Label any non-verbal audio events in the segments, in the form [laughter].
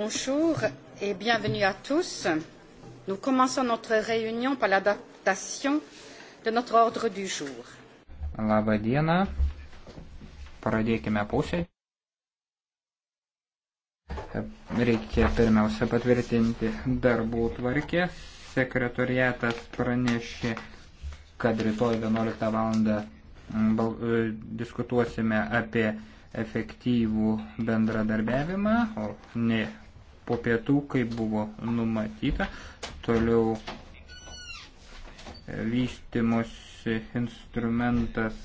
Bonjour et bienvenue à tous. Nous commençons notre réunion par l'adaptation de notre ordre du jour. Labą dieną. Pradėkime pusę. Reikia pirmiausia patvirtinti darbų tvarkę. Sekretoriatas pranešė, kad rytoj 11 val. E, diskutuosime apie efektyvų bendradarbiavimą, o ne po pietų, kaip buvo numatyta. Toliau e, vystimosi instrumentas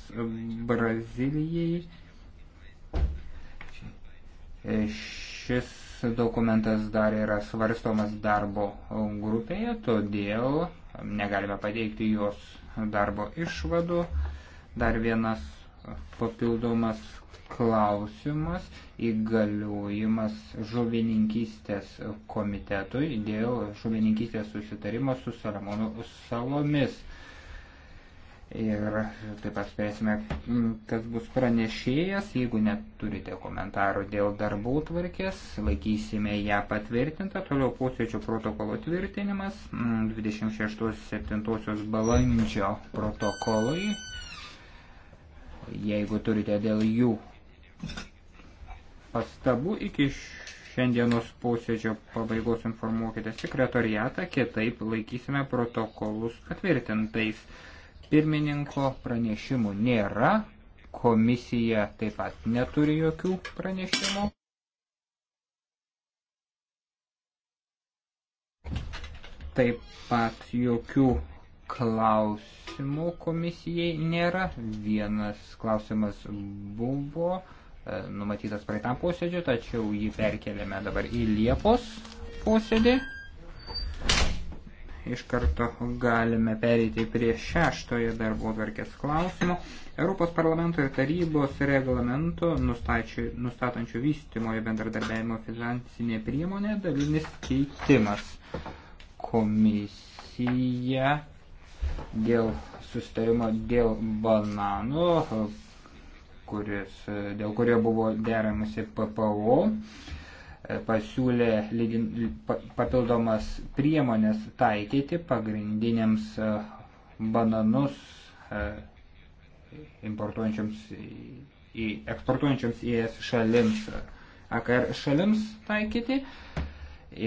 Brazilijai. E, šis dokumentas dar yra svarstomas darbo grupėje, todėl negalime pateikti jos darbo išvadų. Dar vienas papildomas klausimas įgaliojimas žuvininkystės komitetui dėl žuvininkystės susitarimo su Saramonų salomis. Ir taip pat spėsime, kas bus pranešėjas, jeigu neturite komentarų dėl darbų tvarkės, laikysime ją patvirtintą, toliau posėdžio protokolo tvirtinimas, 26-7 balandžio protokolai, jeigu turite dėl jų pastabų iki šiandienos posėdžio pabaigos informuokite sekretoriatą, kitaip laikysime protokolus patvirtintais. Pirmininko pranešimų nėra, komisija taip pat neturi jokių pranešimų. Taip pat jokių klausimų komisijai nėra. Vienas klausimas buvo E, numatytas praeitam posėdžiu, tačiau jį perkeliame dabar į Liepos posėdį. Iš karto galime pereiti prie šeštojo darbo tvarkės klausimo. Europos parlamento ir tarybos reglamento nustatančių vystimojo bendradarbiavimo finansinė priemonė dalinis keitimas. Komisija dėl sustarimo dėl bananų kuris, e, dėl kurio buvo deramasi PPO, e, pasiūlė lygin, papildomas priemonės taikyti pagrindiniams e, bananus importuojančiams į eksportuojančiams į ES šalims, AKR šalims taikyti.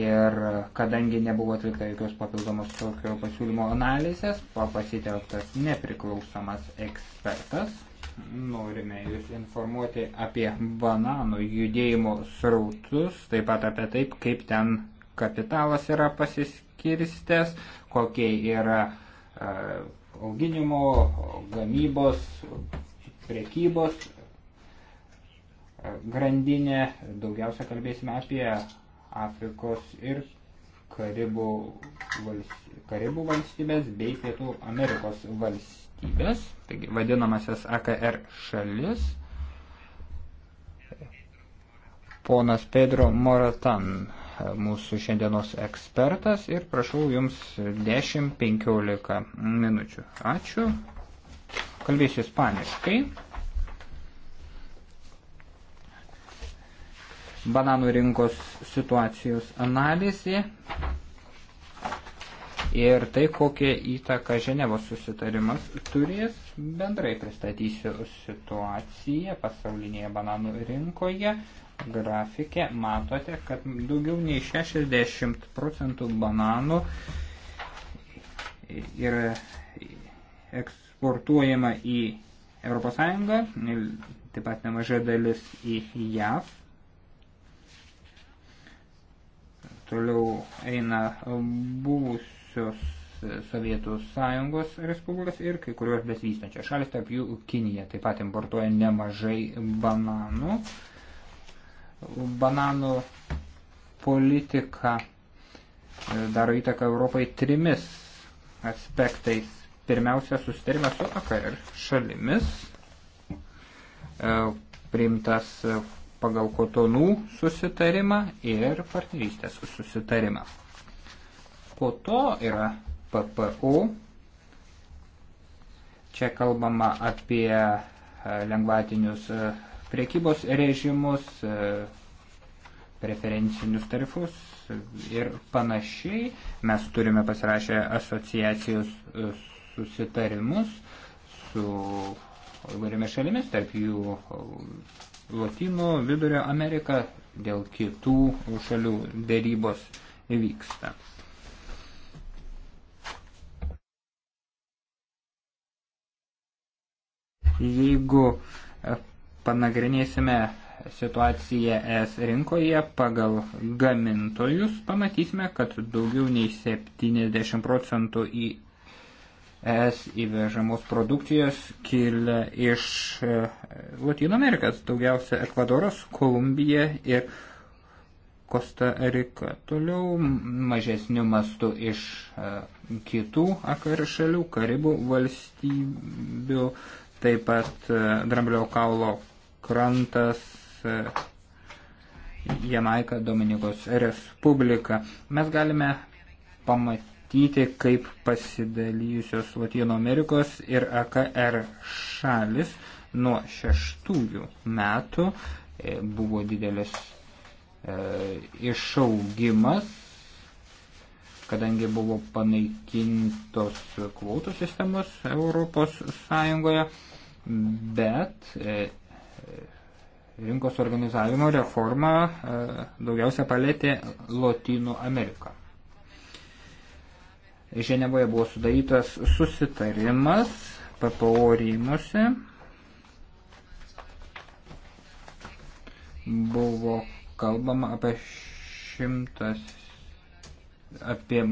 Ir kadangi nebuvo atlikta jokios papildomos tokio pasiūlymo analizės, pasitelktas nepriklausomas ekspertas, norime jūs informuoti apie bananų judėjimo srautus, taip pat apie taip, kaip ten kapitalas yra pasiskirstęs, kokie yra e, auginimo, gamybos, priekybos e, grandinė. Daugiausia kalbėsime apie Afrikos ir Karibų, valstybės, Karibų valstybės bei Pietų Amerikos valstybės valstybės, taigi vadinamasias AKR šalis, ponas Pedro Moratan, mūsų šiandienos ekspertas ir prašau jums 10-15 minučių. Ačiū. Kalbėsiu ispaniškai. Bananų rinkos situacijos analizė ir tai, kokią įtaką Ženevos susitarimas turės. Bendrai pristatysiu situaciją pasaulinėje bananų rinkoje. Grafikė matote, kad daugiau nei 60 procentų bananų yra eksportuojama į ES, taip pat nemažai dalis į JAV. Toliau eina buvus buvusios Sovietų sąjungos respublikas ir kai kurios besivystančios šalis, tarp jų Kinija taip pat importuoja nemažai bananų. Bananų politika e, daro įtaką Europai trimis aspektais. Pirmiausia, susitarime su AKR šalimis, e, priimtas pagal kotonų susitarimą ir partnerystės susitarimą. Po to yra PPU. Čia kalbama apie e, lengvatinius e, priekybos režimus, e, preferencinius tarifus ir panašiai. Mes turime pasirašę asociacijos susitarimus su įvairiomis šalimis, tarp jų Latino, Vidurio Amerika, dėl kitų šalių dėrybos vyksta. Jeigu e, panagrinėsime situaciją ES rinkoje pagal gamintojus, pamatysime, kad daugiau nei 70 procentų į ES įvežamos produkcijos kilia iš e, Latino Amerikas, daugiausia Ekvadoras, Kolumbija ir Kosta Rika. Toliau mažesnių mastų iš e, kitų akar šalių, Karibų valstybių, taip pat e, Dramblio kaulo krantas, e, Jamaika, Dominikos Respublika. Mes galime pamatyti, kaip pasidalyjusios Latino Amerikos ir AKR šalis nuo šeštųjų metų e, buvo didelis e, išaugimas, kadangi buvo panaikintos kvotų sistemos Europos Sąjungoje. E, bet e, e, rinkos organizavimo reforma e, daugiausia palėtė Lotynų Ameriką. Ženevoje buvo sudarytas susitarimas PPO rėmuose. Buvo kalbama apie šimtas apie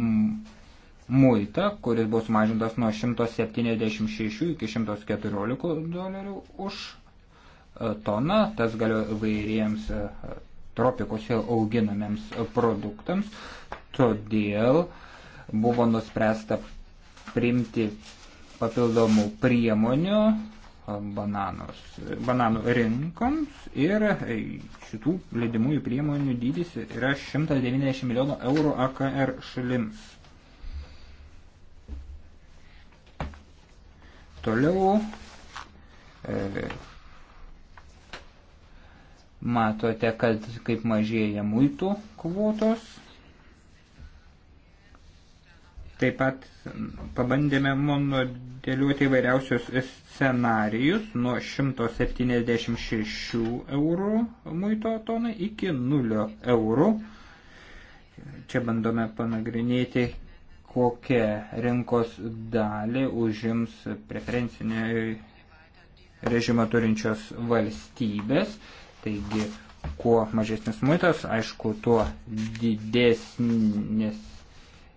muitą, kuris bus mažintas nuo 176 iki 114 dolerių už e, toną. Tas galioja vairiems e, tropikuose auginamiems produktams. Todėl buvo nuspręsta priimti papildomų priemonių e, bananos, bananų rinkoms ir šitų leidimųjų priemonių dydis yra 190 milijonų eurų AKR šalims. Toliau e, matote, kad kaip mažėja muitų kvotos. Taip pat pabandėme monodėliuoti įvairiausius scenarijus nuo 176 eurų muito tonai iki 0 eurų. Čia bandome panagrinėti kokią rinkos dalį užims preferencinį režimą turinčios valstybės. Taigi, kuo mažesnis muitas, aišku, tuo didesnis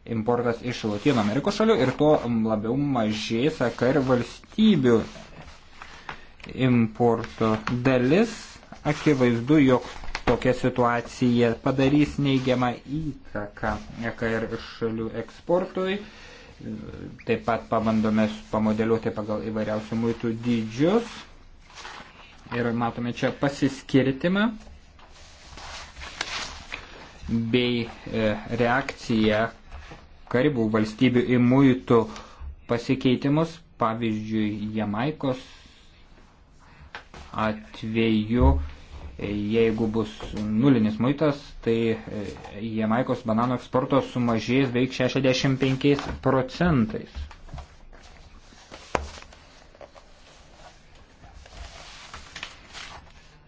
importas iš Latino Amerikos šalių ir tuo labiau mažės AKR valstybių importo dalis. Akivaizdu, jog tokia situacija padarys neigiamą įtaką EKR šalių eksportui. Taip pat pabandome pamodeliuoti pagal įvairiausių muitų dydžius. Ir matome čia pasiskirtimą bei e, reakciją karibų valstybių į muitų pasikeitimus, pavyzdžiui, Jamaikos atveju Jeigu bus nulinis muitas, tai e, Jamaikos bananų eksporto sumažės beveik 65 procentais.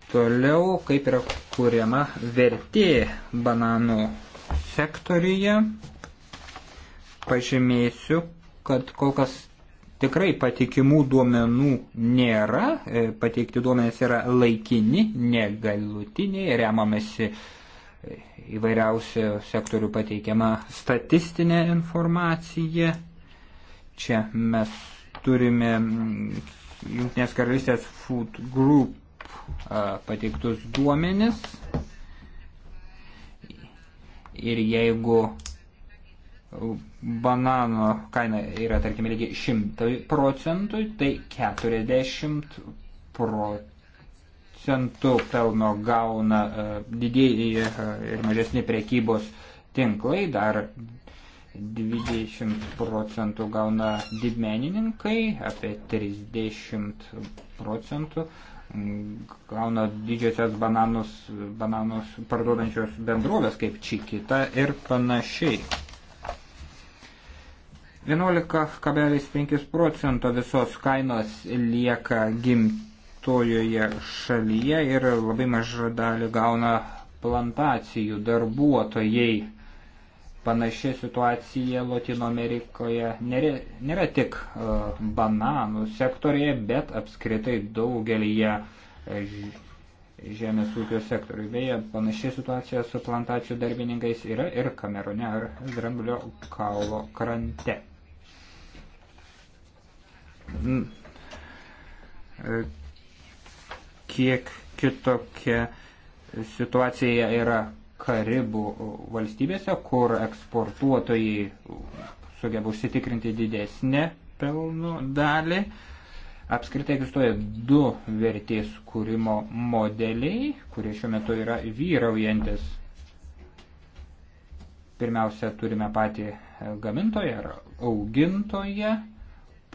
Toliau, kaip yra kuriama vertė bananų sektoriuje, pažymėsiu, kad kol kas Tikrai patikimų duomenų nėra, e, pateikti duomenys yra laikini, negalutiniai, remamasi e, įvairiausių sektorių pateikiama statistinė informacija. Čia mes turime Junktinės karalystės Food Group e, pateiktus duomenis. Ir jeigu banano kaina yra tarkim lygiai 100 procentų, tai 40 procentų pelno gauna e, didėjai e, ir mažesni prekybos tinklai, dar 20 procentų gauna didmenininkai, apie 30 procentų gauna didžiosios bananus, bananus parduodančios bendrovės kaip Čikita ir panašiai. 11,5 procento visos kainos lieka gimtojoje šalyje ir labai mažą dalį gauna plantacijų darbuotojai. Panaši situacija Latino Amerikoje nėra, nėra tik uh, bananų sektorėje, bet apskritai daugelįje e, žemės ūkio sektorių. Beje, panaši situacija su plantacijų darbininkais yra ir Kamerone ar Dramblio kaulo krante. Mm. E, kiek kitokia situacija yra Karibų valstybėse, kur eksportuotojai sugeba užsitikrinti didesnę pelnų dalį. Apskritai egzistuoja du vertės kūrimo modeliai, kurie šiuo metu yra vyraujantis. Pirmiausia, turime patį gamintoją ar augintoją,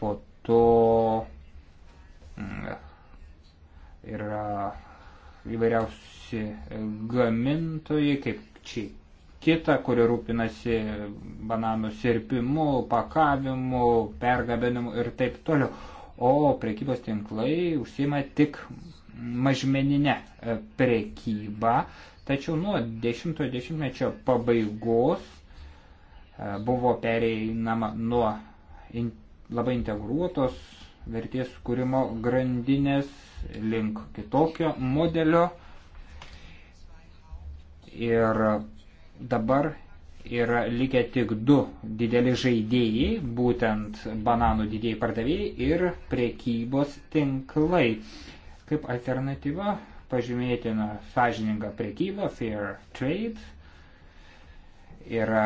po to mm, yra įvairiausi gamintojai, kaip čia kita, kuri rūpinasi bananų sirpimu, pakavimu, pergabenimu ir taip toliau. O prekybos tinklai užsima tik mažmeninę e, prekybą, tačiau nuo 10-mečio pabaigos e, buvo pereinama nuo labai integruotos vertės kūrimo grandinės link kitokio modelio. Ir dabar yra likę tik du dideli žaidėjai, būtent bananų didieji pardavėjai ir prekybos tinklai. Kaip alternatyva pažymėtina sąžininga prekyba, fair trade, yra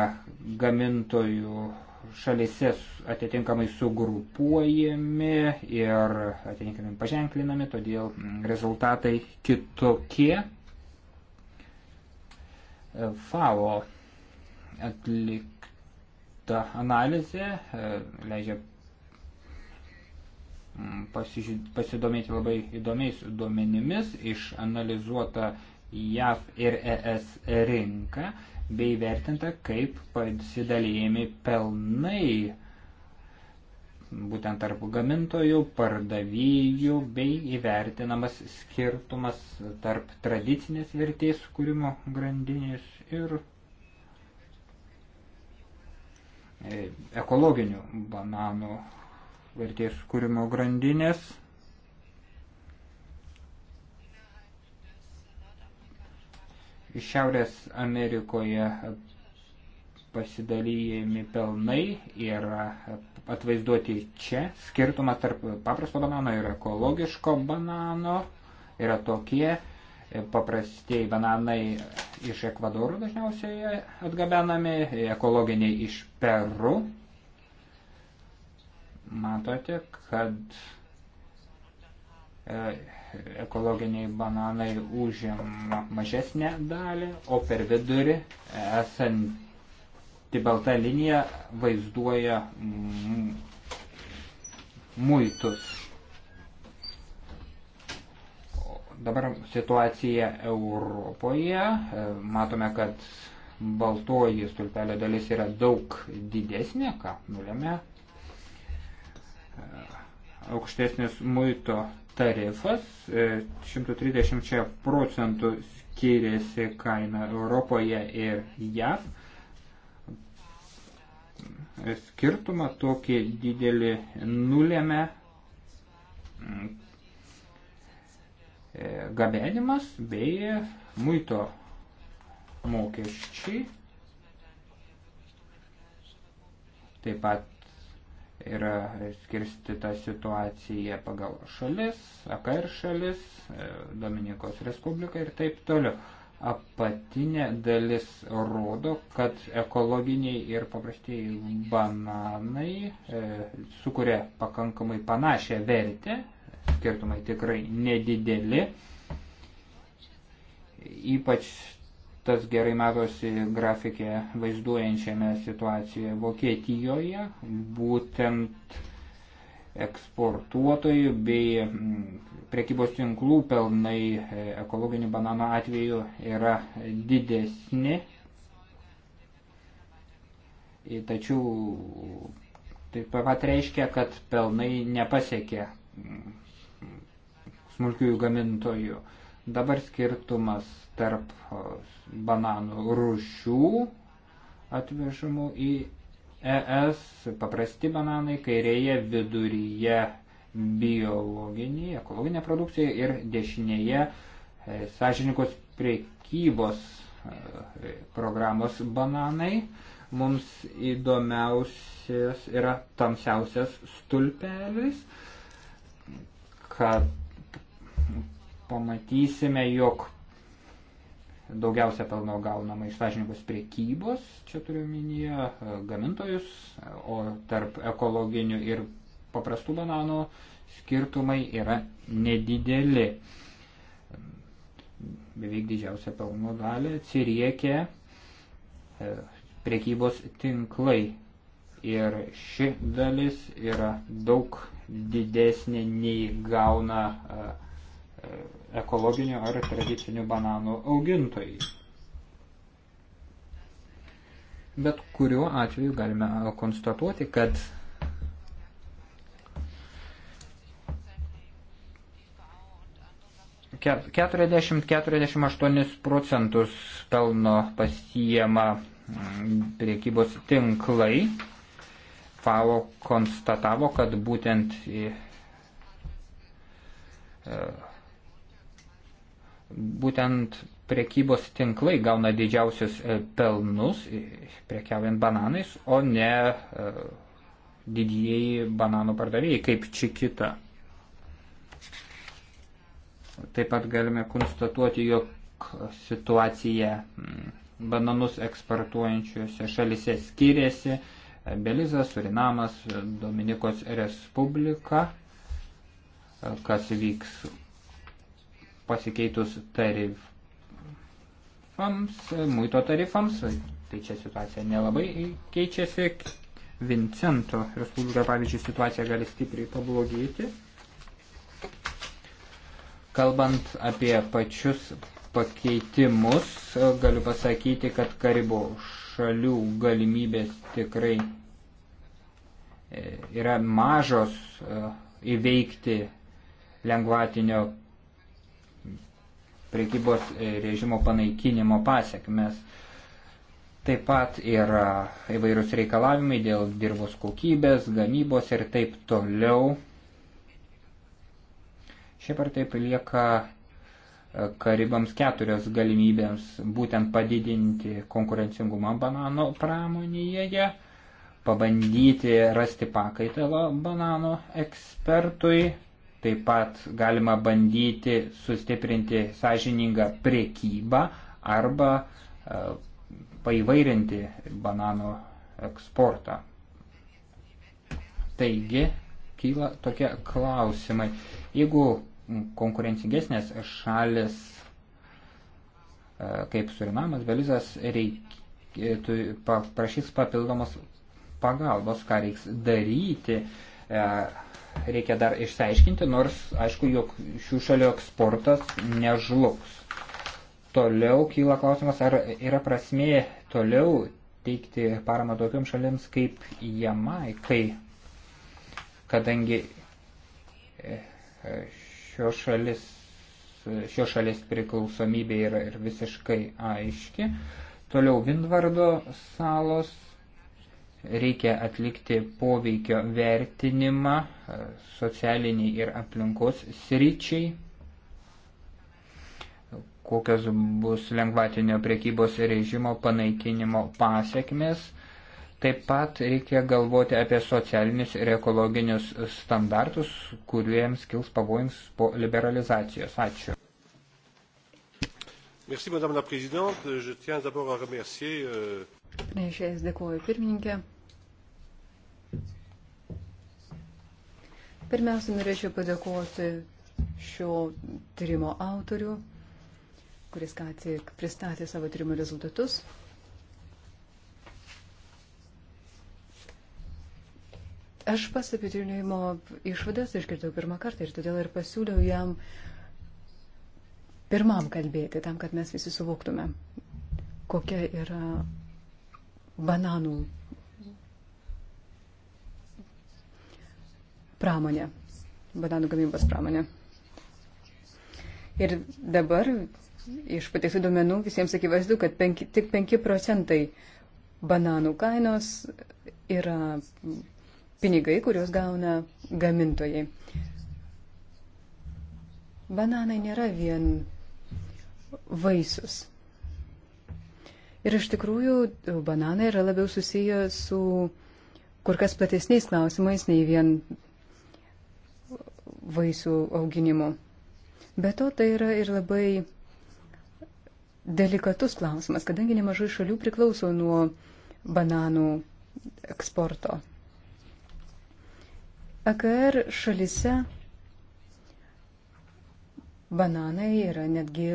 gamintojų šalise atitinkamai sugrupuojami ir atitinkamai paženklinami, todėl rezultatai kitokie. FAO atlikta analizė e, leidžia mm, pasidomėti labai įdomiais duomenimis, išanalizuota JAV ir ES rinka bei vertinta, kaip pasidalėjami pelnai būtent tarp gamintojų, pardavėjų bei įvertinamas skirtumas tarp tradicinės vertės kūrimo grandinės ir e, ekologinių bananų vertės kūrimo grandinės. Šiaurės Amerikoje pasidalyjami pelnai yra atvaizduoti čia. Skirtumas tarp paprasto banano ir ekologiško banano yra tokie. Paprastieji bananai iš Ekvadoro dažniausiai atgabenami, ekologiniai iš Peru. Matote, kad e, ekologiniai bananai užima mažesnę dalį, o per vidurį esanti balta linija vaizduoja muitus. Dabar situacija Europoje. E, matome, kad baltoji stulpelio dalis yra daug didesnė, ką nulėmė e, aukštesnis muito tarifas 130 e, procentų skiriasi kaina Europoje ir JAV. Skirtumą tokį didelį nulėmė e, gabenimas bei muito mokesčiai. Taip pat yra skirstita situacija pagal šalis, AKR šalis, e, Dominikos Respublika ir taip toliau. Apatinė dalis rodo, kad ekologiniai ir paprastieji bananai e, sukuria pakankamai panašią vertę, skirtumai tikrai nedideli, ypač Tas gerai matosi grafikė vaizduojančiame situacijoje Vokietijoje, būtent eksportuotojų bei mm, prekybos tinklų pelnai e, ekologinių bananų atveju yra didesni, tačiau taip pat reiškia, kad pelnai nepasiekė mm, smulkiųjų gamintojų. Dabar skirtumas tarp bananų rūšių atvežimų į ES, paprasti bananai, kairėje viduryje biologinė, ekologinė produkcija ir dešinėje e, sąžininkos priekybos e, programos bananai. Mums įdomiausias yra tamsiausias stulpelis, kad pamatysime, jog daugiausia pelno gaunama iš sąžininkos priekybos, čia turiu minyje, gamintojus, o tarp ekologinių ir paprastų bananų skirtumai yra nedideli. Beveik didžiausia pelno dalį atsiriekė e, priekybos tinklai. Ir ši dalis yra daug didesnė nei gauna uh, ekologinių ar tradicinių bananų augintojai. Bet kuriuo atveju galime konstatuoti, kad Ket, 40-48 procentus pelno pasijama mm, priekybos tinklai. FAO konstatavo, kad būtent į, e, būtent prekybos tinklai gauna didžiausius e, pelnus e, prekiaujant bananais, o ne e, didieji bananų pardavėjai kaip čikita. Taip pat galime konstatuoti, jog situacija bananus eksportuojančiuose šalise skiriasi. Belizas, Surinamas, Dominikos Respublika, kas vyks pasikeitus tarifams, muito tarifams, tai čia situacija nelabai keičiasi. Vincento Respublika, pavyzdžiui, situacija gali stipriai pablogėti. Kalbant apie pačius pakeitimus, galiu pasakyti, kad Karibų šalių galimybės tikrai e, yra mažos e, įveikti lengvatinio priekybos e, režimo panaikinimo pasiekmes. Taip pat yra įvairūs reikalavimai dėl dirbos kokybės, gamybos ir taip toliau. Šiaip ar taip lieka e, karibams keturios galimybėms būtent padidinti konkurencingumą banano pramonėje, pabandyti rasti pakaitalą banano ekspertui Taip pat galima bandyti sustiprinti sąžiningą priekybą arba e, paįvairinti bananų eksportą. Taigi, kyla tokie klausimai. Jeigu konkurencingesnės šalis, e, kaip Surinamas, Belizas, reikėtų paprašys papildomos pagalbos, ką reiks daryti, e, reikia dar išsiaiškinti, nors aišku, jog šių šalių eksportas nežlugs. Toliau kyla klausimas, ar yra prasmė toliau teikti paramą tokiam šalims kaip Jamaikai, kadangi e, e, šio šalis, šio šalis priklausomybė yra ir visiškai aiški. Toliau Vindvardo salos reikia atlikti poveikio vertinimą e, socialiniai ir aplinkos sričiai, kokios bus lengvatinio priekybos režimo panaikinimo pasiekmes. Taip pat reikia galvoti apie socialinius ir ekologinius standartus, kuriems kils pavojams po liberalizacijos. Ačiū. Merci, Madame la Présidente. Je tiens d'abord à remercier euh, Pranešėjas dėkoju pirmininkė. Pirmiausia, norėčiau padėkoti šio tyrimo autorių, kuris ką tik pristatė savo tyrimo rezultatus. Aš pasipitrinimo išvadas išgirdau pirmą kartą ir todėl ir pasiūliau jam pirmam kalbėti, tam, kad mes visi suvoktume, kokia yra bananų pramonė, bananų gamybos pramonė. Ir dabar iš pateiktų duomenų visiems akivaizdu, kad penki, tik 5 procentai bananų kainos yra pinigai, kuriuos gauna gamintojai. Bananai nėra vien vaisius. Ir iš tikrųjų bananai yra labiau susiję su kur kas platesniais klausimais nei vien vaisių auginimu. Be to tai yra ir labai delikatus klausimas, kadangi nemažai šalių priklauso nuo bananų eksporto. AKR šalise bananai yra netgi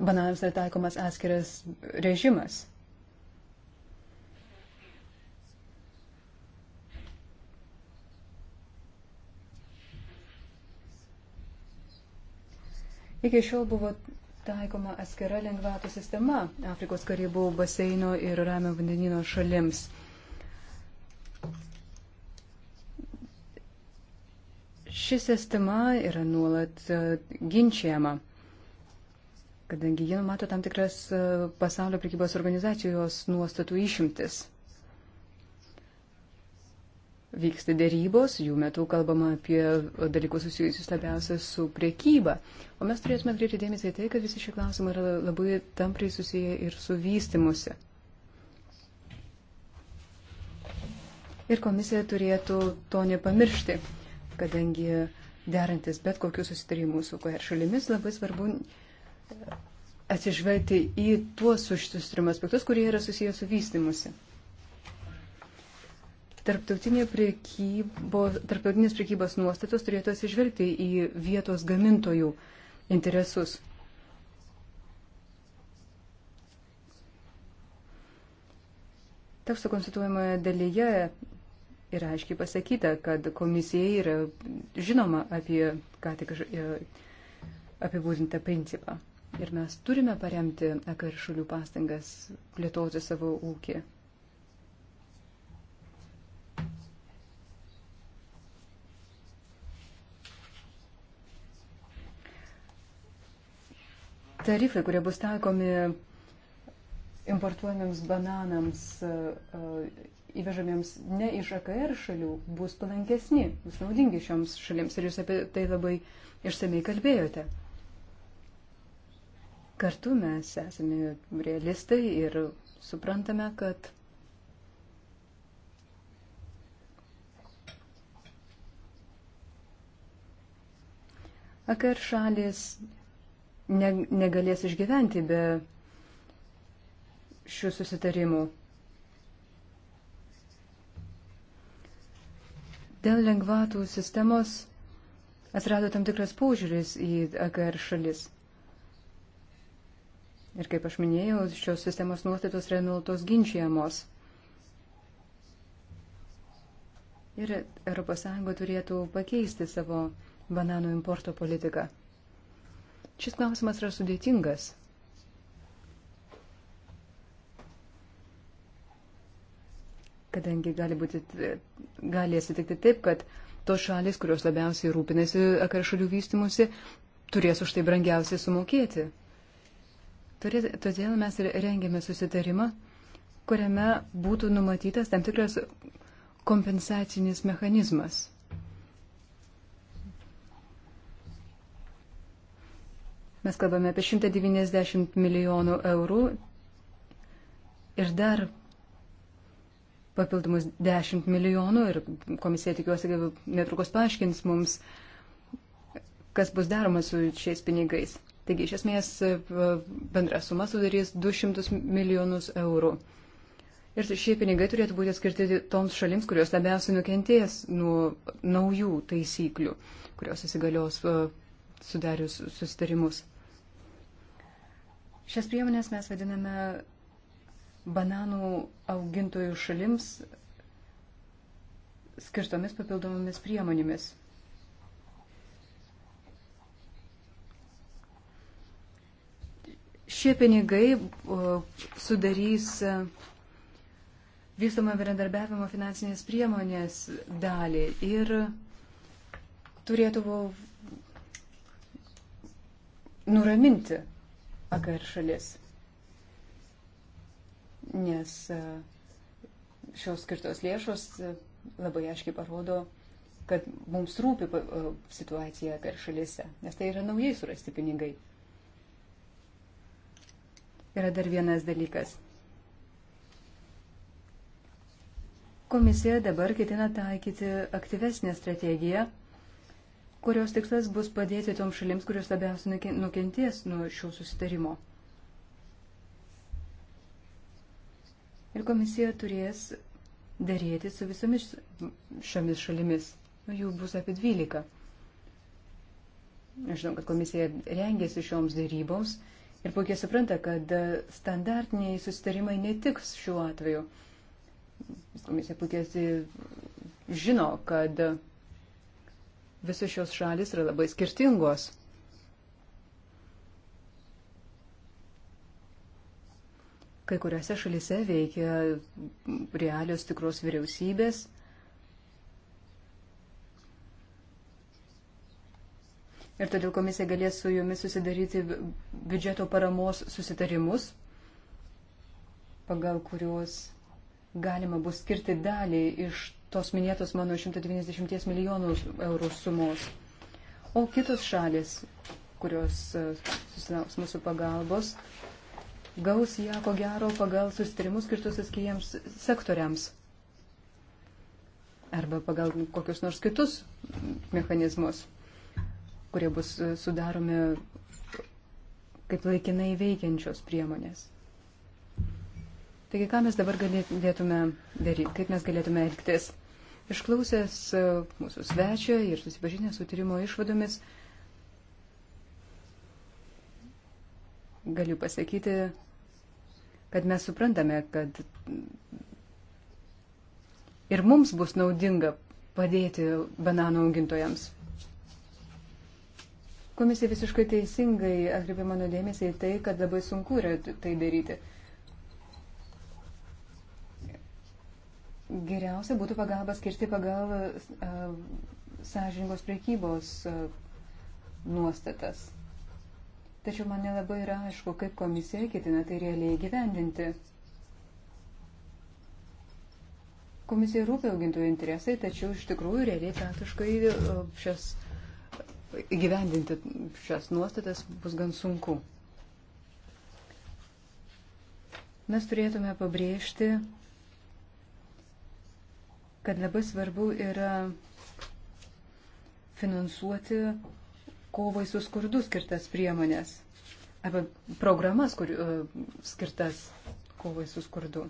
bananams yra taikomas atskiras režimas. Iki šiol buvo taikoma atskira lengvatų sistema Afrikos karibų baseino ir ramio vandenino šalims. Ši sistema yra nuolat e, ginčiama kadangi jie numato tam tikras e, pasaulio prekybos organizacijos nuostatų išimtis. Vyksta dėrybos, jų metu kalbama apie dalykus susijusius labiausia su priekyba. O mes turėtume atkreipti dėmesį į tai, kad visi šie klausimai yra labai tampriai susiję ir su vystimusi. Ir komisija turėtų to nepamiršti, kadangi derantis bet kokius susitarimus su šalimis labai svarbu atsižvelgti į tuos su šitus trim aspektus, kurie yra susijęs su vystimusi. Tarptautinė priekybos, tarptautinės priekybos nuostatos turėtų atsižvelgti į vietos gamintojų interesus. Teksto konstituojamoje dalyje yra aiškiai pasakyta, kad komisijai yra žinoma apie ką tik e, apibūdintą principą. Ir mes turime paremti akaršulių pastangas plėtoti savo ūkį. Tarifai, kurie bus taikomi importuojamiems bananams e, e, įvežamiems ne iš AKR šalių, bus palankesni, bus naudingi šioms šalims. Ir jūs apie tai labai išsamei kalbėjote. Kartu mes esame realistai ir suprantame, kad AKR šalis negalės išgyventi be šių susitarimų. Dėl lengvatų sistemos atsirado tam tikras požiūris į AKR šalis. Ir kaip aš minėjau, šios sistemos nuostatos yra nuolatos ginčiamos. Ir ES turėtų pakeisti savo bananų importo politiką. Šis klausimas yra sudėtingas. Kadangi gali, būti, gali atsitikti taip, kad tos šalis, kurios labiausiai rūpinasi akaršalių vystimusi, turės už tai brangiausiai sumokėti. Todėl mes ir rengėme susitarimą, kuriame būtų numatytas tam tikras kompensacinis mechanizmas. Mes kalbame apie 190 milijonų eurų ir dar papildomus 10 milijonų ir komisija tikiuosi, kad netrukus paaiškins mums, kas bus daroma su šiais pinigais. Taigi, iš esmės, bendra suma sudarys 200 milijonus eurų. Ir šie pinigai turėtų būti skirti toms šalims, kurios labiausiai nukentės nuo naujų taisyklių, kurios įsigalios e, sudarius sustarimus. Šias priemonės mes vadiname bananų augintojų šalims skirtomis papildomomis priemonėmis. Šie pinigai sudarys e, vystomą bendradarbiavimo finansinės priemonės dalį ir turėtų nuraminti AKR šalis, nes e, šios skirtos lėšos e, labai aiškiai parodo, kad mums rūpi situacija AKR šalise, nes tai yra naujai surasti pinigai yra dar vienas dalykas. Komisija dabar ketina taikyti aktyvesnę strategiją, kurios tikslas bus padėti toms šalims, kurios labiausiai nukentės nuo šio susitarimo. Ir komisija turės dėrėti su visomis šiomis šalimis. Nu, jų bus apie 12. Aš žinau, kad komisija rengėsi šioms dėryboms ir puikiai supranta, kad standartiniai susitarimai netiks šiuo atveju. Komisija puikiai žino, kad visos šios šalis yra labai skirtingos. Kai kuriuose šalise veikia realios tikros vyriausybės ir todėl komisija galės su jumis susidaryti biudžeto paramos susitarimus, pagal kuriuos galima bus skirti dalį iš tos minėtos mano 190 milijonų eurų sumos. O kitos šalis, kurios e, susilauks mūsų pagalbos, gaus ją ko gero pagal susitarimus skirtus atskiriems sektoriams arba pagal kokius nors kitus mechanizmus kurie bus e, sudaromi kaip laikinai veikiančios priemonės. Taigi, ką mes dabar galėtume daryti, kaip mes galėtume elgtis? Išklausęs e, mūsų svečią ir susipažinęs su tyrimo išvadomis, galiu pasakyti, kad mes suprantame, kad ir mums bus naudinga padėti bananų augintojams. Komisija visiškai teisingai atkreipė mano dėmesį į tai, kad labai sunku yra tai daryti. Geriausia būtų pagalba skirti pagal uh, sąžiningos priekybos uh, nuostatas. Tačiau man nelabai yra aišku, kaip komisija ketina tai realiai gyvendinti. Komisija rūpia augintojų interesai, tačiau iš tikrųjų realiai praktiškai uh, šias. Uh, gyvendinti šias nuostatas bus gan sunku. Mes turėtume pabrėžti, kad labai svarbu yra finansuoti kovai su skurdu skirtas priemonės arba programas, kur, e, skirtas kovai su skurdu.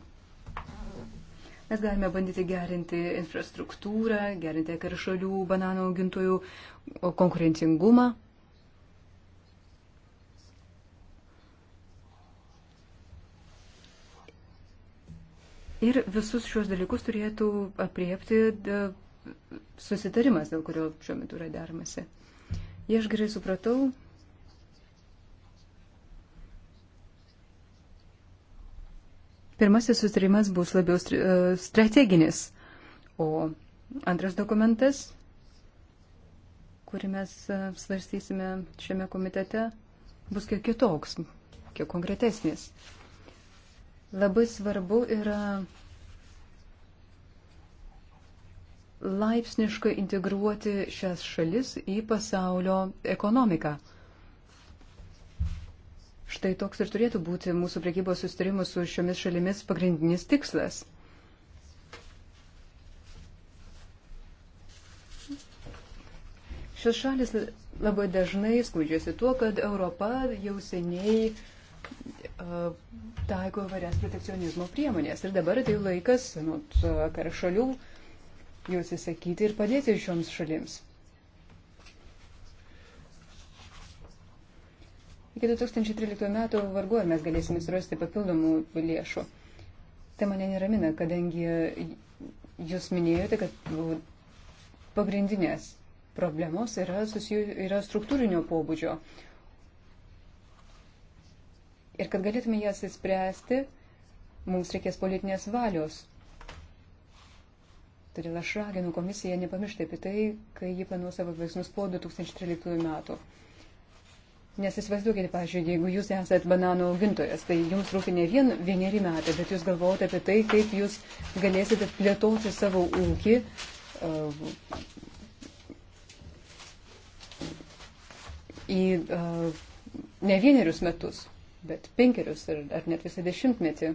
Mes galime bandyti gerinti infrastruktūrą, gerinti karšalių bananų augintojų konkurencingumą. Ir visus šios dalykus turėtų apriepti susitarimas, dėl kurio šiuo metu yra dermasi. Jei aš gerai supratau, Pirmasis sutarimas bus labiau e, strateginis, o antras dokumentas, kurį mes e, svarstysime šiame komitete, bus kiek kitoks, kiek konkretesnis. Labai svarbu yra laipsniškai integruoti šias šalis į pasaulio ekonomiką. Štai toks ir turėtų būti mūsų prekybos sustarimų su šiomis šalimis pagrindinis tikslas. Šios šalis labai dažnai skundžiasi tuo, kad Europa jau seniai uh, taiko varias protekcionizmo priemonės. Ir dabar tai laikas, nu, kar šalių, jos įsakyti ir padėti šioms šalims. Iki 2013 metų vargu ar mes galėsime surasti papildomų lėšų. Tai mane neramina, kadangi jūs minėjote, kad pagrindinės problemos yra, susijų, yra struktūrinio pobūdžio. Ir kad galėtume jas įspręsti, mums reikės politinės valios. Todėl aš raginu komisiją nepamiršti apie tai, kai ji planuos savo veiksmus po 2013 metų. Nes įsivaizduokite, pažiūrėjau, jeigu jūs esate bananų augintojas, tai jums rūpi ne vien vieneri metai, bet jūs galvojate apie tai, kaip jūs galėsite plėtoti savo ūkį. Uh, į uh, ne vienerius metus, bet penkerius ar, ar net visą dešimtmetį.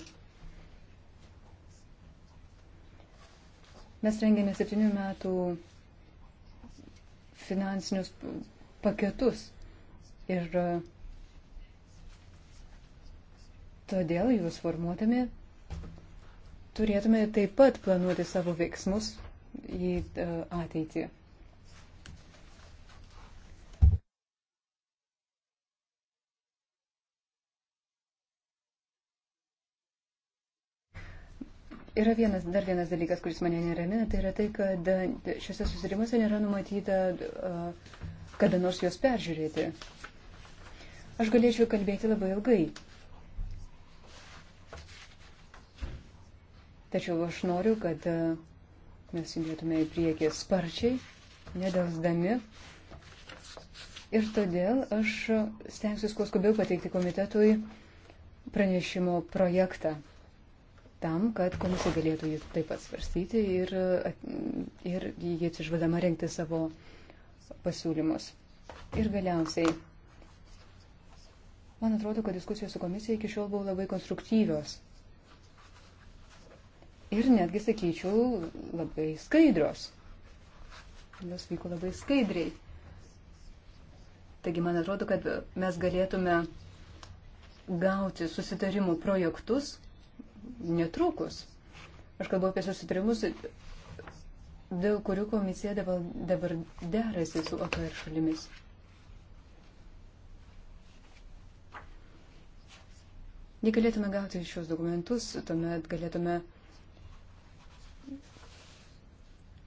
Mes rengėme septynių metų finansinius paketus Ir e, todėl jūs formuotami turėtume taip pat planuoti savo veiksmus į e, ateitį. Yra vienas, dar vienas dalykas, kuris mane neramina, tai yra tai, kad šiuose susirimuose nėra numatyta, e, kada nors juos peržiūrėti. Aš galėčiau kalbėti labai ilgai. Tačiau aš noriu, kad e, mes judėtume į priekį sparčiai, nedelsdami. Ir todėl aš stengsiuosi kuo skubiau pateikti komitetui pranešimo projektą tam, kad komisija galėtų jį taip pat svarstyti ir, ir jį atsižvadama rengti savo pasiūlymus. Ir galiausiai Man atrodo, kad diskusijos su komisija iki šiol buvo labai konstruktyvios. Ir netgi, sakyčiau, labai skaidrios. Jos vyko labai skaidriai. Taigi, man atrodo, kad mes galėtume gauti susitarimų projektus netrukus. Aš kalbu apie susitarimus, dėl kurių komisija dabar derasi su OKR šalimis. Jei galėtume gauti šios dokumentus, tuomet galėtume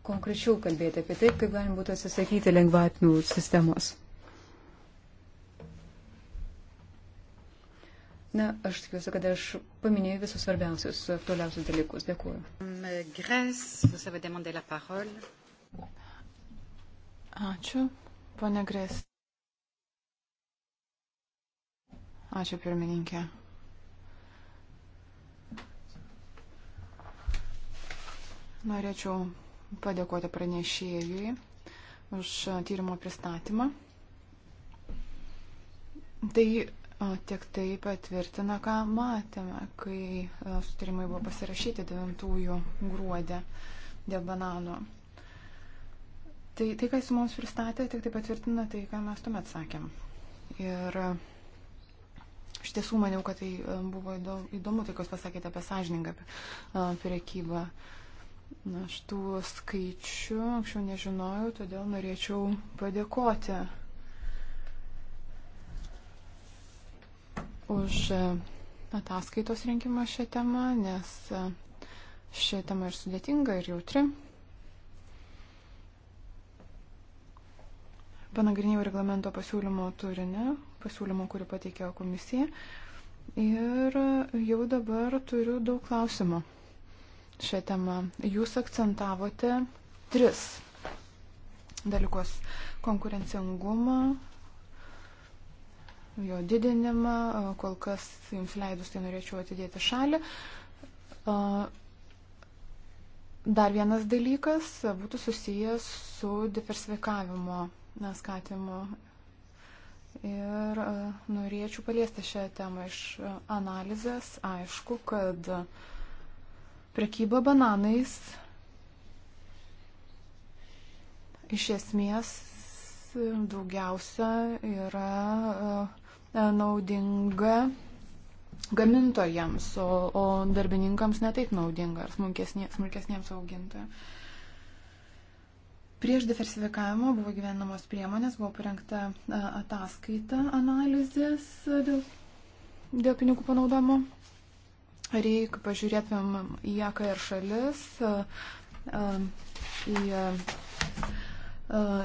konkrečiau kalbėti apie taip, kaip galim būtų atsisakyti lengvatinių sistemos. Na, aš tikiuosi, kad aš paminėjau visus svarbiausius, aktualiausius dalykus. Dėkuoju. Ačiū, ponia Grės. Ačiū, pirmininkė. Norėčiau padėkoti pranešėjui už tyrimo pristatymą. Tai Tik tai patvirtina, ką matėme, kai sutarimai buvo pasirašyti 9 gruodė dėl banano. Tai, tai, ką jis mums pristatė, tik tai patvirtina tai, ką mes tuomet sakėm. Ir iš tiesų maniau, kad tai buvo įdomu, tai, ką jūs pasakėte apie sąžiningą priekybą. Apie, Na, aš tų skaičių anksčiau nežinojau, todėl norėčiau padėkoti už e, ataskaitos rinkimą šią temą, nes e, šią temą ir sudėtinga, ir jautri. Panagrinėjau reglamento pasiūlymo turinę, pasiūlymo, kurį pateikė komisija. Ir jau dabar turiu daug klausimų šią temą. Jūs akcentavote tris dalykus - konkurencingumą, jo didinimą, kol kas jums leidus tai norėčiau atidėti šalį. Dar vienas dalykas būtų susijęs su diversifikavimo skatimu. Ir norėčiau paliesti šią temą iš analizės. Aišku, kad uh, Prekyba bananais iš esmės daugiausia yra e, naudinga gamintojams, o, o darbininkams netaip naudinga ar smulkesniems augintojams. Prieš diversifikavimą buvo gyvenamos priemonės, buvo parengta e, ataskaita analizės dėl, dėl pinigų panaudojimo reikia pažiūrėtumėm į AKR šalis, į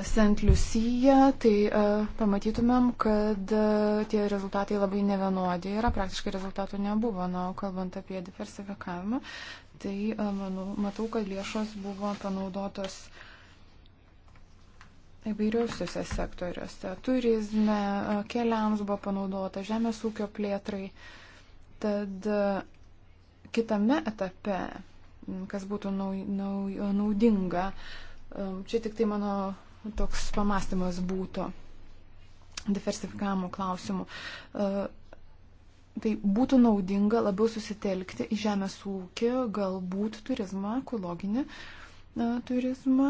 St. Luciją, tai pamatytumėm, kad tie rezultatai labai nevienodi yra, praktiškai rezultatų nebuvo. Na, o kalbant apie diversifikavimą, tai manau, matau, kad lėšos buvo panaudotos įvairiausiuose sektoriuose. Turizme, keliams buvo panaudota, žemės ūkio plėtrai. Tad kitame etape, kas būtų nau, nau, naudinga. Ehm, čia tik tai mano toks pamastymas būtų diversifikavimo klausimų. Ehm, tai būtų naudinga labiau susitelkti į žemės ūkį, galbūt turizmą, ekologinį e, turizmą,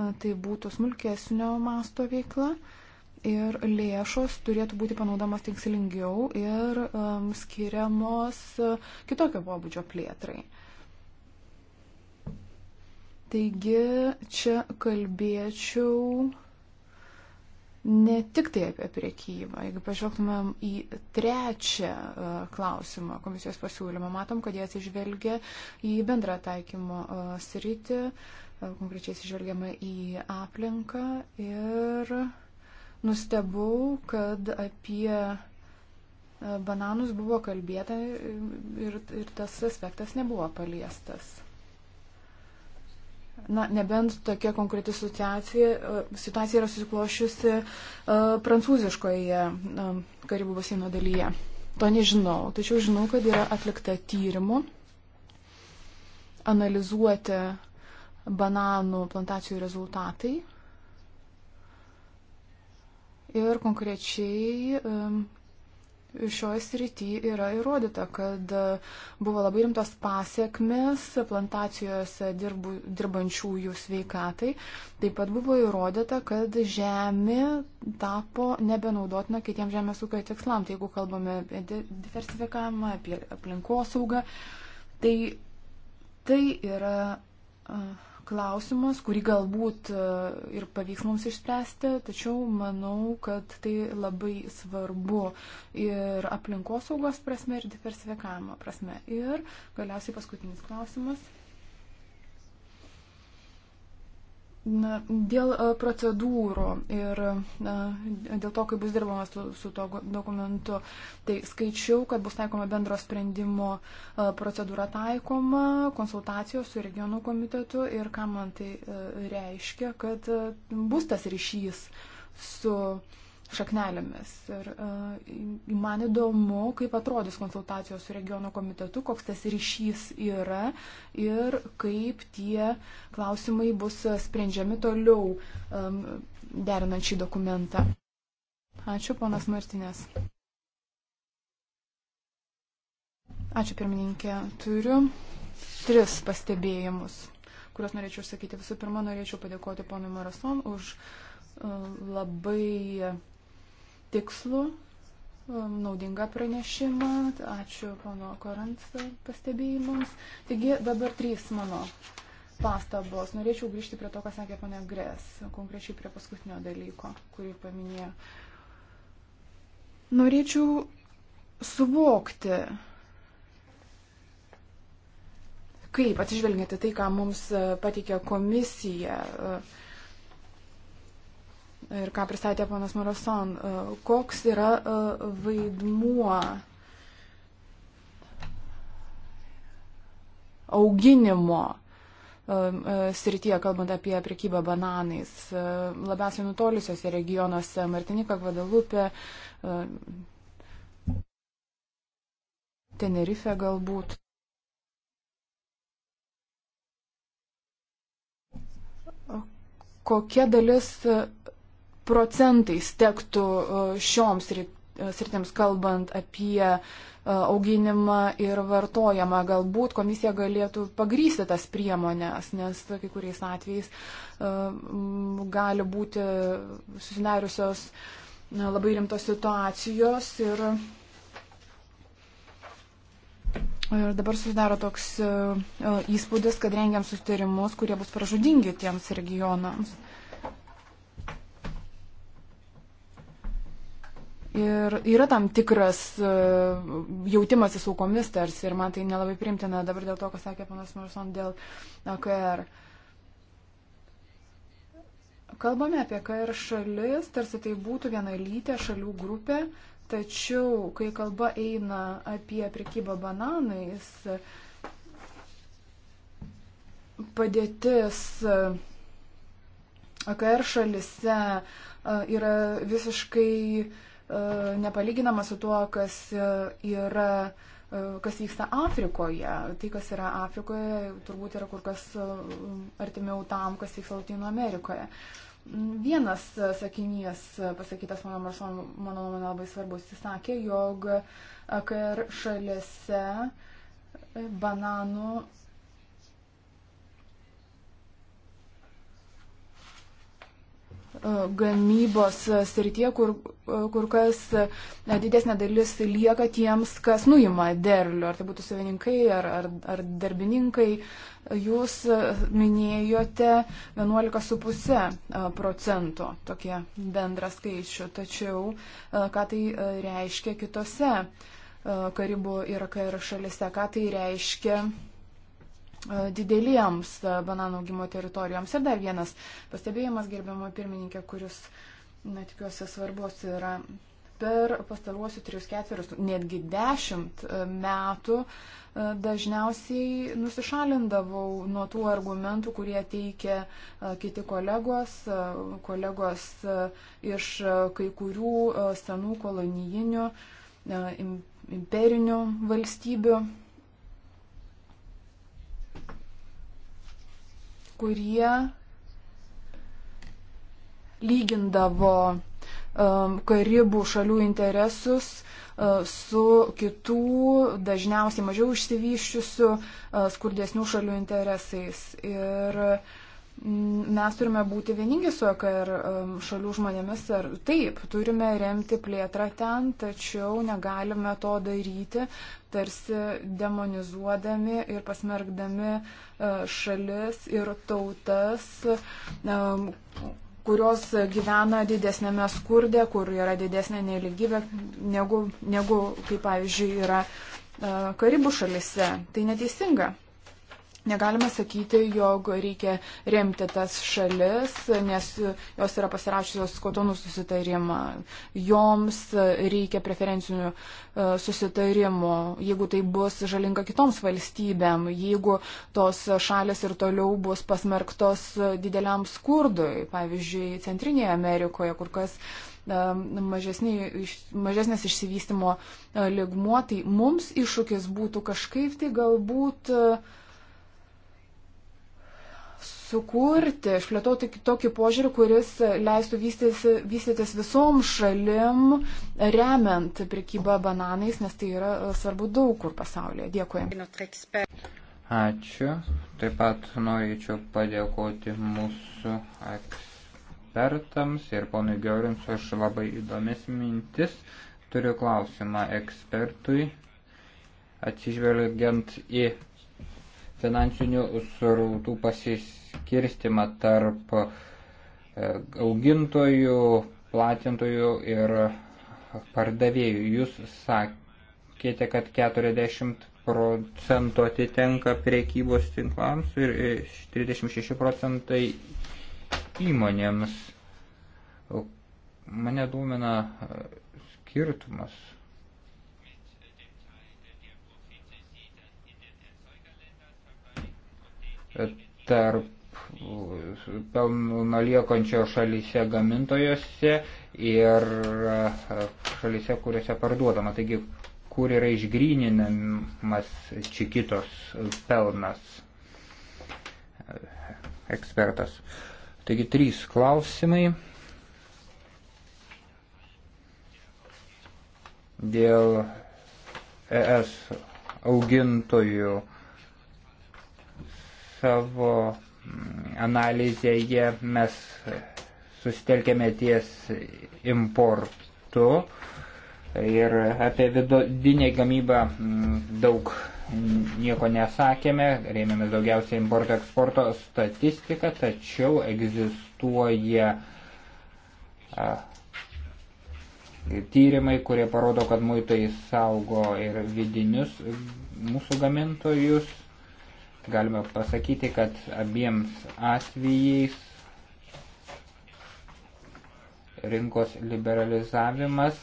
e, tai būtų smulkesnio masto veikla. Uh, ir lėšos turėtų būti panaudamos tikslingiau ir um, skiriamos uh, kitokio pobūdžio plėtrai. Taigi čia kalbėčiau ne tik tai apie priekybą. Jeigu pažvelgtumėm į trečią uh, klausimą komisijos pasiūlymą, matom, kad jie atsižvelgia į bendrą taikymo uh, sritį, uh, konkrečiai atsižvelgiama į aplinką ir uh, nustebau, kad apie e, bananus buvo kalbėta e, ir, ir tas aspektas nebuvo paliestas. Na, nebent tokia konkreti situacija, e, situacija yra susiklošiusi uh, prancūziškoje uh, Karibų baseino dalyje. To nežinau, tačiau žinau, kad yra atlikta tyrimų analizuoti bananų plantacijų rezultatai Ir konkrečiai šioje srityje yra įrodyta, kad e, buvo labai rimtos pasiekmes plantacijose dirbu, dirbančiųjų sveikatai. Taip pat buvo įrodyta, kad žemė tapo nebenaudotina kitiems žemės ūkio tikslam. Tai jeigu kalbame apie diversifikavimą, apie aplinkosaugą, tai tai yra. Uh, klausimas, kurį galbūt e, ir pavyks mums išspręsti, tačiau manau, kad tai labai svarbu ir aplinkosaugos prasme, ir diversifikavimo prasme. Ir galiausiai paskutinis klausimas. Na, dėl e, procedūrų ir na, dėl to, kaip bus dirbama su, su to dokumentu, tai skaičiau, kad bus taikoma bendro sprendimo e, procedūra taikoma, konsultacijos su regionų komitetu ir ką man tai e, reiškia, kad bus tas ryšys su uh, šaknelėmis. Ir uh, man įdomu, kaip atrodys konsultacijos su regiono komitetu, koks tas ryšys yra ir kaip tie klausimai bus sprendžiami toliau um, derinant šį dokumentą. Ačiū, ponas Martinės. Ačiū, pirmininkė. Turiu tris pastebėjimus, kuriuos norėčiau sakyti. Visų pirma, norėčiau padėkoti ponui Marason už uh, labai tikslų, um, naudingą pranešimą. Ačiū pono Korants pastebėjimams. Taigi dabar trys mano pastabos. Norėčiau grįžti prie to, ką sakė ponia Gres, konkrečiai prie paskutinio dalyko, kurį paminėjo. Norėčiau suvokti, kaip atsižvelgiate tai, ką mums pateikė komisija. Uh, ir ką pristatė ponas Marason, e, koks yra e, vaidmuo auginimo e, srityje, kalbant apie prekybą bananais, labiausiai nutolusiuose regionuose Martinika, Guadalupė, Tenerife galbūt. Kokia dalis procentais tektų e, šioms e, sritims kalbant apie e, auginimą ir vartojimą. Galbūt komisija galėtų pagrysti tas priemonės, nes kai kuriais atvejais gali būti susidariusios labai rimtos situacijos ir, ir dabar susidaro toks įspūdis, kad rengiam sustarimus, kurie bus pražudingi tiems regionams. Uh, Ir yra tam tikras e, jautimasis aukomis tarsi ir man tai nelabai primtina dabar dėl to, ką sakė panas Marson dėl AKR. Kalbame apie AKR šalis, tarsi tai būtų vienalytė šalių grupė, tačiau kai kalba eina apie prekybą bananais, padėtis AKR e, šalise e, yra visiškai uh, E, nepalyginama su tuo, kas yra e, kas vyksta Afrikoje. Tai, kas yra Afrikoje, turbūt yra kur kas e, artimiau tam, kas vyksta Latino Amerikoje. Vienas sakinys pasakytas mano marsom, mano nuomonė, labai svarbus. Jis sakė, jog AKR šalėse bananų E, gamybos srityje, kur, e, kur kas e, didesnė dalis lieka tiems, kas nuima derlių, ar tai būtų savininkai, ar, ar, ar darbininkai. Jūs minėjote 11,5 procento tokie bendrą skaičių, tačiau tai, ką tai reiškia kitose Karibų ir KR šalise, ką tai reiškia E, dideliems e, bananų augimo teritorijoms. Ir dar vienas pastebėjimas, gerbiamo pirmininkė, kuris, na, tikiuosi, svarbus yra per pastaruosius 3-4, netgi 10 e, metų dažniausiai nusišalindavau nuo tų argumentų, kurie teikia kiti kolegos, kolegos iš kai kurių senų kolonijinių imperinių valstybių kurie lygindavo um, Karibų šalių interesus uh, su kitų, dažniausiai mažiau išsivyščiusių, uh, skurdesnių šalių interesais. Ir uh, mes turime būti vieningi su AKR um, šalių žmonėmis. Ar, taip, turime remti plėtrą ten, tačiau negalime to daryti, tarsi demonizuodami ir pasmergdami uh, šalis ir tautas, um, kurios gyvena didesnėme skurde, kur yra didesnė neligybė negu, negu kaip pavyzdžiui, yra uh, Karibų šalise. Tai neteisinga. Negalime sakyti, jog reikia remti tas šalis, nes jos yra pasirašusios kotonų susitarimą. Joms reikia preferencinių e, susitarimų, jeigu tai bus žalinga kitoms valstybėm, jeigu tos šalis ir toliau bus pasmerktos dideliam skurdui, pavyzdžiui, Centrinėje Amerikoje, kur kas e, mažesni, mažesnės išsivystimo e, ligmuo, tai mums iššūkis būtų kažkaip tai galbūt uh, sukurti, išplėtoti tokį požiūrį, kuris leistų vystytis, vystytis visom šalim, remiant prekybą bananais, nes tai yra e, svarbu daug kur pasaulyje. Dėkui. Ačiū. Taip pat norėčiau padėkoti mūsų ekspertams ir ponui Giorins už labai įdomias mintis. Turiu klausimą ekspertui. Atsižvelgiant į finansinių srautų pasiskirstimą tarp e, augintojų, platintojų ir pardavėjų. Jūs sakėte, kad 40 procentų atitenka priekybos tinklams ir 36 e, procentai įmonėms. Mane domina e, skirtumas tarp pelnų naliekančio šalyse gamintojose ir e, šalyse, kuriuose parduodama. Taigi, kur yra išgryninamas čikitos pelnas ekspertas. Taigi, trys klausimai. Dėl ES augintojų savo mm, analizėje mes susitelkėme ties importu ir apie vidinę gamybą mm, daug nieko nesakėme, rėmėmės daugiausiai importo eksporto statistiką, tačiau egzistuoja tyrimai, kurie parodo, kad muitai saugo ir vidinius mūsų gamintojus galime pasakyti, kad abiems atvejais rinkos liberalizavimas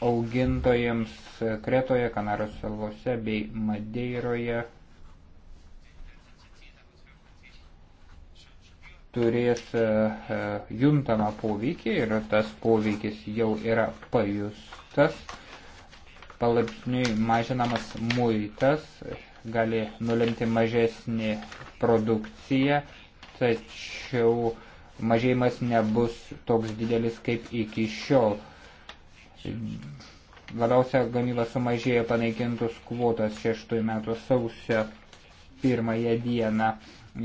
augintojams Kretoje, Kanaros salose bei Madeiroje turės e, juntamą poveikį ir tas poveikis jau yra pajustas palaipsniui mažinamas muitas gali nulemti mažesnį produkciją, tačiau mažėjimas nebus toks didelis kaip iki šiol. Labiausia gamyba sumažėjo panaikintus kvotas 6 metų sausio pirmąją dieną.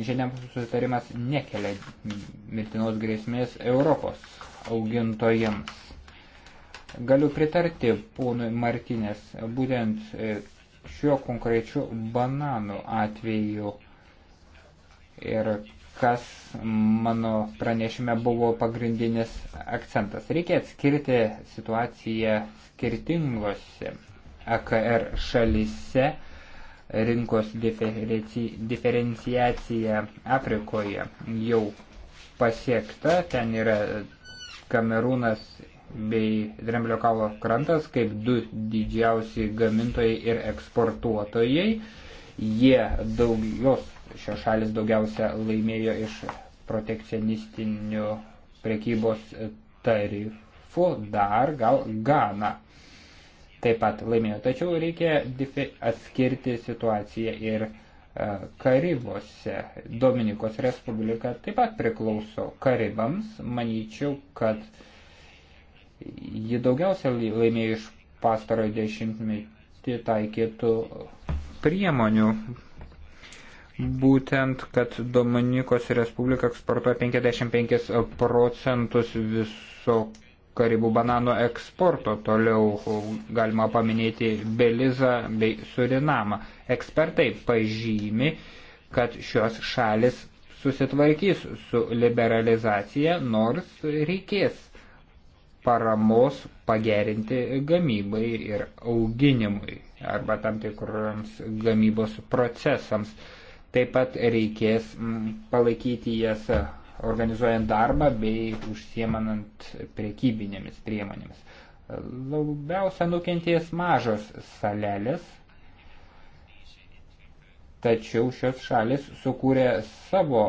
Žiniams susitarimas nekelia mirtinos grėsmės Europos augintojams. Galiu pritarti ponui Martinės, būtent e, šiuo konkrečiu bananų atveju ir kas mano pranešime buvo pagrindinis akcentas. Reikia atskirti situaciją skirtingose AKR e šalise, rinkos diferenciacija Afrikoje jau pasiekta, ten yra Kamerūnas bei Dramblio kaulo krantas kaip du didžiausi gamintojai ir eksportuotojai. Jie daug, jos šios šalis daugiausia laimėjo iš protekcionistinių prekybos tarifų, dar gal Gana taip pat laimėjo. Tačiau reikia atskirti situaciją ir e, Karibuose. Dominikos Respublika taip pat priklauso Karibams. Manyčiau, kad uh, ji daugiausia laimėjo iš pastarojo dešimtmetį taikytų priemonių. Būtent, kad Dominikos Respublika eksportuoja 55 procentus viso karibų banano eksporto. Toliau galima paminėti Belizą bei Surinamą. Ekspertai pažymi, kad šios šalis susitvarkys su liberalizacija, nors reikės paramos pagerinti gamybai ir auginimui arba tam tikrams gamybos procesams. Taip pat reikės palaikyti jas e, organizuojant darbą bei užsiemanant prekybinėmis priemonėmis. Labiausia nukentės mažos salelės, tačiau šios šalis sukūrė savo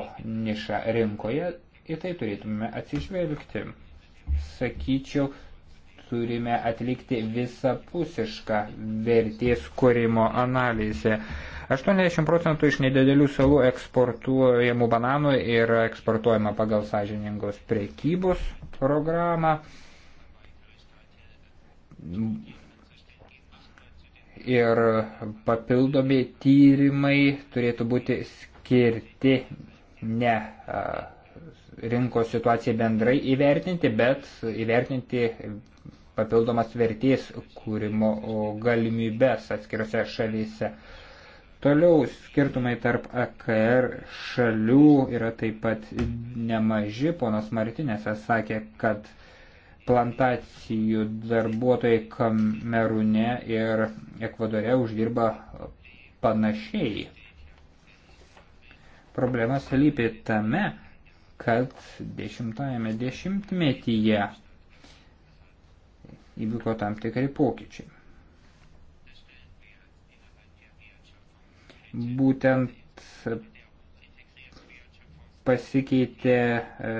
nišą rinkoje, į tai turėtume atsižvelgti sakyčiau, turime atlikti visapusišką vertės kūrimo analizę. 80 procentų iš nedidelių salų eksportuojamų bananų yra eksportuojama pagal sąžiningos prekybos programą. Ir papildomi tyrimai turėtų būti skirti ne. Uh, rinkos situaciją bendrai įvertinti, bet įvertinti papildomas vertės kūrimo galimybės atskirose šalyse. Toliau skirtumai tarp AKR šalių yra taip pat nemaži. Ponas Martinėsas sakė, kad plantacijų darbuotojai Kamerune ir Ekvadore uždirba panašiai. Problemas lypi tame, kad dešimtajame dešimtmetyje įvyko tam tikrai pokyčiai. Būtent pasikeitė e,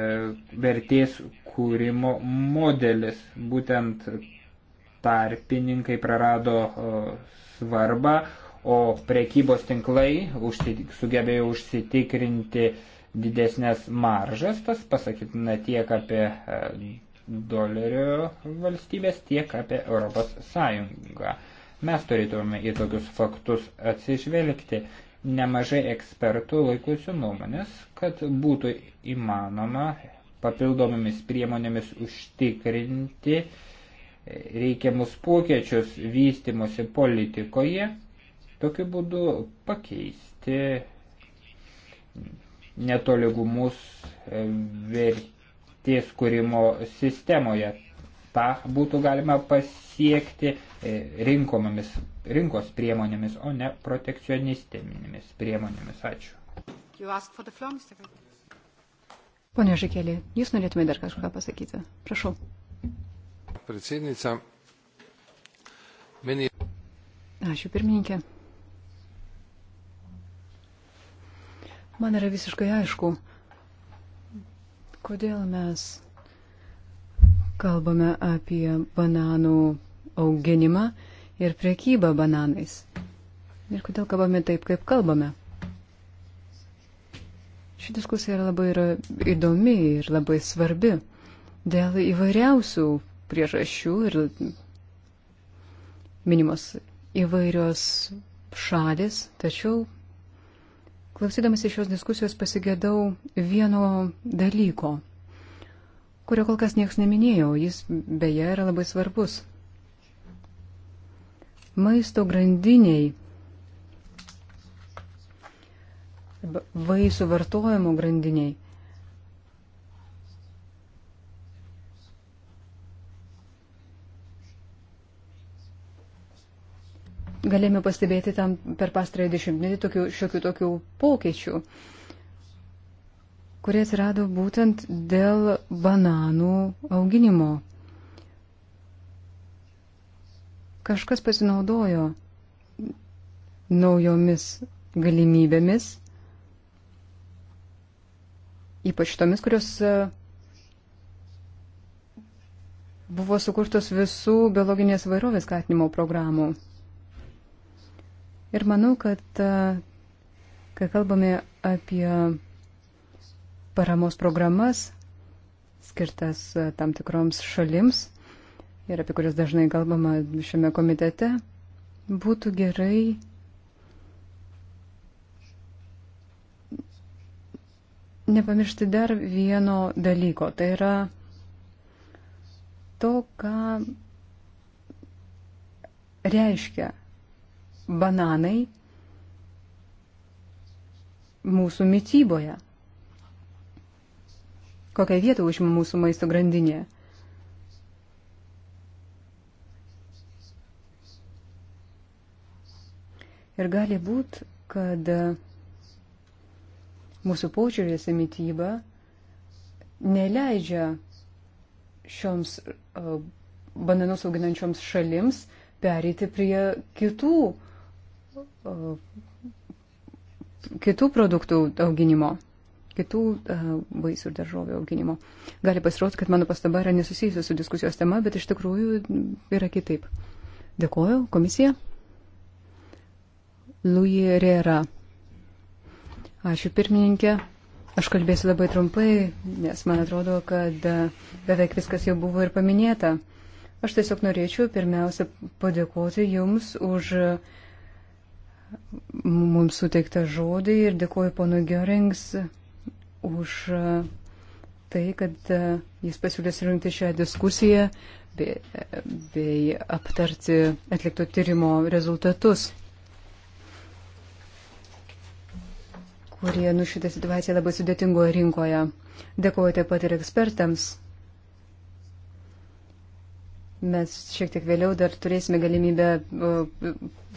vertės kūrimo modelis, būtent tarpininkai prarado svarbą, o prekybos tinklai sugebėjo užsitikrinti uh, didesnės maržas, tas pasakytina tiek apie e, dolerio valstybės, tiek apie Europos Sąjungą. Mes turėtume į tokius faktus atsižvelgti. Nemažai ekspertų laikusių nuomonės, kad būtų įmanoma papildomomis priemonėmis užtikrinti reikiamus pokėčius vystimosi politikoje, tokiu būdu pakeisti netoligumus e, vertės kūrimo sistemoje. Ta būtų galima pasiekti e, rinkomomis, rinkos priemonėmis, o ne protekcionistinėmis priemonėmis. Ačiū. Pone Žikėlė, jūs norėtumėte dar kažką pasakyti? Prašau. Ačiū pirmininkė. Man yra visiškai aišku, kodėl mes kalbame apie bananų auginimą ir prekybą bananais. Ir kodėl kalbame taip, kaip kalbame. Ši diskusija yra labai yra įdomi ir labai svarbi dėl įvairiausių priežasčių ir minimos įvairios šalis, tačiau Klausydamas iš šios diskusijos pasigėdau vieno dalyko, kurio kol kas niekas neminėjau, jis beje yra labai svarbus. Maisto grandiniai, vaisių vartojimo grandiniai galėjome pastebėti tam per pastarąjį dešimtmetį tokių, šiokių tokių pokyčių, kurie atsirado būtent dėl bananų auginimo. Kažkas pasinaudojo naujomis galimybėmis, ypač tomis, kurios e, buvo sukurtos visų biologinės vairovės skatinimo programų. Ir manau, kad e, kai kalbame apie paramos programas skirtas e, tam tikroms šalims ir apie kurias dažnai kalbama šiame komitete, būtų gerai nepamiršti dar vieno dalyko. Tai yra to, ką reiškia bananai mūsų mytyboje? Kokią vietą užima mūsų maisto grandinėje? Ir gali būti, kad mūsų požiūrės į mytybą neleidžia šioms bananus auginančioms šalims perėti prie kitų uh, kitų produktų auginimo, kitų e, vaisių ir daržovių auginimo. Gali pasirodyti, kad mano pastaba yra nesusijusi su diskusijos tema, bet iš tikrųjų yra kitaip. Dėkuoju, komisija. Louis Rera. Ačiū pirmininkė. Aš kalbėsiu labai trumpai, nes man atrodo, kad e, beveik viskas jau buvo ir paminėta. Aš tiesiog norėčiau pirmiausia padėkoti Jums už uh, mums suteiktą žodį ir dėkoju pono Gerings už e, tai, kad e, jis pasiūlė surinkti šią diskusiją bei, e, bei aptarti atlikto tyrimo rezultatus, kurie nušitė situaciją labai sudėtingoje rinkoje. Dėkoju taip pat ir ekspertams. Mes šiek tiek vėliau dar turėsime galimybę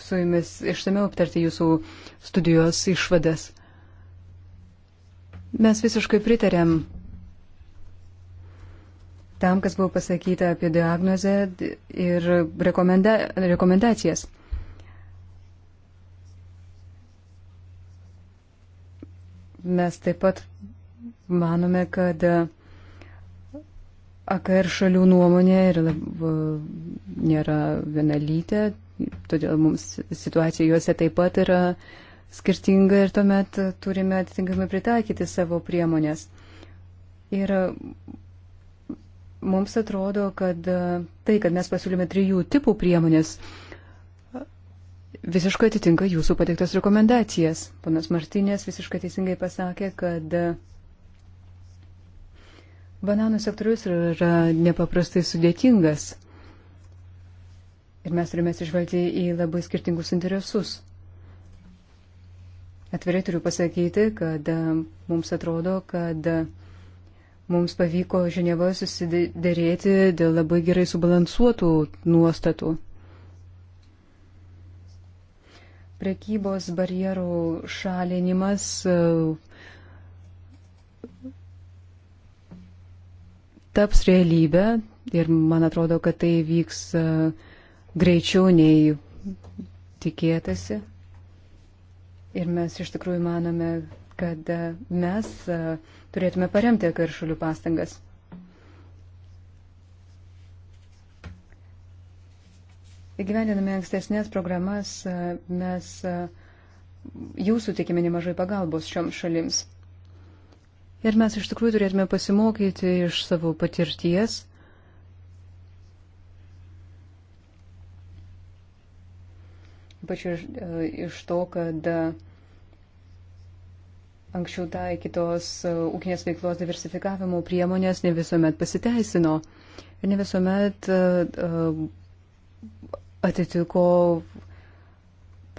su jumis išsameu aptarti jūsų studijos išvadas. Mes visiškai pritarėm tam, kas buvo pasakyta apie diagnozę ir rekomenda rekomendacijas. Mes taip pat manome, kad AKR šalių nuomonė yra lab, nėra vienalytė, todėl mums situacija juose taip pat yra skirtinga ir tuomet turime atitinkamai pritaikyti savo priemonės. Ir mums atrodo, kad tai, kad mes pasiūlėme trijų tipų priemonės, visiškai atitinka jūsų pateiktas rekomendacijas. Ponas Martinės visiškai teisingai pasakė, kad Bananų sektorius yra nepaprastai sudėtingas. Ir mes turime atsižvelgti į labai skirtingus interesus. Atvirai turiu pasakyti, kad e, mums atrodo, kad e, mums pavyko Ženevoje susidėrėti dėl labai gerai subalansuotų nuostatų. Prekybos barjerų šalinimas e, taps realybė ir man atrodo, kad tai vyks e, greičiau nei tikėtasi. Ir mes iš tikrųjų manome, kad e, mes e, turėtume paremti karšulių pastangas. Įgyvendinami ankstesnės programas mes jau sutikime nemažai pagalbos šioms šalims. Ir mes iš tikrųjų turėtume pasimokyti iš savo patirties. Ypač iš, e, iš to, kad e, anksčiau taikytos e, ūkinės veiklos diversifikavimo priemonės ne visuomet pasiteisino ir ne visuomet atitiko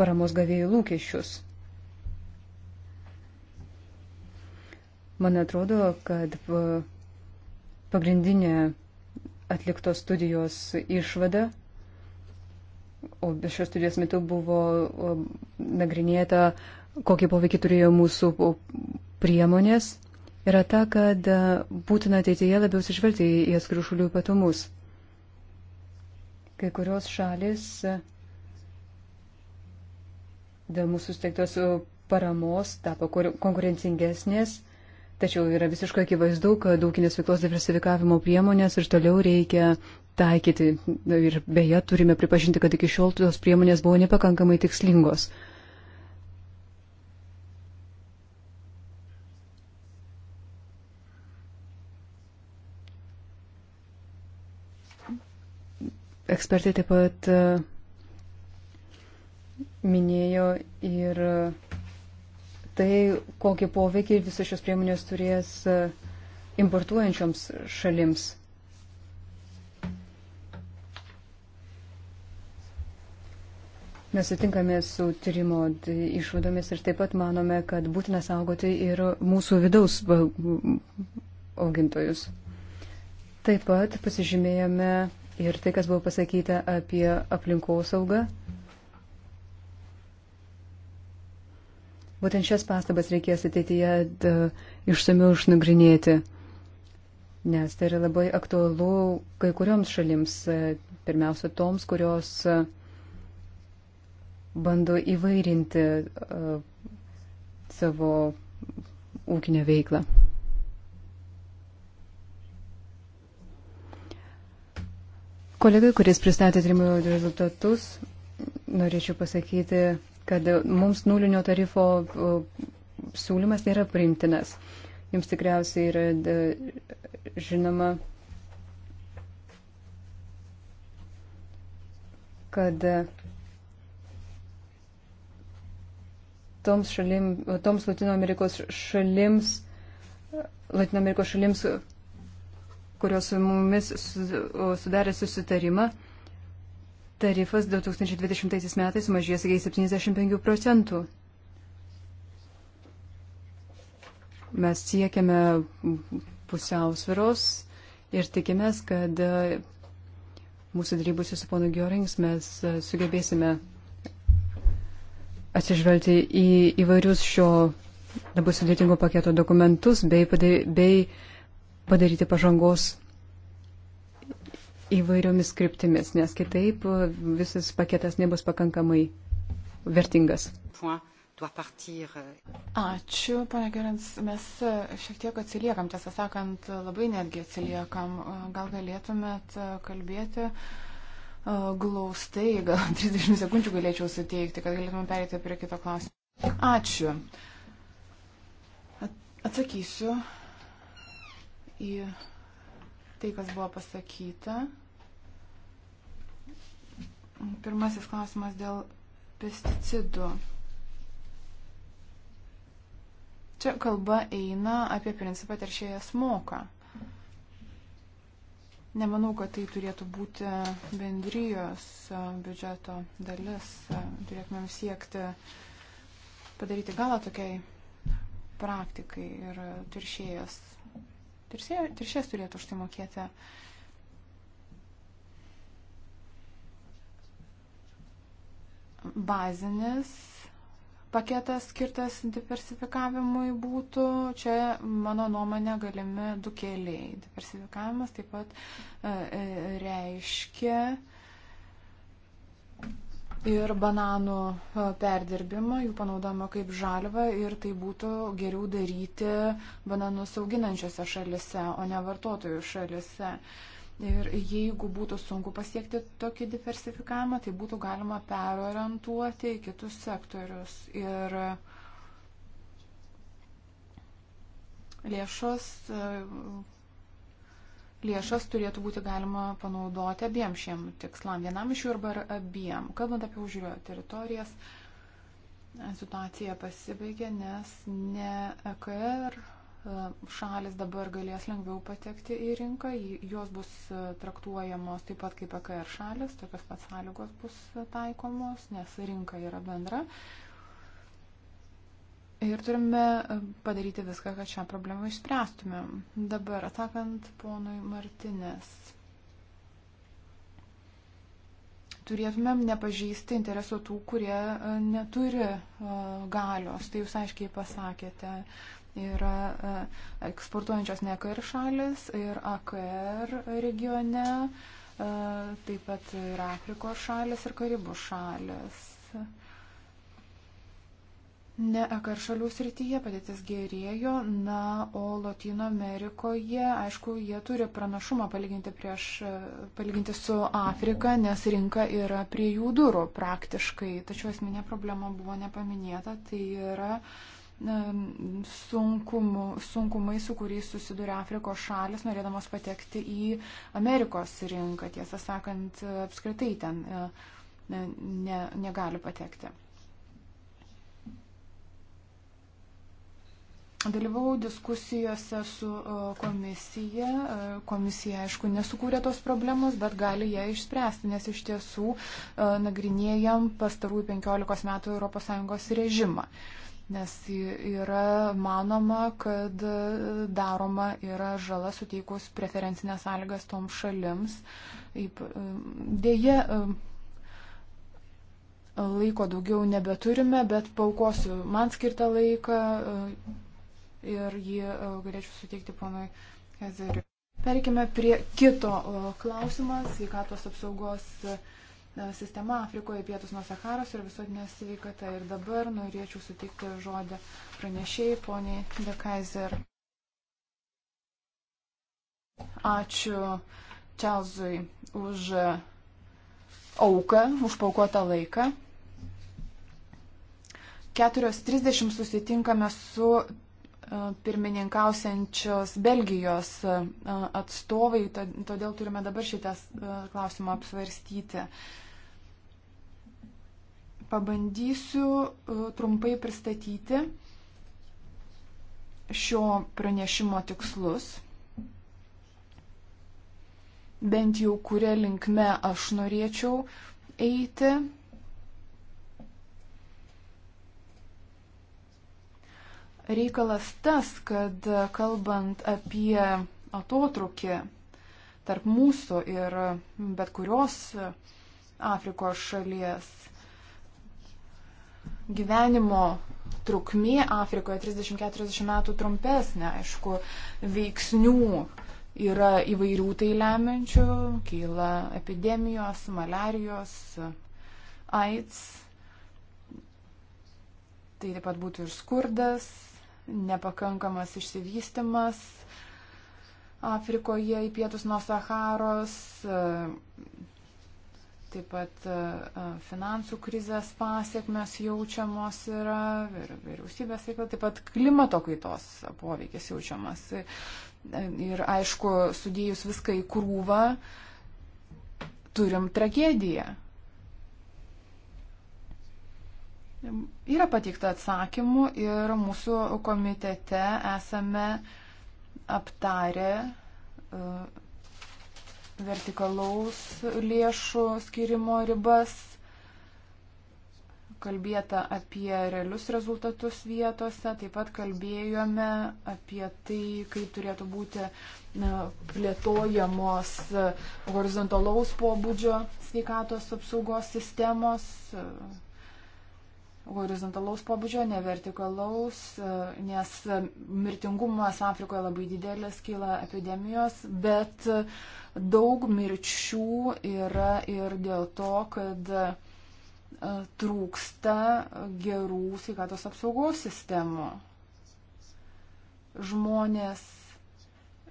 paramos gavėjų lūkesčius. Man atrodo, kad pagrindinė atliktos studijos išvada, o šios studijos metu buvo nagrinėta, kokį poveikį turėjo mūsų priemonės, yra ta, kad e, būtina ateityje labiau sižvelgti į atskirų šalių ypatumus. Kai kurios šalis e, dėl mūsų steigtos paramos tapo konkurencingesnės Tačiau yra visiškai akivaizdu, kad ūkinės veiklos diversifikavimo priemonės ir toliau reikia taikyti. Ir beje, turime pripažinti, kad iki šiol tos priemonės buvo nepakankamai tikslingos. Ekspertai taip pat e, minėjo ir. Uh, tai, kokį poveikį visos šios priemonės turės e, importuojančioms šalims. Mes sutinkame su tyrimo išvadomis ir taip pat manome, kad būtina saugoti ir mūsų vidaus augintojus. Taip pat pasižymėjome ir tai, kas buvo pasakyta apie aplinkosaugą Būtent šias pastabas reikės ateityje išsamiu išnagrinėti, nes tai yra labai aktualu kai kurioms šalims, e, pirmiausia toms, kurios e, bando įvairinti e, savo ūkinę veiklą. Kolegai, kuris pristatė trimų rezultatus, norėčiau pasakyti, kad mums nulinio tarifo siūlymas nėra priimtinas. Jums tikriausiai yra žinoma, kad toms, šalim, toms Latino Amerikos šalims, Latino Amerikos šalims, kurios su mumis sudarė susitarimą, tarifas 2020 metais sumažės iki 75 procentų. Mes siekiame pusiausviros ir tikimės, kad e, mūsų darybusi su ponu Giorings mes e, sugebėsime atsižvelgti į įvairius šio labai sudėtingo paketo dokumentus bei, padai, bei padaryti pažangos įvairiomis skriptimis, nes kitaip visas paketas nebus pakankamai vertingas. Ačiū, pane Gerins, mes šiek tiek atsiliekam, tiesą sakant, labai netgi atsiliekam. Gal galėtumėt kalbėti glaustai, gal 30 [laughs] sekundžių galėčiau suteikti, kad galėtumėm perėti prie kito klausimo. Ačiū. Atsakysiu į tai, kas buvo pasakyta. Pirmasis klausimas dėl pesticidų. Čia kalba eina apie principą teršėjas moka. Nemanau, kad tai turėtų būti bendrijos biudžeto dalis. Turėtumėm siekti padaryti galą tokiai praktikai ir tiršėjas. Tiršėjas turėtų už tai mokėti bazinis paketas skirtas diversifikavimui būtų, čia mano nuomonė galimi du keliai. Diversifikavimas taip pat e, e, reiškia ir bananų e, perdirbimą, jų panaudojimą kaip žalvą ir tai būtų geriau daryti bananus auginančiose šalise, o ne vartotojų šalise. Uh, Ir jeigu būtų sunku pasiekti tokį diversifikavimą, tai būtų galima perorientuoti į kitus sektorius. Ir lėšos, lėšas turėtų būti galima panaudoti abiem šiem tikslam, vienam iš jų arba abiem. Kalbant apie užžiūrio teritorijas, situacija pasibaigė, nes ne EKR E, šalis dabar galės lengviau patekti į rinką, jos bus e, traktuojamos taip pat kaip AKR e šalis, tokios pat sąlygos bus taikomos, nes rinka yra bendra. Ir turime padaryti viską, kad šią problemą išspręstumėm. Dabar atsakant ponui Martinės. turėtumėm nepažįsti interesų tų, kurie neturi galios. Tai jūs aiškiai pasakėte yra e, eksportuojančios ne AKR šalis ir AKR regione, e, taip pat ir Afrikos šalis ir Karibų šalis. Ne AKR šalių srityje padėtis gerėjo, na, o Latino Amerikoje, aišku, jie turi pranašumą palyginti, prieš, palyginti su Afrika, nes rinka yra prie jų durų praktiškai. Tačiau esminė problema buvo nepaminėta, tai yra uh, sunkumu, sunkumai, su kuriais susiduria Afrikos šalis, norėdamos patekti į Amerikos rinką. Tiesą sakant, apskritai ten e, ne, negali patekti. Dalyvau diskusijose su e, komisija. E, komisija, aišku, nesukūrė tos problemos, bet gali ją išspręsti, nes iš tiesų nagrinėjam pastarųjų 15 metų ES režimą. Uh, nes yra manoma, kad daroma yra žala suteikus preferencinės sąlygas toms šalims. Um, Deja, um, laiko daugiau nebeturime, bet paukosiu man skirtą laiką uh, ir jį uh, galėčiau suteikti ponui Ezeriu. Perikime prie kito uh, klausimo - sveikatos apsaugos E, sistema Afrikoje pietus nuo Saharos ir visuotinė sveikata. Ir dabar norėčiau sutikti žodį pranešėjai poniai De Kaiser. Ačiū Čelzui už auką, už paukotą laiką. 4.30 susitinkame su E, pirmininkausiančios Belgijos e, atstovai, todėl turime dabar šitą e, klausimą apsvarstyti. Pabandysiu trumpai pristatyti šio pranešimo tikslus, bent jau kuria linkme aš norėčiau eiti reikalas tas, kad kalbant apie atotrukį tarp mūsų ir bet kurios Afrikos šalies gyvenimo trukmė Afrikoje 30-40 metų trumpesnė, aišku, veiksnių yra įvairių tai lemiančių, kyla epidemijos, malarijos, AIDS, tai taip pat būtų ir skurdas, nepakankamas išsivystimas Afrikoje į pietus nuo Saharos, taip pat finansų krizės pasiekmes jaučiamos yra ir vyriausybės veikla, taip pat klimato kaitos poveikis jaučiamas. Ir aišku, sudėjus viską į krūvą, turim tragediją. Yra pateikta atsakymų ir mūsų komitete esame aptarę e, vertikalaus lėšų skirimo ribas, kalbėta apie realius rezultatus vietose, taip pat kalbėjome apie tai, kaip turėtų būti plėtojamos horizontalaus pobūdžio sveikatos apsaugos sistemos, horizontalaus pobūdžio, ne vertikalaus, e, nes mirtingumas Afrikoje labai didelis, kyla epidemijos, bet daug mirčių yra ir dėl to, kad e, trūksta gerų sveikatos apsaugos sistemų. Žmonės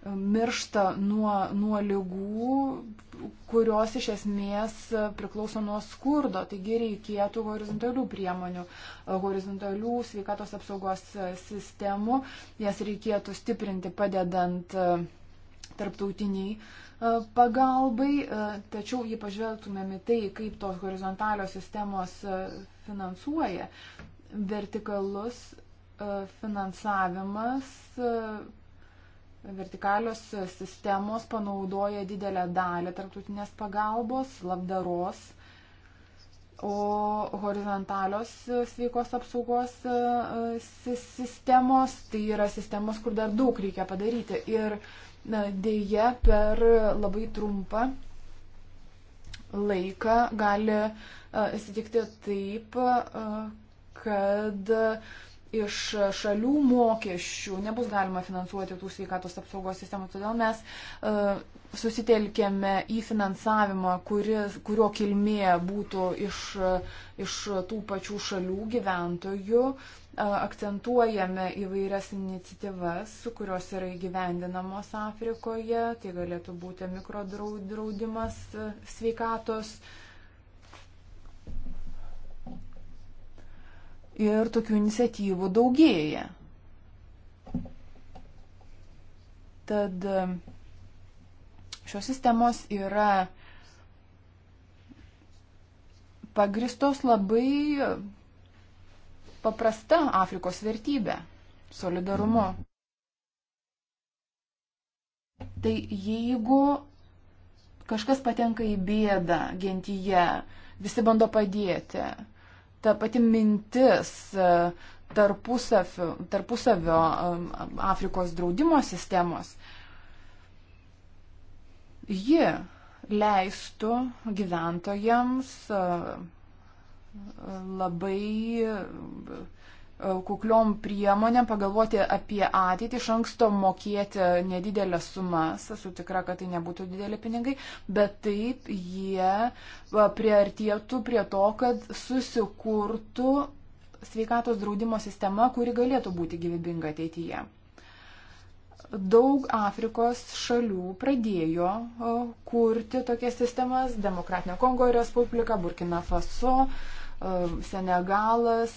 miršta nuo, nuo lygų, kurios iš esmės priklauso nuo skurdo. Taigi reikėtų horizontalių priemonių, horizontalių sveikatos apsaugos sistemų, jas reikėtų stiprinti padedant e, tarptautiniai e, pagalbai, e, tačiau jei pažvelgtumėm į tai, kaip tos horizontalios sistemos finansuoja, vertikalus finansavimas vertikalios sistemos panaudoja didelę dalį tarptautinės pagalbos, labdaros, o horizontalios sveikos apsaugos e, sistemos, tai yra sistemos, kur dar daug reikia padaryti. Ir na, dėje per labai trumpą laiką gali e, atsitikti taip, e, kad uh, iš šalių mokesčių nebus galima finansuoti tų sveikatos apsaugos sistemų. Todėl mes uh, susitelkėme į finansavimą, kuris, kurio kilmė būtų iš, iš tų pačių šalių gyventojų. Uh, akcentuojame įvairias iniciatyvas, kurios yra įgyvendinamos Afrikoje. Tai galėtų būti mikrodraudimas e, sveikatos. Uh, ir tokių iniciatyvų daugėja. Tad e, šios sistemos yra pagristos labai paprasta Afrikos vertybė - solidarumu. Tai jeigu kažkas patenka į bėdą gentyje, visi bando padėti, ta pati mintis e, tarpusavio, tarpusavio e, Afrikos draudimo sistemos, ji leistų gyventojams e, labai kukliom priemonėm pagalvoti apie ateitį, iš anksto mokėti nedidelę sumą, esu tikra, kad tai nebūtų dideli pinigai, bet taip jie priartėtų prie to, kad susikurtų sveikatos draudimo sistema, kuri galėtų būti gyvybinga ateityje. Daug Afrikos šalių pradėjo kurti tokias sistemas - Demokratinė Kongo Respublika, Burkina Faso, Senegalas,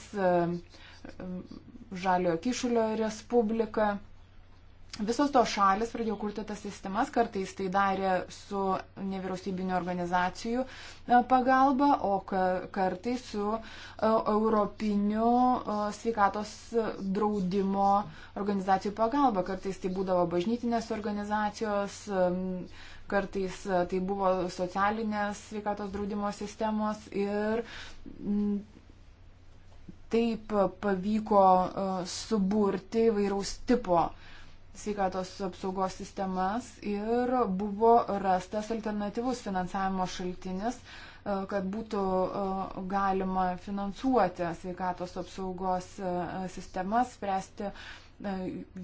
Žaliojo Kišulio Respublika. Visos tos šalis pradėjo kurti tas sistemas, kartais tai darė su nevyriausybinio organizacijų e, pagalba, o kartais su e, Europiniu e, sveikatos draudimo organizacijų pagalba. Kartais tai būdavo bažnytinės organizacijos, kartais tai buvo socialinės sveikatos draudimo sistemos ir taip pavyko e, suburti vairaus tipo sveikatos apsaugos sistemas ir buvo rastas alternatyvus finansavimo šaltinis, e, kad būtų e, galima finansuoti sveikatos apsaugos sistemas, spręsti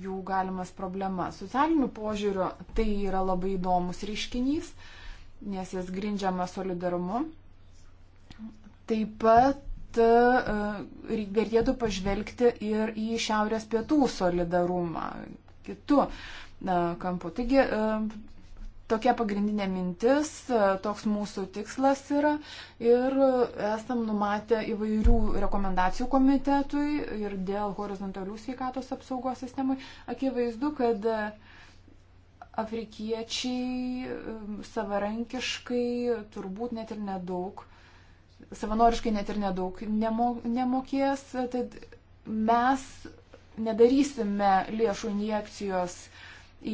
jų galimas problemas. Socialiniu požiūriu tai yra labai įdomus reiškinys, nes jis grindžiama solidarumu. Taip pat E, reikėtų pažvelgti ir į šiaurės pietų solidarumą kitų e, kampų. Taigi e, tokia pagrindinė mintis, toks mūsų tikslas yra ir esam numatę įvairių rekomendacijų komitetui ir dėl horizontalių sveikatos apsaugos sistemai. Akivaizdu, kad afrikiečiai savarankiškai turbūt net ir nedaug savanoriškai net ir nedaug nemokės, tad mes nedarysime lėšų injekcijos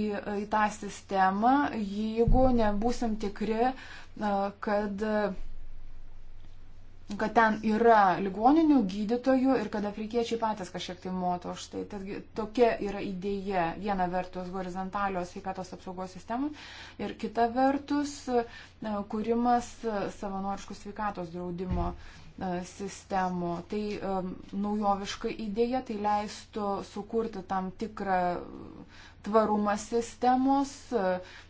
į, į tą sistemą, jeigu nebusim tikri, kad kad ten yra ligoninių gydytojų ir kad afrikiečiai patys kažkiek tai moto už tai. Tad tokia yra idėja viena vertus horizontalios sveikatos apsaugos sistemos ir kita vertus e, kūrimas e, savanoriškų sveikatos draudimo e, sistemų. Tai um, naujoviška idėja, tai leistų sukurti tam tikrą tvarumą sistemos,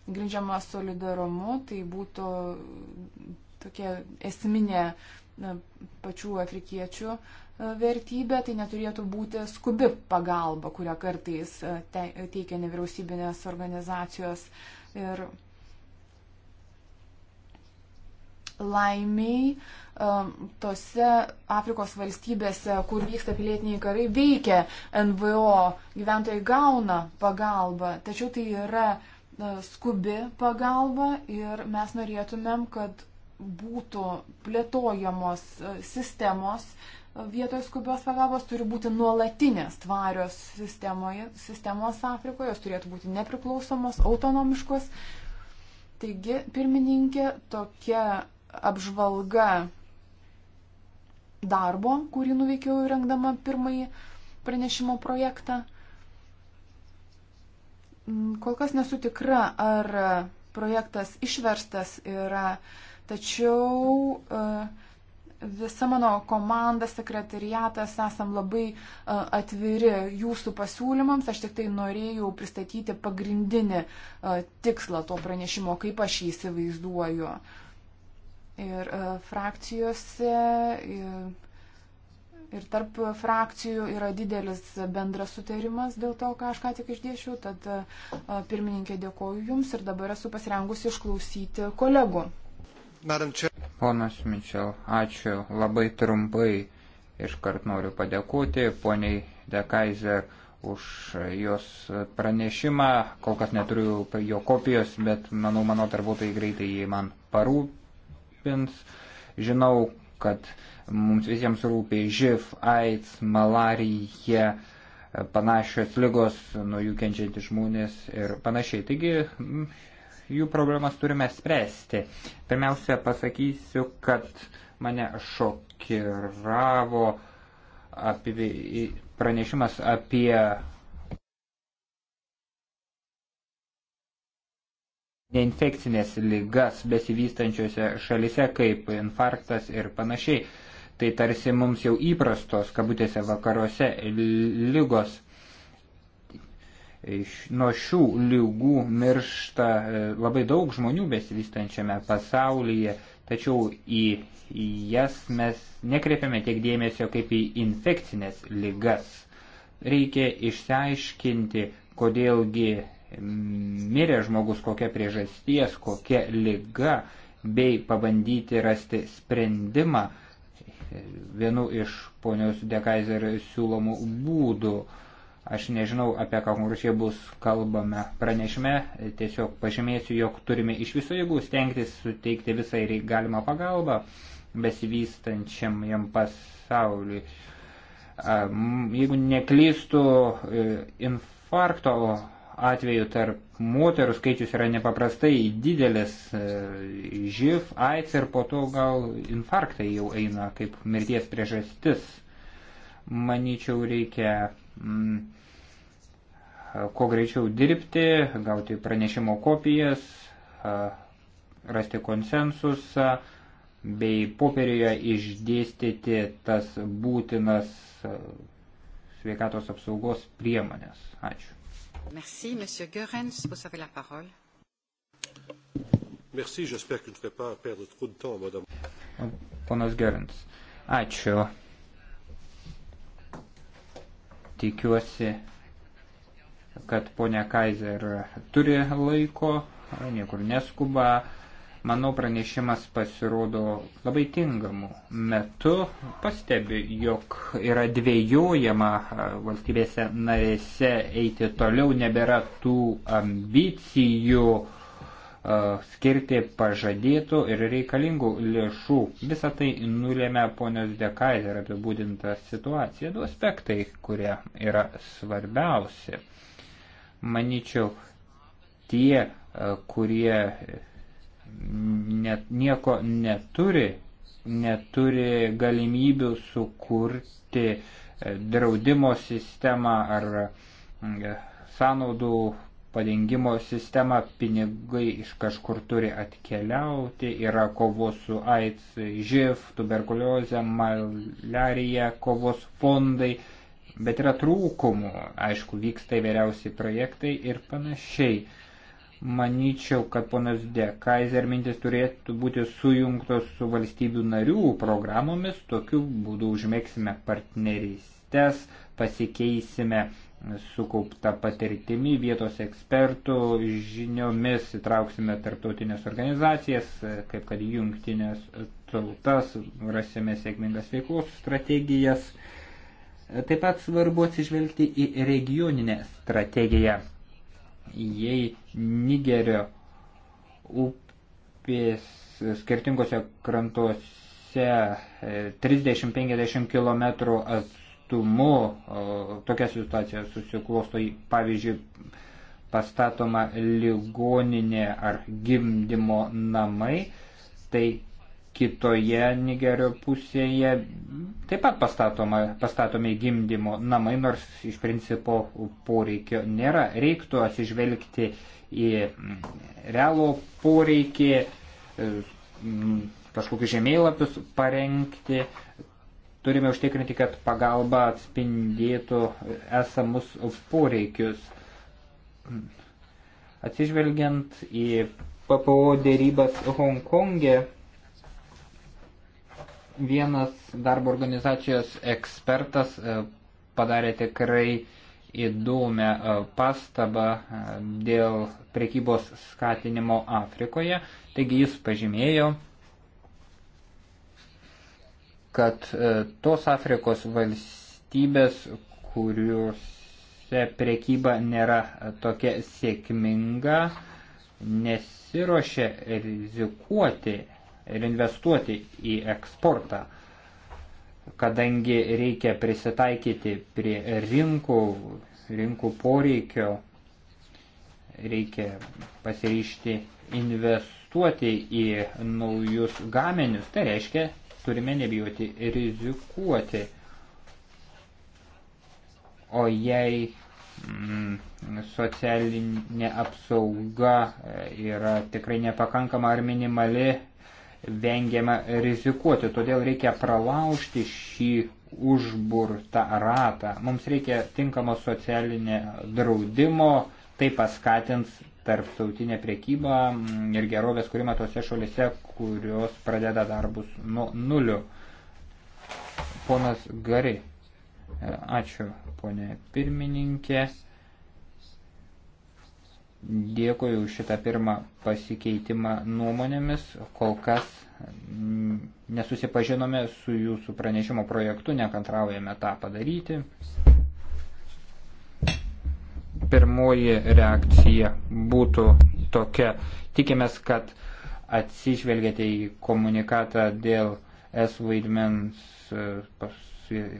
grindžiamą solidarumu, tai būtų tokia esminė uh, na, pačių afrikiečių e, vertybė, tai neturėtų būti skubi pagalba, kurią kartais e, teikia nevyriausybinės organizacijos. Ir laimiai e, tose Afrikos valstybėse, kur vyksta pilietiniai karai, veikia NVO, gyventojai gauna pagalbą, tačiau tai yra skubi pagalba ir mes norėtumėm, kad būtų plėtojamos e, sistemos e, vietoj skubios pagalbos, turi būti nuolatinės tvarios sistemoje, sistemos Afrikoje, jos turėtų būti nepriklausomos, autonomiškos. Taigi, pirmininkė, tokia apžvalga darbo, kurį nuveikiau rengdama pirmąjį pranešimo projektą. Mm, kol kas nesu tikra, ar projektas išverstas yra uh, Tačiau e, visa mano komanda, sekretariatas, esam labai e, atviri jūsų pasiūlymams. Aš tik tai norėjau pristatyti pagrindinį e, tikslą to pranešimo, kaip aš jį įsivaizduoju. Ir frakcijose, ir, ir tarp frakcijų yra didelis bendras sutarimas dėl to, ką aš ką tik išdėšiau. Tad pirmininkė dėkoju Jums ir dabar esu pasirengusi išklausyti kolegų. Ponas Mičel, ačiū labai trumpai. Iškart noriu padėkoti poniai Dekaiser už jos pranešimą. Kol kas neturiu jo kopijos, bet manau, mano darbuotojai greitai jį man parūpins. Žinau, kad mums visiems rūpi živ, aids, malarija, panašios lygos, nuo jų kenčiantys žmonės ir panašiai. Taigi jų problemas turime spręsti. Pirmiausia, pasakysiu, kad mane šokiravo apie, pranešimas apie neinfekcinės lygas besivystančiose šalise, kaip infarktas ir panašiai. Tai tarsi mums jau įprastos, kabutėse vakaruose, lygos nuo šių lygų miršta e, labai daug žmonių besivystančiame pasaulyje, tačiau į jas mes nekreipiame tiek dėmesio kaip į infekcinės lygas. Reikia išsiaiškinti, kodėlgi mirė žmogus, kokia priežasties, kokia lyga, bei pabandyti rasti sprendimą vienu iš ponios Dekaiser siūlomų būdų. Aš nežinau, apie ką konkrečiai bus kalbame pranešime, tiesiog pažymėsiu, jog turime iš viso jėgų stengtis suteikti visą ir galimą pagalbą besivystančiam jam pasauliui. Jeigu neklystų e, infarkto atveju tarp moterų skaičius yra nepaprastai didelis, e, živ, aids ir po to gal infarktai jau eina kaip mirties priežastis. Manyčiau, reikia mm, kuo greičiau dirbti, gauti pranešimo kopijas, rasti konsensusą bei popierioje išdėstyti tas būtinas sveikatos apsaugos priemonės. Ačiū. Merci, Monsieur Görens, vous avez la parole. Merci, j'espère que je ne vais pas perdre trop de temps, madame. Ponas Görens, ačiū. Tikiuosi, kad ponia Kaiser turi laiko, niekur neskuba. Manau, pranešimas pasirodo labai tingamu metu. Pastebiu, jog yra dvėjojama valstybėse narėse eiti toliau, nebėra tų ambicijų skirti pažadėtų ir reikalingų lėšų. Visą tai nulėmė ponios Dekaiser apibūdinta situacija, du aspektai, kurie yra svarbiausi. Maničiau, tie, kurie net, nieko neturi, neturi galimybių sukurti draudimo sistemą ar sąnaudų padengimo sistemą, pinigai iš kažkur turi atkeliauti, yra kovos su AIDS, živ, tuberkuliozė, malerija, kovos fondai, bet yra trūkumų, aišku, vyksta įvairiausi projektai ir panašiai. Manyčiau, kad ponas De Kaiser mintis turėtų būti sujungtos su valstybių narių programomis, tokiu būdu užmėgsime partnerystės, pasikeisime sukaupta patirtimi, vietos ekspertų žiniomis įtrauksime tarptautinės organizacijas, kaip kad jungtinės tautas, rasime sėkmingas veiklos strategijas. Taip pat svarbu atsižvelgti į regioninę strategiją. Jei Nigerio upės skirtingose krantuose 30-50 km atstumą, nėštumu tokia situacija susiklosto, pavyzdžiui, pastatoma ligoninė ar gimdymo namai, tai kitoje Nigerio pusėje taip pat pastatoma, pastatomi gimdymo namai, nors iš principo poreikio nėra. Reiktų atsižvelgti į mm, realų poreikį, e, mm, kažkokius žemėlapius parengti, turime užtikrinti, kad pagalba atspindėtų esamus poreikius. Atsižvelgiant į PPO dėrybas Hongkonge, vienas darbo organizacijos ekspertas e, padarė tikrai įdomią e, pastabą e, dėl prekybos skatinimo Afrikoje. Taigi jis pažymėjo, kad e, tos Afrikos valstybės, kuriuose prekyba nėra e, tokia sėkminga, nesiuošia rizikuoti ir investuoti į eksportą, kadangi reikia prisitaikyti prie rinkų, rinkų poreikio, reikia pasiryšti investuoti į naujus gaminius. Tai reiškia turime nebijoti rizikuoti. O jei mm, socialinė apsauga e, yra tikrai nepakankama ar minimali, vengiama rizikuoti. Todėl reikia pralaužti šį užburtą ratą. Mums reikia tinkamo socialinio draudimo, tai paskatins tarptautinę prekybą mm, ir gerovės kūrimą tose šalise, kurios pradeda darbus nuo nulio. Ponas Gari. E, ačiū, ponė pirmininkė. Dėkoju šitą pirmą pasikeitimą nuomonėmis. Kol kas mm, nesusipažinome su jūsų pranešimo projektu, nekantraujame tą padaryti pirmoji reakcija būtų tokia. Tikimės, kad atsižvelgėte į komunikatą dėl S vaidmens e,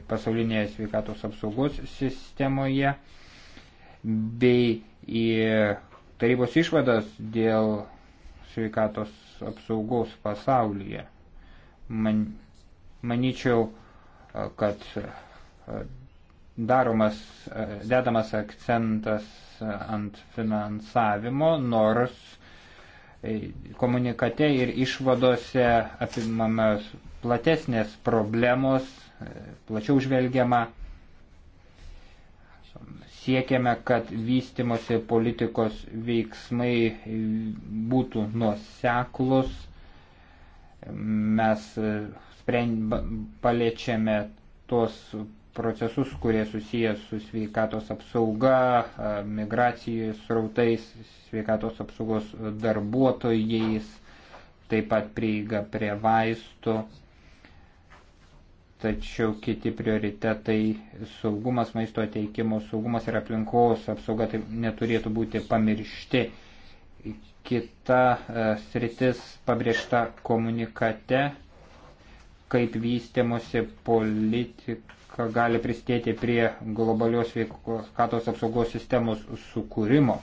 pasaulinėje sveikatos apsaugos sistemoje bei į tarybos išvadas dėl sveikatos apsaugos pasaulyje. Man, manyčiau, e, kad e, daromas, dedamas akcentas ant finansavimo, nors komunikate ir išvadose apimamas platesnės problemos, plačiau žvelgiama. Siekiame, kad vystimosi politikos veiksmai būtų nuoseklus. Mes sprend, paliečiame tos procesus, kurie susijęs su sveikatos apsauga, migracijos rautais, sveikatos apsaugos darbuotojais, taip pat prieiga prie vaistų. Tačiau kiti prioritetai - saugumas, maisto teikimo saugumas ir aplinkos apsauga tai neturėtų būti pamiršti. Kita sritis pabrėžta komunikate kaip vystimosi politika ką gali prisidėti prie globalios sveikatos apsaugos sistemos sukūrimo.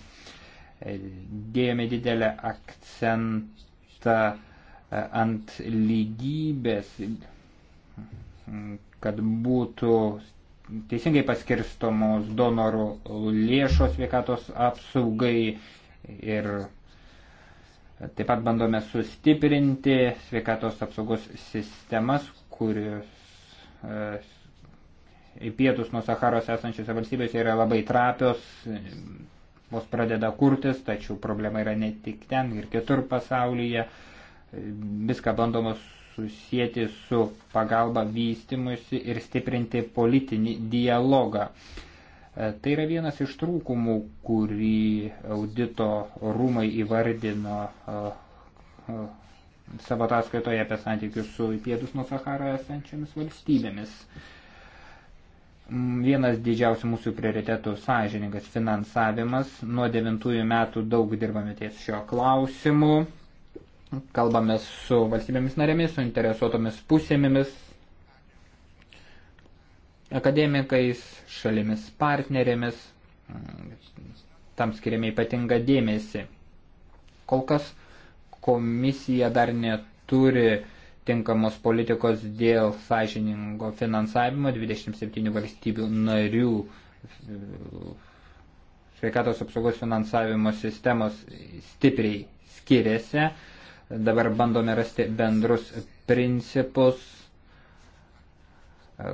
Dėjome didelę akcentą e, ant lygybės, kad būtų teisingai paskirstomos donorų lėšos sveikatos apsaugai ir taip pat bandome sustiprinti sveikatos apsaugos sistemas, kurios e, į pietus nuo Saharos esančiose valstybėse yra labai trapios, vos pradeda kurtis, tačiau problema yra ne tik ten ir kitur pasaulyje. Viską bandoma susijęti su pagalba vystimusi ir stiprinti politinį dialogą. Tai yra vienas iš trūkumų, kurį audito rūmai įvardino savo ataskaitoje apie santykius su pietus nuo Sahara esančiamis valstybėmis. Vienas didžiausių mūsų prioritetų - sąžiningas finansavimas. Nuo devintųjų metų daug dirbame ties šio klausimu. Kalbame su valstybėmis narėmis, su interesuotomis pusėmis, akademikais, šalimis partnerėmis. Tam skiriame ypatingą dėmesį. Kol kas komisija dar neturi uh, tinkamos politikos dėl sąžiningo finansavimo 27 valstybių narių e, sveikatos apsaugos finansavimo sistemos stipriai skiriasi. Dabar bandome rasti bendrus principus, e,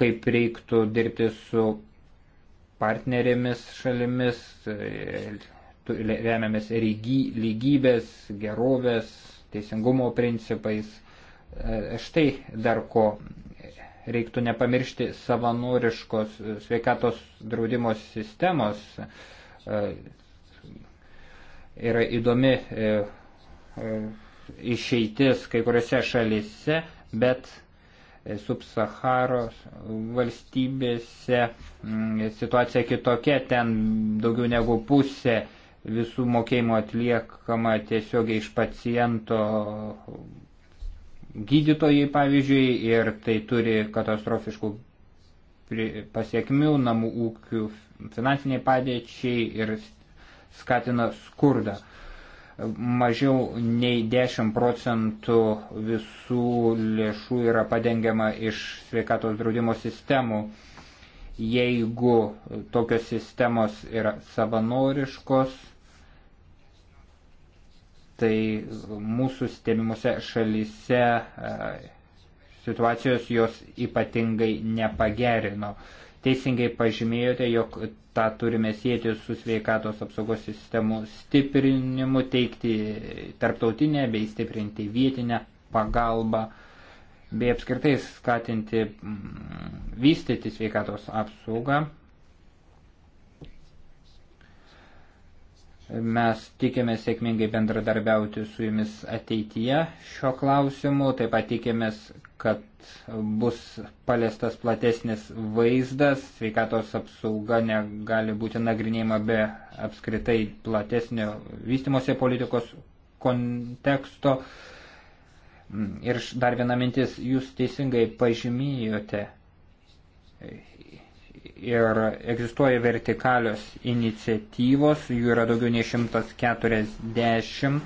kaip reiktų dirbti su partnerėmis šalimis, e, remiamės lygybės, gerovės, teisingumo principais. E, štai dar ko reiktų nepamiršti savanoriškos sveikatos draudimo sistemos. E, yra įdomi e, išeitis kai kuriuose šalise, bet subsaharos valstybėse situacija kitokia, ten daugiau negu pusė visų mokėjimų atliekama tiesiogiai iš paciento gydytojai, pavyzdžiui, ir tai turi katastrofiškų pasiekmių namų ūkių finansiniai padėčiai ir skatina skurdą. Mažiau nei 10 procentų visų lėšų yra padengiama iš sveikatos draudimo sistemų. Jeigu tokios sistemos yra savanoriškos, tai mūsų stebimose šalyse e, situacijos jos ypatingai nepagerino. Teisingai pažymėjote, jog tą turime sėti su sveikatos apsaugos sistemų stiprinimu, teikti tarptautinę bei stiprinti vietinę pagalbą, bei apskritai skatinti vystyti sveikatos apsaugą. Mes tikime sėkmingai bendradarbiauti su jumis ateityje šio klausimu, taip pat tikimės, kad bus paliestas platesnis vaizdas, sveikatos apsauga negali būti nagrinėjama be apskritai platesnio vystimosi politikos konteksto. Ir dar viena mintis, jūs teisingai pažymėjote ir egzistuoja vertikalios iniciatyvos, jų yra daugiau nei 140.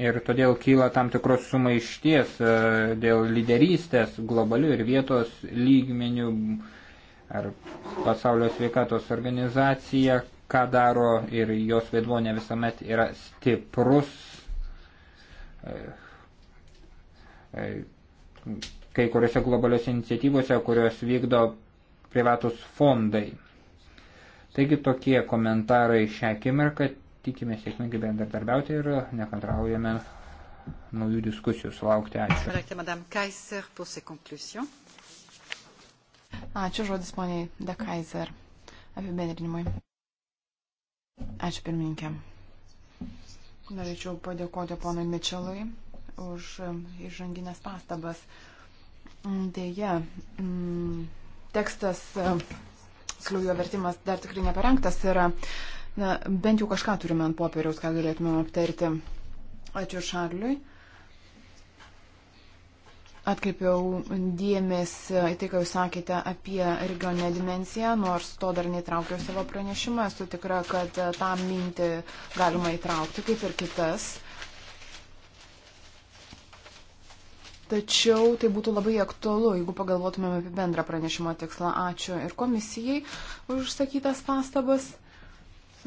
Ir todėl kyla tam tikros sumaišties e, dėl lyderystės globalių ir vietos lygmenių ar pasaulio sveikatos organizacija, ką daro ir jos vaidmuo ne visuomet yra stiprus. E, e, kai kuriuose globaliuose iniciatyvose, kurios vykdo privatus fondai. Taigi tokie komentarai šią akimirką, tikime sėkmingai bendradarbiauti ir nekantraujame naujų diskusijų sulaukti. Ačiū. Ačiū žodis poniai De Kaiser apibendrinimui. Ačiū pirmininkė. Norėčiau padėkoti ponui Mičelui už įžanginės pastabas. Mm, deja, mm, tekstas, tiksliau e, jo vertimas dar tikrai neparengtas yra, na, bent jau kažką turime ant popieriaus, ką galėtumėm aptarti. Ačiū Šarliui. Atkreipiau dėmesį į tai, ką jūs sakėte apie regioninę dimenciją, nors to dar neįtraukiau savo pranešimą. Esu tikra, kad tą mintį galima įtraukti, kaip ir kitas. Uh, Tačiau tai būtų labai aktualu, jeigu pagalvotumėm apie bendrą pranešimo tikslą. Ačiū ir komisijai už užsakytas pastabas.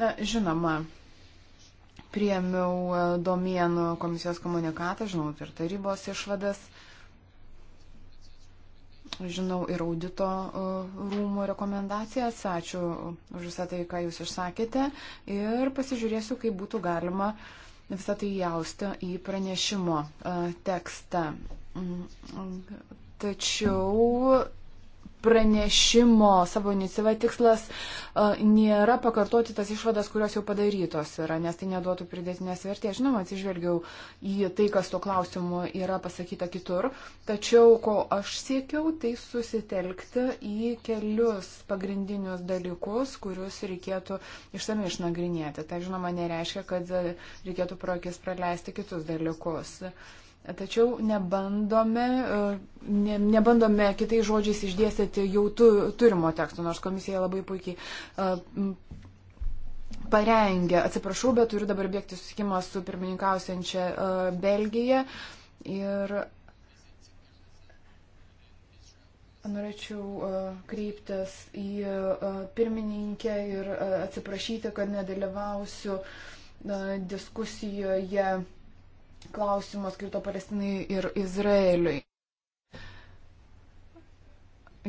Na, žinoma, priemiau e, domienų komisijos komunikatą, žinau ir tarybos išvadas, žinau ir audito e, rūmų rekomendacijas. Ačiū už visą tai, ką jūs išsakėte ir pasižiūrėsiu, kaip būtų galima visą tai jausti į pranešimo e, tekstą. Tačiau pranešimo savo iniciatyva tikslas e, nėra pakartoti tas išvadas, kurios jau padarytos yra, nes tai neduotų pridėtinės vertės. Žinoma, atsižvelgiau į tai, kas tuo klausimu yra pasakyta kitur, tačiau ko aš siekiau, tai susitelkti į kelius pagrindinius dalykus, kuriuos reikėtų išsamei išnagrinėti. Tai žinoma nereiškia, kad reikėtų pro akis praleisti kitus dalykus. Uh, Tačiau nebandome, e, ne, nebandome kitai žodžiais išdėstyti jau tu, turimo teksto, nors komisija labai puikiai e, parengė. Atsiprašau, bet turiu dabar bėgti susikimą su pirmininkausiančia e, Belgija. Ir Norėčiau kreiptis į pirmininkę ir atsiprašyti, kad nedalyvausiu diskusijoje klausimo skirto Palestinai ir Izraeliui.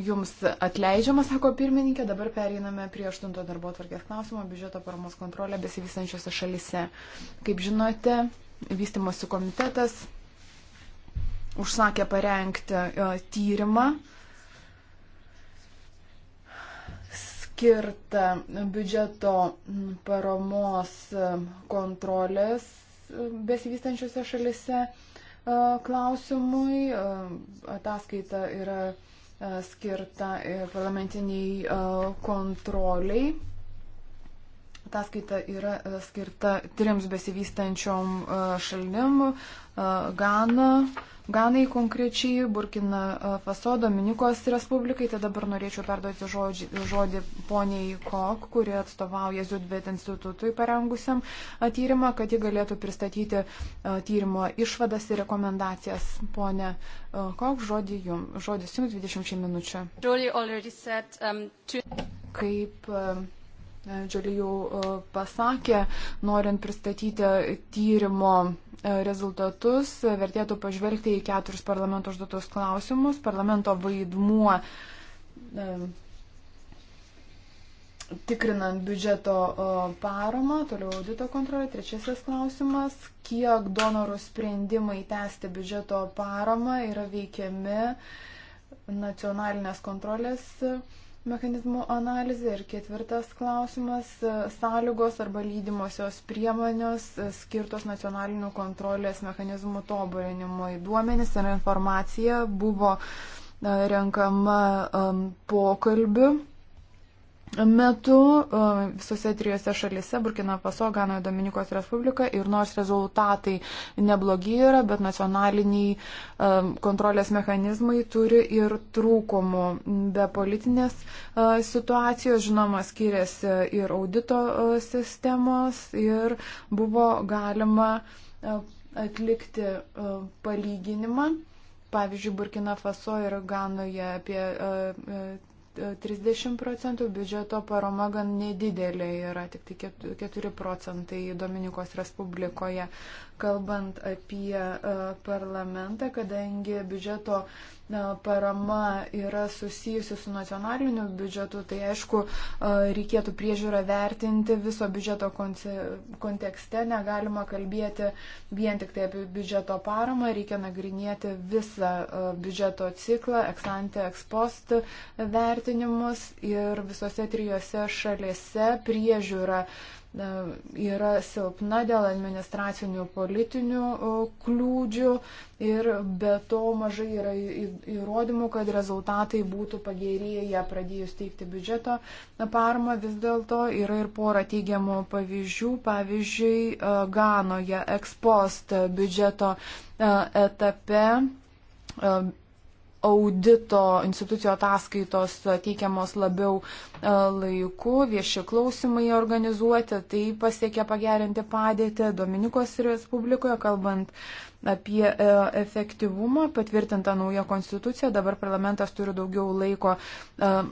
Jums atleidžiama, sako pirmininkė, dabar pereiname prie aštunto darbo tvarkės klausimo biudžeto paramos kontrolė besivystančiose šalise. Kaip žinote, vystimosi komitetas užsakė parengti e, tyrimą skirtą biudžeto paramos e, kontrolės besivystančiose šalise e, klausimui. E, ataskaita yra e, skirta ir parlamentiniai kontroliai. Ataskaita yra skirta trims besivystančiom šalim - Gana, Ganai konkrečiai, Burkina e, Faso, Dominikos Respublikai. Tai dabar norėčiau perduoti žodį, žodį poniai Kok, kuri atstovauja Zudbet institutui parengusiam e, tyrimą, kad ji galėtų pristatyti e, tyrimo išvadas ir rekomendacijas. Pone Kok, žodį jums, žodis jums 20 minučių. Um, Kaip Džiulį jau e, pasakė, norint pristatyti tyrimo e, rezultatus, vertėtų pažvelgti į keturis parlamento užduotus klausimus. Parlamento vaidmuo e, tikrinant biudžeto paramą, toliau audito kontrolė. Trečiasis klausimas, kiek donorų sprendimai tęsti biudžeto paramą yra veikiami nacionalinės kontrolės mechanizmų analizė. Ir ketvirtas klausimas e, - sąlygos arba lydimosios priemonės e, skirtos nacionalinių kontrolės mechanizmų tobulinimui. Duomenys ir informacija buvo e, renkama pokalbiu metu e, visose trijose šalise - Burkina Faso, Ganoje, Dominikos Respublika ir nors rezultatai neblogi yra, bet nacionaliniai e, kontrolės mechanizmai turi ir trūkumų. Be politinės e, situacijos, žinoma, skiriasi ir audito sistemos ir buvo galima atlikti palyginimą. Pavyzdžiui, Burkina Faso ir Ganoje apie 30 procentų, biudžeto paroma gan nedidelė yra, tik tai 4 procentai Dominikos Respublikoje. Kalbant apie e, parlamentą, kadangi biudžeto uh, parama yra susijusi su nacionaliniu biudžetu, tai aišku, reikėtų priežiūrą vertinti viso biudžeto kontekste, negalima kalbėti vien tik tai apie biudžeto paramą, reikia nagrinėti visą biudžeto ciklą, eksante, ekspost vertinimus ir visose trijose šalėse priežiūra yra silpna dėl administracinių politinių kliūdžių ir be to mažai yra įrodymų, kad rezultatai būtų pagerėję pradėjus teikti biudžeto parmą. Vis dėlto yra ir pora teigiamų pavyzdžių. Pavyzdžiui, Ganoje ekspost biudžeto etape audito institucijų ataskaitos teikiamos labiau e, laiku, vieši klausimai organizuoti, tai pasiekė pagerinti padėtį Dominikos Respublikoje, kalbant apie e, efektyvumą, patvirtinta nauja konstitucija, dabar parlamentas turi daugiau laiko e,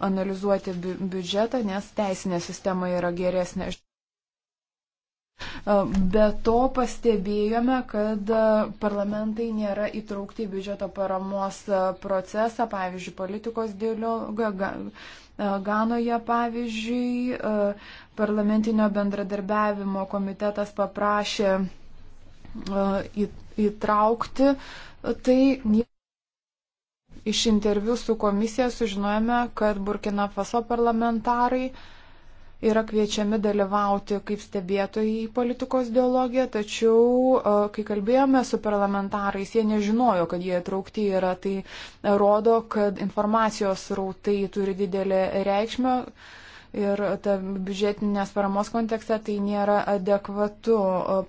analizuoti biudžetą, nes teisinė sistema yra geresnė. Be to pastebėjome, kad parlamentai nėra įtraukti į biudžeto paramos procesą, pavyzdžiui, politikos dėlio. Ganoje, pavyzdžiui, parlamentinio bendradarbiavimo komitetas paprašė įtraukti. Tai iš interviu su komisija sužinojame, kad Burkina Faso parlamentarai uh, yra kviečiami dalyvauti kaip stebėtojai į politikos dialogiją, tačiau e, kai kalbėjome su parlamentarais, jie nežinojo, kad jie įtraukti yra. Tai e, rodo, kad informacijos rautai turi didelį reikšmę Ir ta biudžetinės paramos kontekste tai nėra adekvatu.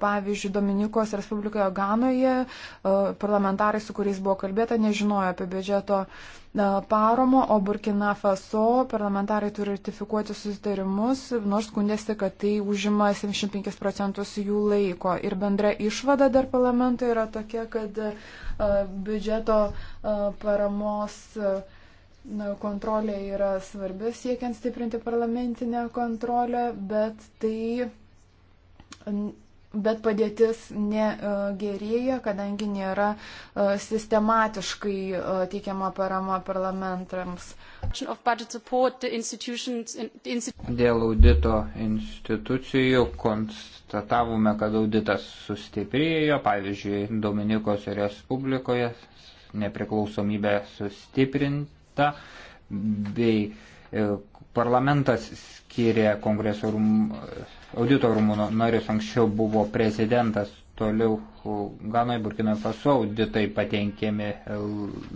Pavyzdžiui, Dominikos Respublikoje Ganoje parlamentarai, su kuriais buvo kalbėta, nežinojo apie biudžeto paromą, o Burkina Faso parlamentarai turi ratifikuoti susitarimus, nors skundėsi, kad tai užima 75 procentus jų laiko. Ir bendra išvada dar parlamento yra tokia, kad biudžeto paramos kontrolė yra svarbi siekiant stiprinti parlamentinę kontrolę, bet tai. Bet padėtis negerėja, kadangi nėra e, sistematiškai e, teikiama parama parlamentams. Dėl audito institucijų konstatavome, kad auditas sustiprėjo, pavyzdžiui, Dominikos Respublikoje nepriklausomybė sustiprinti vieta bei e, parlamentas skiria kongreso rūm, audito rūmų narius, anksčiau buvo prezidentas, toliau Ganoje, Burkinoje Faso auditai patenkėmi e,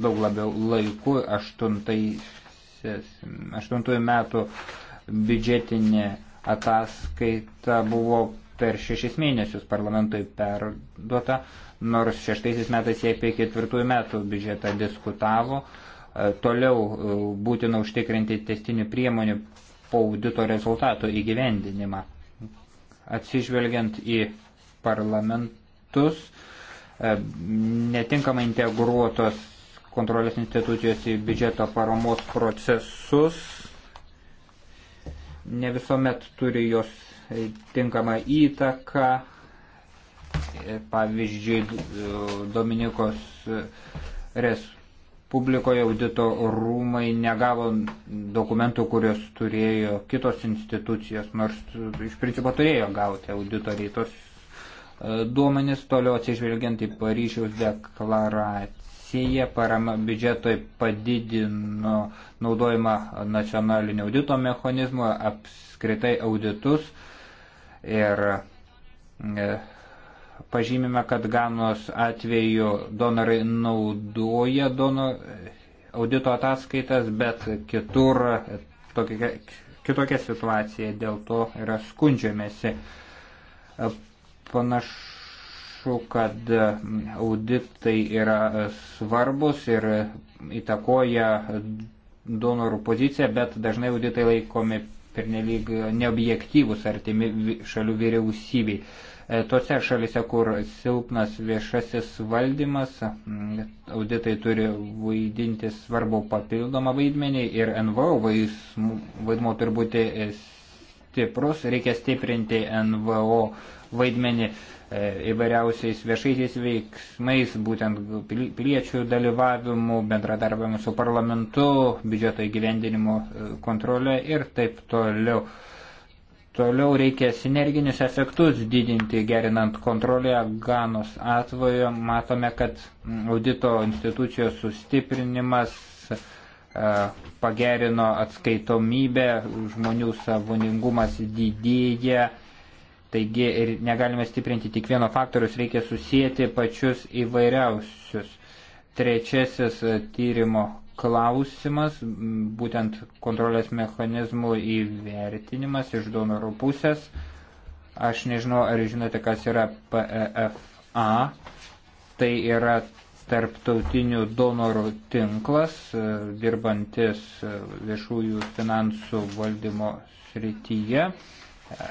daug labiau laiku, aštuntųjų metų biudžetinė ataskaita buvo per šešis mėnesius parlamentui perduota, nors šeštaisiais metais jie apie ketvirtųjų metų biudžetą diskutavo. Uh, E, toliau e, būtina užtikrinti testinių priemonių po audito rezultato įgyvendinimą. Atsižvelgiant į parlamentus, e, netinkamai integruotos kontrolės institucijos į biudžeto paramos procesus, ne visuomet turi jos tinkamą įtaką. Pavyzdžiui, Dominikos res, publikoje audito rūmai negavo dokumentų, kuriuos turėjo kitos institucijos, nors iš principo turėjo gauti auditoriai tos e, duomenis, toliau atsižvelgiant į Paryžiaus deklaraciją, parama biudžetoj padidino naudojimą nacionalinio audito mechanizmo, apskritai auditus ir e, pažymime, kad Ganos atveju donorai naudoja dono, audito ataskaitas, bet kitur tokia, kitokia situacija, dėl to yra skundžiamėsi. Panašu, kad auditai yra svarbus ir įtakoja donorų poziciją, bet dažnai auditai laikomi pernelyg neobjektyvus artimi šalių vyriausybei. E, tose šalise, kur silpnas viešasis valdymas, auditai turi vaidinti svarbu papildomą vaidmenį ir NVO vaidmo turi būti e, stiprus, reikia stiprinti NVO vaidmenį e, įvairiausiais viešaisiais veiksmais, būtent piliečių dalyvavimu, bendradarbiavimu su parlamentu, biudžeto įgyvendinimo kontrolė ir taip toliau. Toliau reikia sinerginius efektus didinti, gerinant kontrolę Ganos atvojo. Matome, kad mm, audito institucijos sustiprinimas e, pagerino atskaitomybę, žmonių savoningumas didėja. Taigi ir negalime stiprinti tik vieno faktorius, reikia susijęti pačius įvairiausius. Trečiasis e, tyrimo klausimas, būtent kontrolės mechanizmų įvertinimas iš donorų pusės. Aš nežinau, ar žinote, kas yra PEFA. Tai yra tarptautinių donorų tinklas, e, dirbantis e, viešųjų finansų valdymo srityje. E,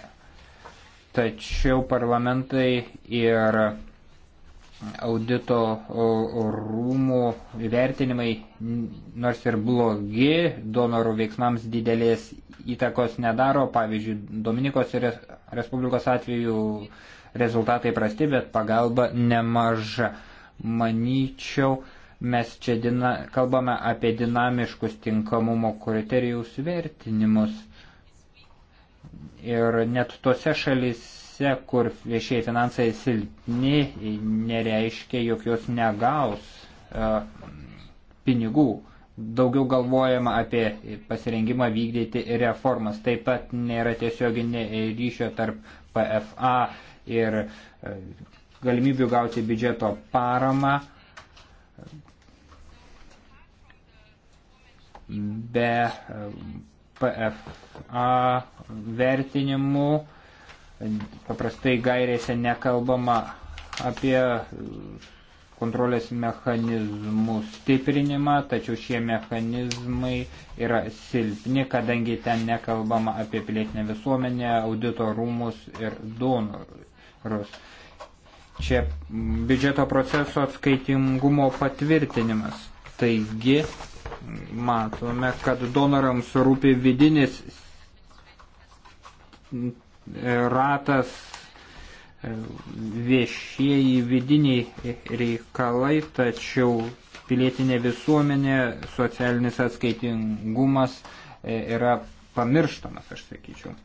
Tačiau parlamentai ir audito rūmų vertinimai nors ir blogi, donorų veiksmams didelės įtakos nedaro. Pavyzdžiui, Dominikos Respublikos atveju rezultatai prasti, bet pagalba nemaža. Manyčiau, mes čia dina, kalbame apie dinamiškus tinkamumo kriterijus vertinimus. Ir net tose šalis šalise, kur viešieji finansai silpni, nereiškia, jog jos negaus e, pinigų. Daugiau galvojama apie pasirengimą vykdyti reformas. Taip pat nėra tiesioginė ryšio tarp PFA ir e, galimybių gauti biudžeto paramą. Be e, PFA vertinimų Paprastai gairėse nekalbama apie uh, kontrolės mechanizmų stiprinimą, tačiau šie mechanizmai yra silpni, kadangi ten nekalbama apie pilietinę visuomenę, audito rūmus ir donorus. Čia biudžeto proceso atskaitingumo patvirtinimas. Taigi, matome, kad donorams rūpi vidinis ratas, viešieji vidiniai reikalai, tačiau pilietinė visuomenė, socialinis atskaitingumas e, yra pamirštamas, aš sakyčiau.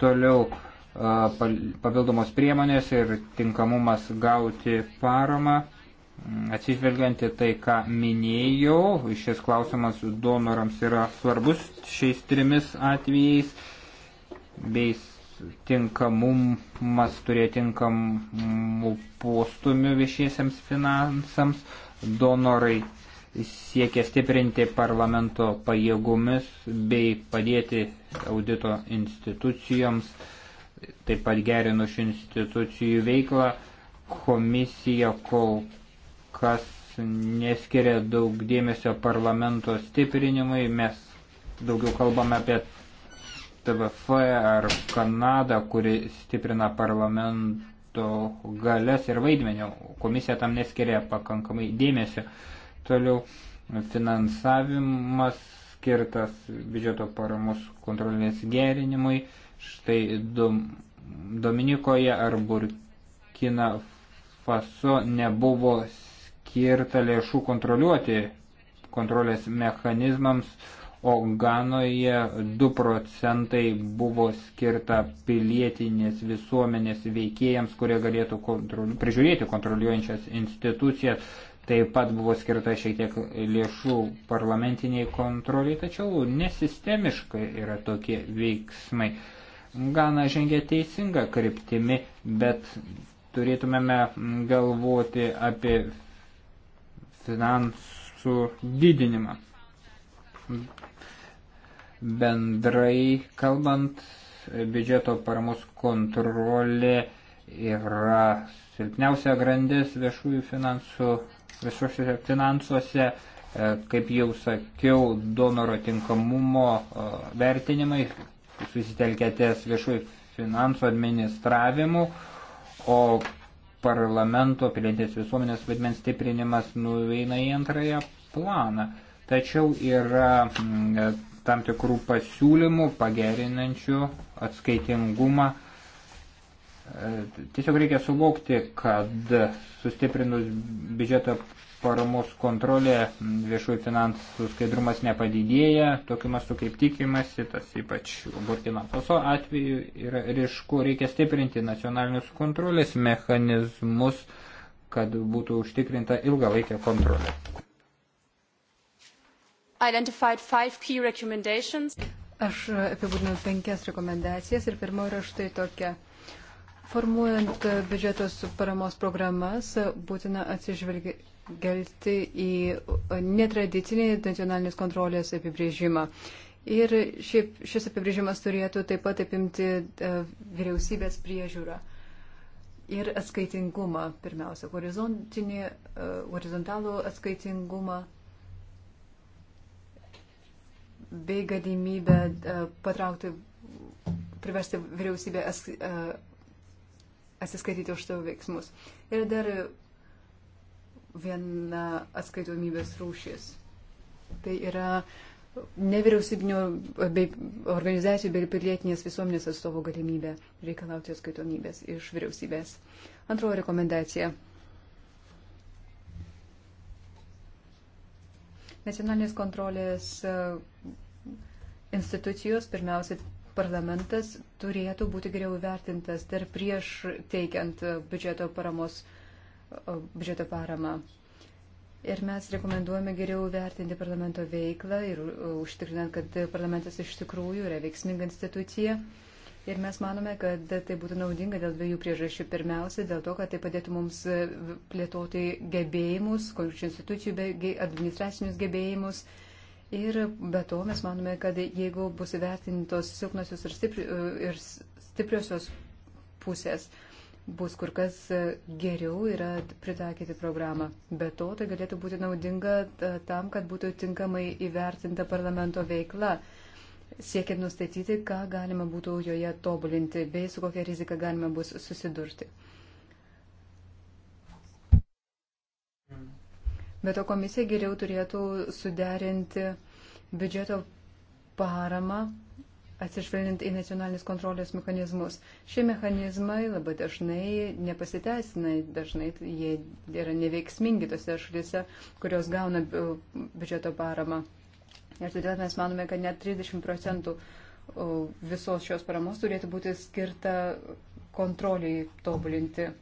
Toliau papildomos priemonės ir tinkamumas gauti paramą. Mm, atsižvelgiant į tai, ką minėjau, šis klausimas donorams yra svarbus šiais trimis atvejais, bei tinkamumas turėjo tinkamų postumių viešiesiams finansams. Donorai siekia stiprinti parlamento pajėgumis bei padėti audito institucijoms, taip pat gerinu šių institucijų veiklą. Komisija kol kas neskiria daug dėmesio parlamento stiprinimui. Mes daugiau kalbame apie TVF ar Kanadą, kuri stiprina parlamento galės ir vaidmenio. Komisija tam neskiria pakankamai dėmesio. Toliau finansavimas skirtas biudžeto paramos kontrolės gerinimui. Štai Dominikoje ar Burkina Faso nebuvo skirta lėšų kontroliuoti kontrolės mechanizmams, o Ganoje 2 procentai buvo skirta pilietinės visuomenės veikėjams, kurie galėtų kontroli prižiūrėti kontroliuojančias institucijas. Taip pat buvo skirta šiek tiek lėšų parlamentiniai kontroliai, tačiau nesistemiškai yra tokie veiksmai. Gana žengia teisinga kryptimi, bet turėtumėme galvoti apie finansų didinimą. Bendrai kalbant, biudžeto paramos kontrolė yra silpniausia grandis viešųjų finansų, viešuose finansuose, e, kaip jau sakiau, donoro tinkamumo vertinimai susitelkė ties viešųjų finansų administravimu, o parlamento pilietinės visuomenės vaidmens stiprinimas nuveina į antrąją planą. Tačiau yra mm, tam tikrų pasiūlymų pagerinančių atskaitingumą. E, tiesiog reikia suvokti, kad sustiprinus biudžeto paramos kontrolė, viešųjų finansų skaidrumas nepadidėja, tokiu mastu kaip tikimasi, tas ypač Burkina Faso atveju yra ryšku, reikia stiprinti nacionalinius kontrolės mechanizmus, kad būtų užtikrinta ilgalaikė kontrolė. Aš apibūdinau penkias rekomendacijas ir pirmoji yra štai tokia. Formuojant biudžetos paramos programas, būtina atsižvelgti gelti į netradicinį nacionalinės kontrolės apibrėžimą. Ir šiaip, šis apibrėžimas turėtų taip pat apimti e, vyriausybės priežiūrą ir atskaitingumą, pirmiausia, horizontinį, e, horizontalų atskaitingumą bei galimybę e, patraukti, priversti vyriausybę as, asiskaityti už savo veiksmus. Ir dar viena atskaitomybės rūšis. Tai yra nevyriausybinio bei organizacijų bei pilietinės visuomenės atstovų galimybė reikalauti atskaitomybės iš vyriausybės. Antroji rekomendacija. Nacionalinės kontrolės e, institucijos, pirmiausia, parlamentas turėtų būti geriau vertintas dar prieš teikiant biudžeto paramos uh, biudžeto paramą. Ir mes rekomenduojame geriau vertinti parlamento veiklą ir užtikrinant, kad parlamentas iš tikrųjų yra veiksminga institucija. Ir mes manome, kad tai būtų naudinga dėl dviejų priežasčių. Pirmiausia, dėl to, kad tai padėtų mums e, plėtoti gebėjimus, konkrečių institucijų bei administracinius gebėjimus. Ir be to mes manome, kad jeigu bus įvertintos silpnosios ir, stipri, e, ir stipriosios pusės, uh, bus kur kas e, geriau yra pritaikyti programą. Be to, tai galėtų būti naudinga e, tam, kad būtų tinkamai įvertinta parlamento veikla, siekiant nustatyti, ką galima būtų joje tobulinti, bei su kokia rizika galima bus susidurti. Be to, komisija geriau turėtų suderinti biudžeto paramą atsižvelgiant į nacionalinės kontrolės mechanizmus. Šie mechanizmai labai dažnai nepasiteisina, dažnai jie yra neveiksmingi tose šalyse, kurios gauna biudžeto paramą. Ir todėl mes manome, kad net 30 procentų visos šios paramos turėtų būti skirta kontroliai tobulinti.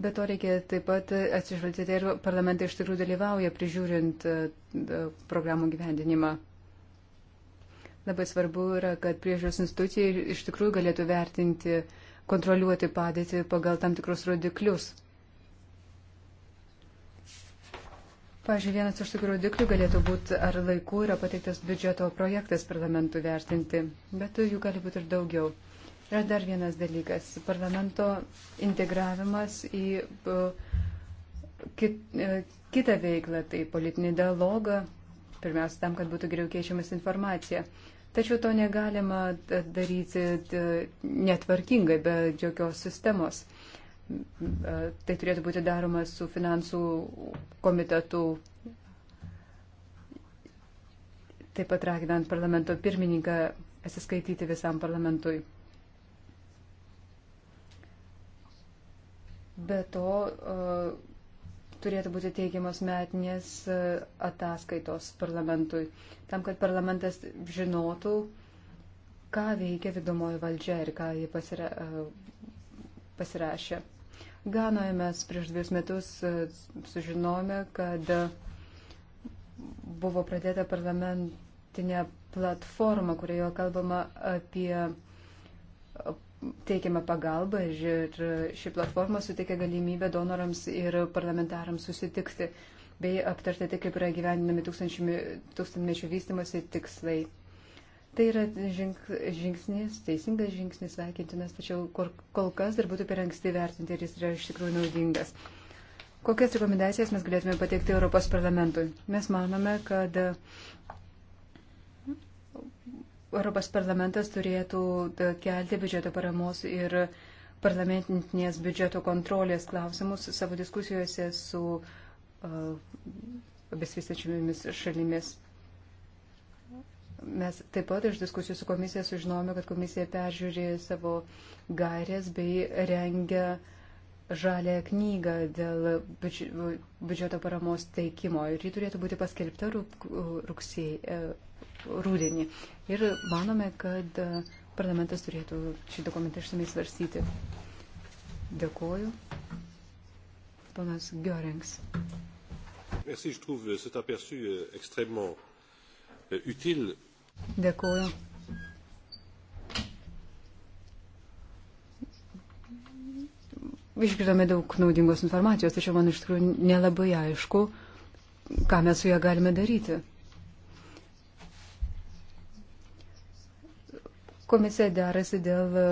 Bet to reikia taip pat atsižvelgti, tai ir parlamentai iš tikrųjų dalyvauja prižiūrint e, programų gyvendinimą. Labai svarbu yra, kad priežiūros institucijai iš tikrųjų galėtų vertinti, kontroliuoti padėtį pagal tam tikrus rodiklius. Pavyzdžiui, vienas iš tokių rodiklių galėtų būti, ar laiku yra pateiktas biudžeto projektas parlamentui vertinti, bet jų gali būti ir daugiau. Ir dar vienas dalykas - parlamento integravimas į kit, e, kitą veiklą, tai politinį dialogą, pirmiausia tam, kad būtų geriau keičiamas informacija. Tačiau to negalima daryti netvarkingai, be jokios sistemos. E, tai turėtų būti daroma su finansų komitetu taip pat raginant parlamento pirmininką atsiskaityti visam parlamentui. Be to, e, turėtų būti teikiamas metinės e, ataskaitos parlamentui, tam, kad parlamentas žinotų, ką veikia vykdomoji valdžia ir ką jie pasira, e, pasirašė. Ganoje mes prieš dvius metus sužinome, kad buvo pradėta parlamentinė platforma, kurioje kalbama apie teikiama pagalba ir ši platforma suteikia galimybę donorams ir parlamentarams susitikti bei aptarti tai, kaip yra gyvendinami tūkstantmečių vystimosi tikslai. Tai yra žingsnis, teisingas žingsnis, sveikintinas, tačiau kol, kol kas dar būtų per anksti vertinti, ar jis yra iš tikrųjų naudingas. Kokias rekomendacijas mes galėtume pateikti Europos parlamentui? Mes manome, kad Europos parlamentas turėtų e, kelti biudžeto paramos ir parlamentinės biudžeto kontrolės klausimus savo diskusijose su uh, e, besvystačiomis šalimis. Mes taip pat iš diskusijų su komisija sužinojome, kad komisija peržiūri savo gairės bei rengia žalę knygą dėl biudžeto paramos teikimo ir ji turėtų būti paskelbta rugsėjai. Rūk, e, rūdienį. Ir manome, kad e, parlamentas turėtų šį dokumentą išsamei svarstyti. Dėkuoju. Ponas Görings. Merci, je trouve cet aperçu euh, extrêmement euh, utile. Dėkuoju. Išgirdome daug naudingos informacijos, tačiau man iš tikrųjų nelabai aišku, ką mes su ją galime daryti. Komisija derasi dėl e,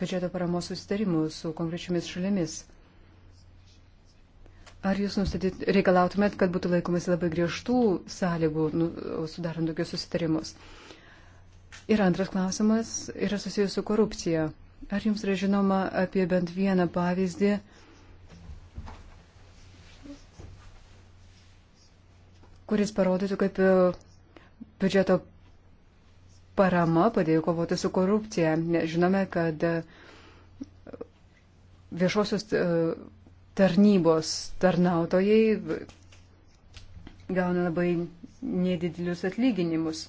biudžeto paramos susitarimų su konkrečiomis šalimis. Ar jūs nustatyt, reikalautumėt, kad būtų laikomasi labai griežtų sąlygų, nu, sudarant tokius susitarimus? Ir antras klausimas yra susijęs su korupcija. Ar jums yra žinoma apie bent vieną pavyzdį, kuris parodytų, kaip e, biudžeto parama padėjo kovoti su korupcija. Žinome, kad e, viešosios e, tarnybos tarnautojai gauna labai nedidelius atlyginimus.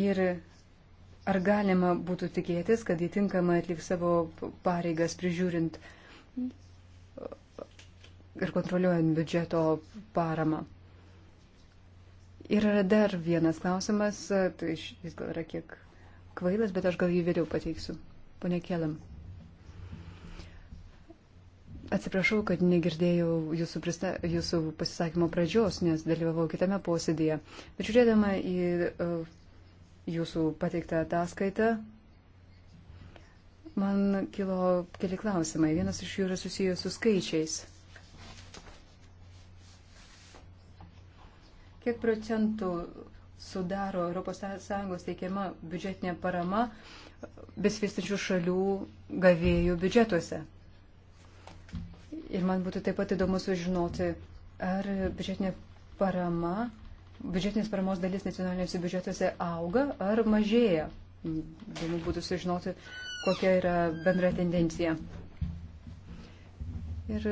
Ir ar galima būtų tikėtis, kad įtinkamai atliks savo pareigas prižiūrint ir kontroliuojant biudžeto paramą. Ir yra dar vienas klausimas, tai jis gal yra kiek kvailas, bet aš gal jį vėliau pateiksiu. Pone Kelam. Atsiprašau, kad negirdėjau jūsų, prista, jūsų pasisakymo pradžios, nes dalyvavau kitame posėdėje. Bet žiūrėdama į uh, jūsų pateiktą ataskaitą, man kilo keli klausimai. Vienas iš jų yra susijęs su skaičiais. kiek procentų sudaro ES teikiama biudžetinė parama besivystančių šalių gavėjų biudžetuose. Ir man būtų taip pat įdomu sužinoti, ar biudžetinė parama, biudžetinės paramos dalis nacionaliniuose biudžetuose auga ar mažėja. Įdomu būtų sužinoti, kokia yra bendra tendencija. Ir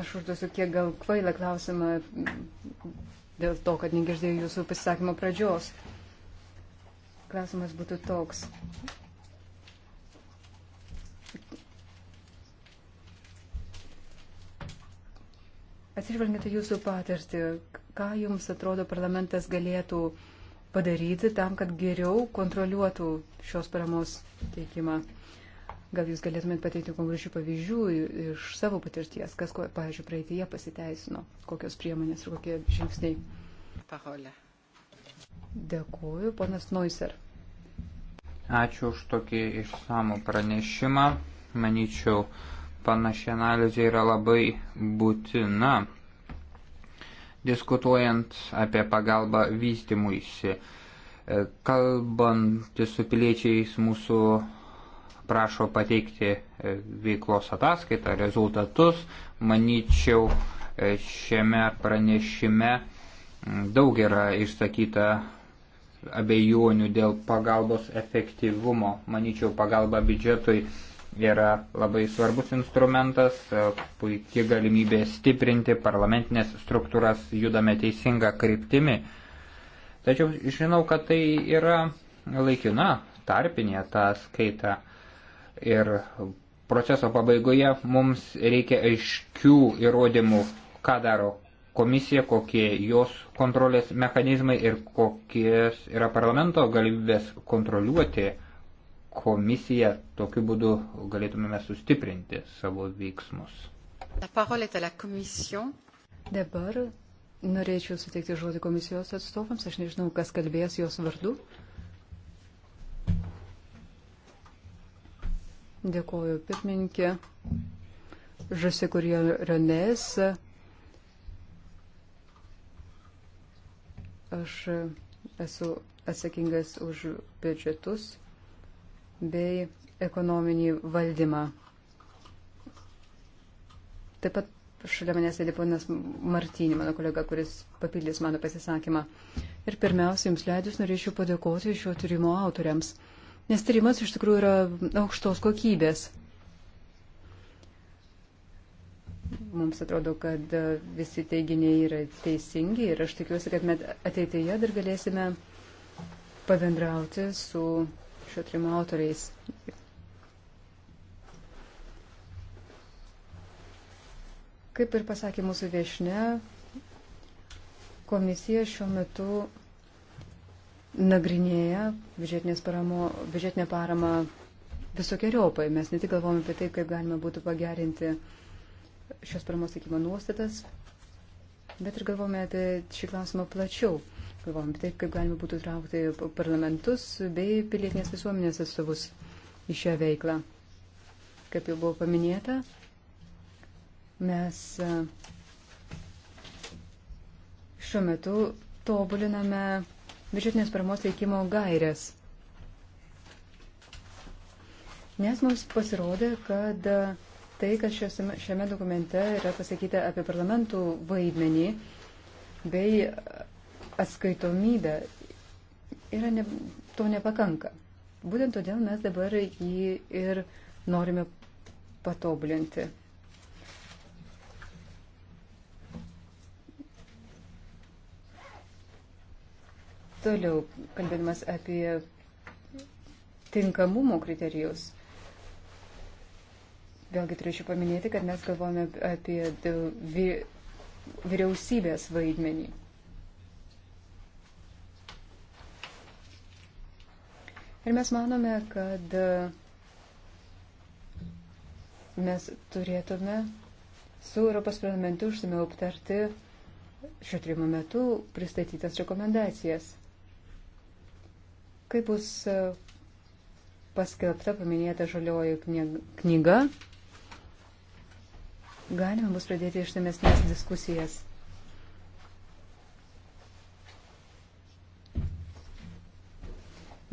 Aš užduosiu kiek gal kvailą klausimą dėl to, kad negirdėjau jūsų pasisakymo pradžios. Klausimas būtų toks. Atsižvelgiant į jūsų patirtį, ką jums atrodo parlamentas galėtų padaryti tam, kad geriau kontroliuotų šios paramos teikimą? Gal jūs galėtumėt pateikti konkrečių pavyzdžių iš savo patirties, kas, pavyzdžiui, praeitėje pasiteisino, kokios priemonės ir kokie žingsniai. Paholė. Dėkuoju, ponas Noiser. Ačiū už tokį išsamų pranešimą. Manyčiau, panaši analizė yra labai būtina, diskutuojant apie pagalbą vystimuisi kalbant su piliečiais mūsų prašo pateikti e, veiklos ataskaitą, rezultatus. Manyčiau, e, šiame pranešime daug yra išsakyta abejonių dėl pagalbos efektyvumo. Manyčiau, pagalba biudžetui yra labai svarbus instrumentas, e, puikia galimybė stiprinti parlamentinės struktūras, judame teisinga kryptimi. Tačiau žinau, kad tai yra laikina tarpinė ta skaita ir proceso pabaigoje mums reikia aiškių įrodymų, ką daro komisija, kokie jos kontrolės mechanizmai ir kokies yra parlamento galimybės kontroliuoti komisiją. Tokiu būdu galėtumėme sustiprinti savo veiksmus. Dabar norėčiau suteikti žodį komisijos atstovams. Aš nežinau, kas kalbės jos vardu. Dėkuoju pirmininkė. Žasi, kurie Renės. Aš esu atsakingas už biudžetus bei ekonominį valdymą. Taip pat šalia manęs sėdė ponas Martynė, mano kolega, kuris papildys mano pasisakymą. Ir pirmiausia, jums leidus norėčiau padėkoti šio tyrimo autoriams nes tyrimas iš tikrųjų yra aukštos kokybės. Mums atrodo, kad e, visi teiginiai yra teisingi ir aš tikiuosi, kad mes ateityje dar galėsime pabendrauti su šio tyrimo autoriais. Kaip ir pasakė mūsų viešne, komisija šiuo metu nagrinėja paramo, biudžetinę paramą visokiojopai. Mes ne tik galvojame apie tai, kaip galima būtų pagerinti šios paramos teikimo nuostatas, bet ir galvojame apie šį klausimą plačiau. Galvojame apie tai, kaip galima būtų traukti parlamentus bei pilietinės visuomenės atstovus į šią veiklą. Kaip jau buvo paminėta, mes e, šiuo metu tobuliname biudžetinės paramos teikimo gairias. Nes mums pasirodė, kad tai, kas šiame, šiame dokumente yra pasakyta apie parlamentų vaidmenį bei atskaitomybę, yra ne, to nepakanka. Būtent todėl mes dabar jį ir norime patobulinti. Toliau, kalbėdamas apie tinkamumo kriterijus, vėlgi turėčiau paminėti, kad mes galvojame apie vyriausybės vaidmenį. Ir mes manome, kad e, mes turėtume su Europos parlamentu užsimiau aptarti šio trimo metu pristatytas rekomendacijas. Kai bus e, paskelbta paminėta žalioji knyga, galima bus pradėti ištamesnės diskusijas.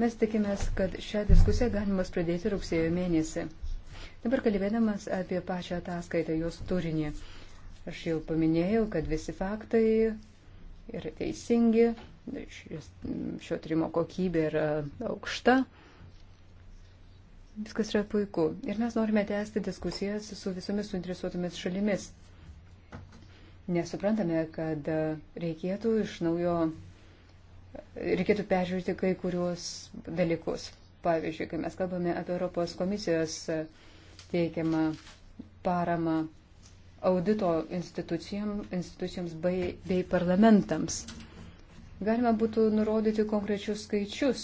Mes tikimės, kad šią diskusiją galima pradėti rugsėjo mėnesį. Dabar kalbėdamas apie pačią ataskaitą, jos turinį. Aš jau paminėjau, kad visi faktai yra teisingi, šio tyrimo kokybė yra aukšta. Viskas yra puiku. Ir mes norime tęsti diskusijas su visomis suinteresuotomis šalimis. Nesuprantame, kad reikėtų iš naujo, reikėtų peržiūrėti kai kuriuos dalykus. Pavyzdžiui, kai mes kalbame apie Europos komisijos teikiamą paramą audito institucijom, institucijoms bei, bei parlamentams. Galima būtų nurodyti konkrečius skaičius.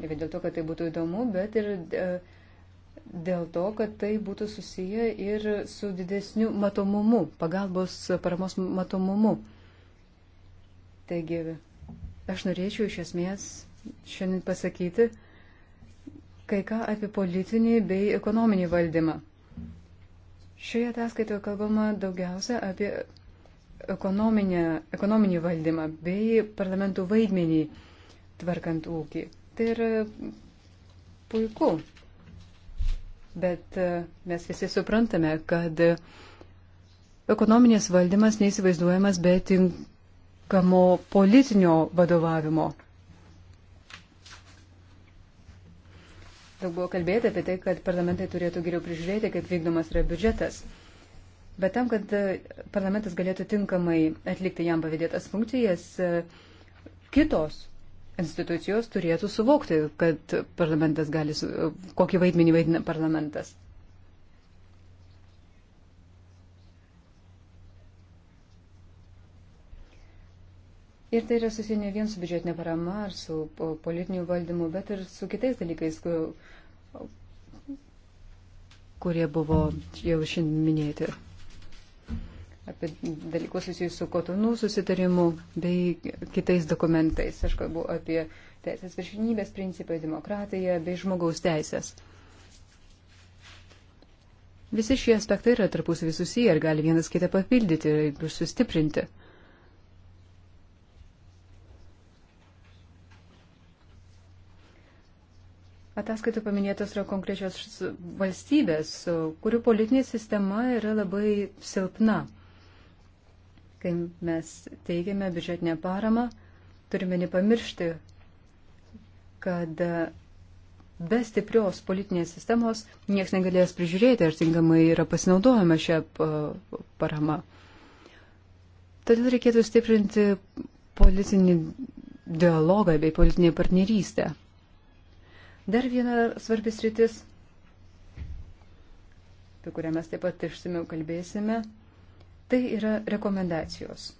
Ne vien dėl to, kad tai būtų įdomu, bet ir e, dėl to, kad tai būtų susiję ir su didesniu matomumu, pagalbos paramos matomumu. Taigi, aš norėčiau iš esmės šiandien pasakyti kai ką apie politinį bei ekonominį valdymą. Šioje ataskaitoje kalbama daugiausia apie ekonominį valdymą bei parlamentų vaidmenį tvarkant ūkį. Tai yra puiku. Bet e, mes visi suprantame, kad ekonominės valdymas neįsivaizduojamas be tinkamo politinio vadovavimo. Daug buvo kalbėta apie tai, kad parlamentai turėtų geriau prižiūrėti, kaip vykdomas yra biudžetas. Bet tam, kad e, parlamentas galėtų tinkamai atlikti jam pavydėtas funkcijas, e, kitos institucijos turėtų suvokti, kad parlamentas gali, e, kokį vaidmenį vaidina parlamentas. Ir tai yra susiję ne vien su biudžetinė parama ar su politiniu valdymu, bet ir su kitais dalykais, kurie buvo jau šiandien minėti apie dalykus susijusius su kotonų susitarimu bei kitais dokumentais. Aš kalbu apie teisės viršinybės principai, demokratiją bei žmogaus teisės. Visi šie aspektai yra tarpusavį susiję ir gali vienas kitą papildyti ir sustiprinti. Ataskaitoje paminėtos yra konkrečios valstybės, kurių politinė sistema yra labai silpna kai mes teigiame biudžetinę paramą, turime nepamiršti, kad be stiprios politinės sistemos niekas negalės prižiūrėti, ar tinkamai yra pasinaudojama šią parama. Todėl reikėtų stiprinti politinį dialogą bei politinę partnerystę. Dar viena svarbis rytis, apie kurią mes taip pat išsimiau kalbėsime, Tai yra rekomendacijos.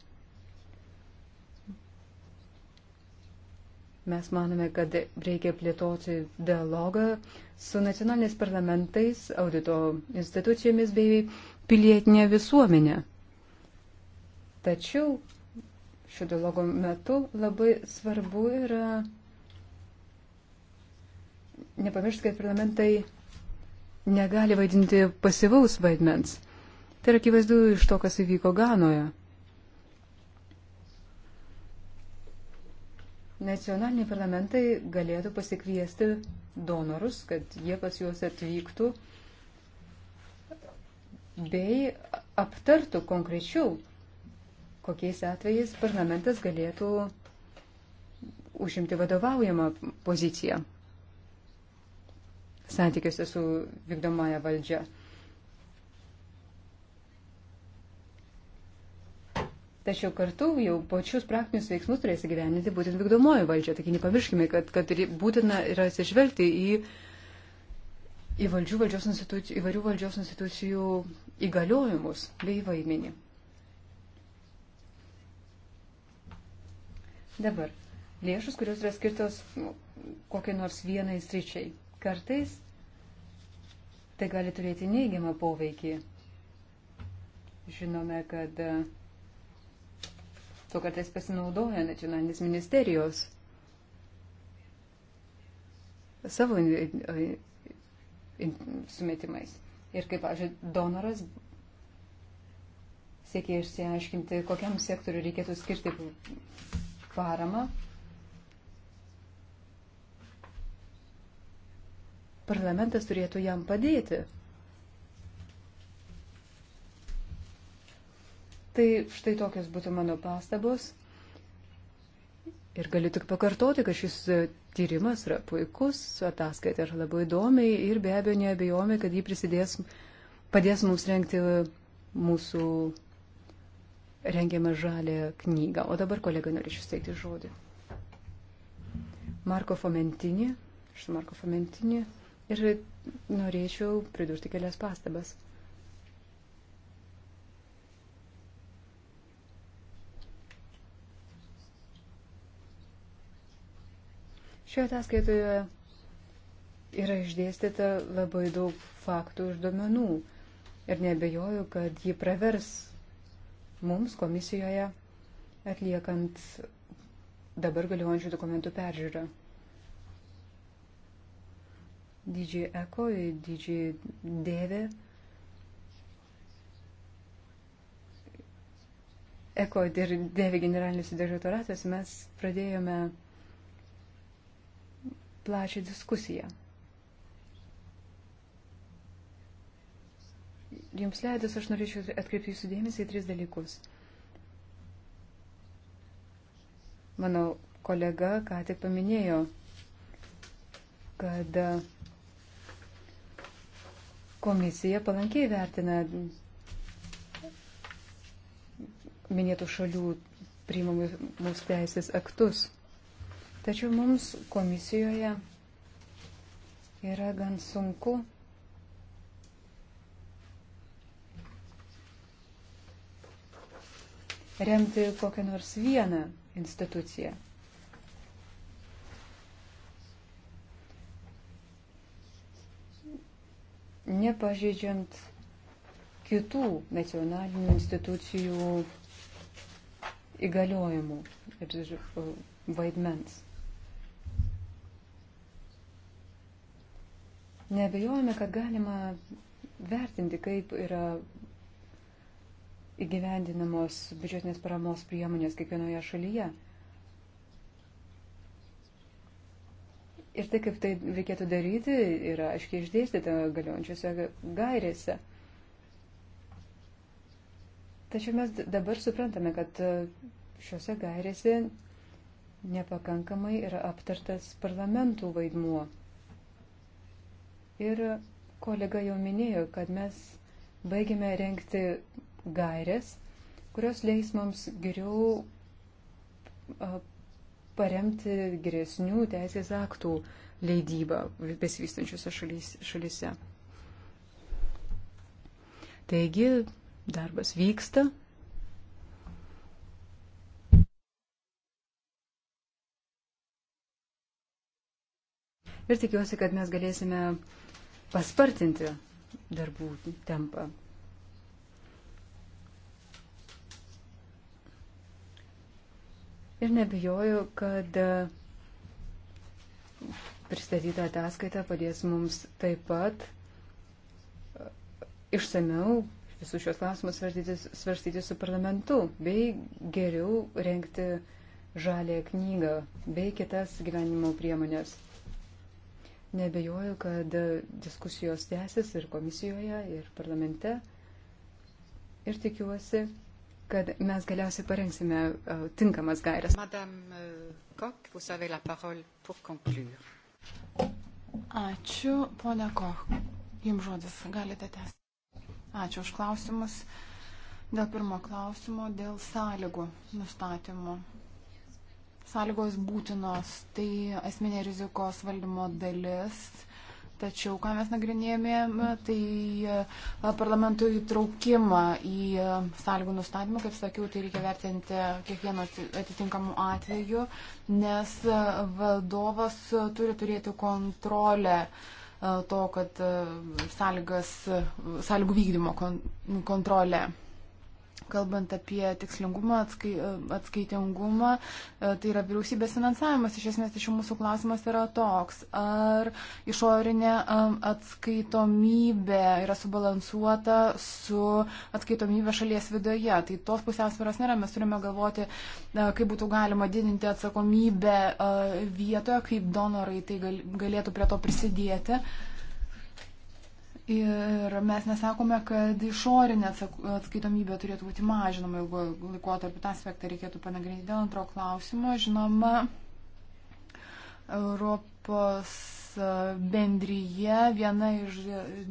Mes manome, kad reikia plėtoti dialogą su nacionaliniais parlamentais, audito institucijomis bei pilietinė visuomenė. Tačiau šio dialogo metu labai svarbu yra nepamiršti, kad parlamentai negali vaidinti pasivaus vaidmens. Tai yra akivaizdu iš to, kas įvyko Ganoje. Nacionaliniai parlamentai galėtų pasikviesti donorus, kad jie pas juos atvyktų bei aptartų konkrečiau, kokiais atvejais parlamentas galėtų užimti vadovaujamą poziciją santykiuose su vykdomąją valdžia. Tačiau kartu jau pačius praktinius veiksmus turės įgyveninti būtent vykdomoji valdžia. Taigi nepamirškime, kad, kad būtina yra atsižvelgti į, į valdžių valdžios įvairių valdžios institucijų įgaliojimus bei vaidmenį. Dabar lėšus, kurios yra skirtos kokiai nors vienai sričiai. Kartais tai gali turėti neigiamą poveikį. Žinome, kad uh, tuo kartais pasinaudoja nacionalinės ministerijos savo sumetimais. Ir kaip, pavyzdžiui, donoras siekia išsiaiškinti, kokiam sektoriu reikėtų skirti paramą. Parlamentas turėtų jam padėti. Tai štai tokios būtų mano pastabos. Ir galiu tik pakartoti, kad šis e, tyrimas yra puikus, ataskaita yra labai įdomiai ir be abejo neabejojame, kad jį prisidės, padės mums renkti e, mūsų rengiamą žalę knygą. O dabar kolega norėčiau steigti žodį. Marko Fomentinį, aš su Marko Fomentinį ir norėčiau pridurti kelias pastabas. Šioje ataskaitoje yra išdėstyta labai daug faktų ir duomenų. Ir nebejoju, kad ji pravers mums komisijoje atliekant dabar galiojančių dokumentų peržiūrą. Didžiai Eko, didžiai Dėvė. Eko ir Dėvė generalinis direktoratas mes pradėjome plačią diskusiją. Jums leidus, aš norėčiau atkreipti jūsų dėmesį į tris dalykus. Mano kolega ką tik paminėjo, kad komisija palankiai vertina minėtų šalių priimamus teisės aktus. Tačiau mums komisijoje yra gan sunku remti kokią nors vieną instituciją. Nepažeidžiant kitų nacionalinių institucijų įgaliojimų ir vaidmens. Nebejojame, kad galima vertinti, kaip yra įgyvendinamos biudžetinės paramos priemonės kiekvienoje šalyje. Ir tai, kaip tai reikėtų daryti, yra aiškiai išdėstyta galiojančiose gairėse. Tačiau mes dabar suprantame, kad e, šiuose gairėse nepakankamai yra aptartas parlamentų vaidmuo. Ir kolega jau minėjo, kad mes baigėme renkti gairės, kurios leis mums geriau paremti geresnių teisės aktų leidybą besivystančiuose šalyse. Taigi, darbas vyksta. Ir tikiuosi, kad mes galėsime uh, paspartinti darbų tempą. Ir nebijoju, kad uh, pristatyta ataskaita padės mums taip pat uh, išsameu visus šios klausimus svarstyti, svarstyti su parlamentu, bei geriau renkti žalę knygą, bei kitas gyvenimo priemonės. Nebejoju, kad diskusijos tęsis ir komisijoje, ir parlamente. Ir tikiuosi, kad mes galiausiai parengsime e, tinkamas gairias. Madame e, Kok, vous avez la parole pour conclure. Ačiū, ponia Koch. Jums žodis galite tęsti. Ačiū už klausimus. Dėl pirmo klausimo, dėl sąlygų nustatymo sąlygos būtinos, tai asmenė rizikos valdymo dalis. Tačiau, ką mes nagrinėjame, tai e, parlamento įtraukimą į e, sąlygų nustatymą, kaip sakiau, tai reikia vertinti kiekvieno atitinkamų atveju, nes e, vadovas turi turėti kontrolę to, kad sąlygas, sąlygų vykdymo kontrolę kalbant apie tikslingumą, atskai, atskaitingumą, e, tai yra vyriausybės finansavimas. Iš esmės, iš mūsų klausimas yra toks, ar išorinė atskaitomybė yra subalansuota su atskaitomybė šalies viduje. Tai tos pusiausvėros nėra, mes turime galvoti, e, kaip būtų galima didinti atsakomybę e, vietoje, kaip donorai tai galėtų prie to prisidėti. Ir mes nesakome, kad išorinė atskaitomybė turėtų būti mažinama ilgo laikotarpiu. Tą aspektą reikėtų panagrinėti dėl antro klausimo. Žinoma, Europos bendryje viena iš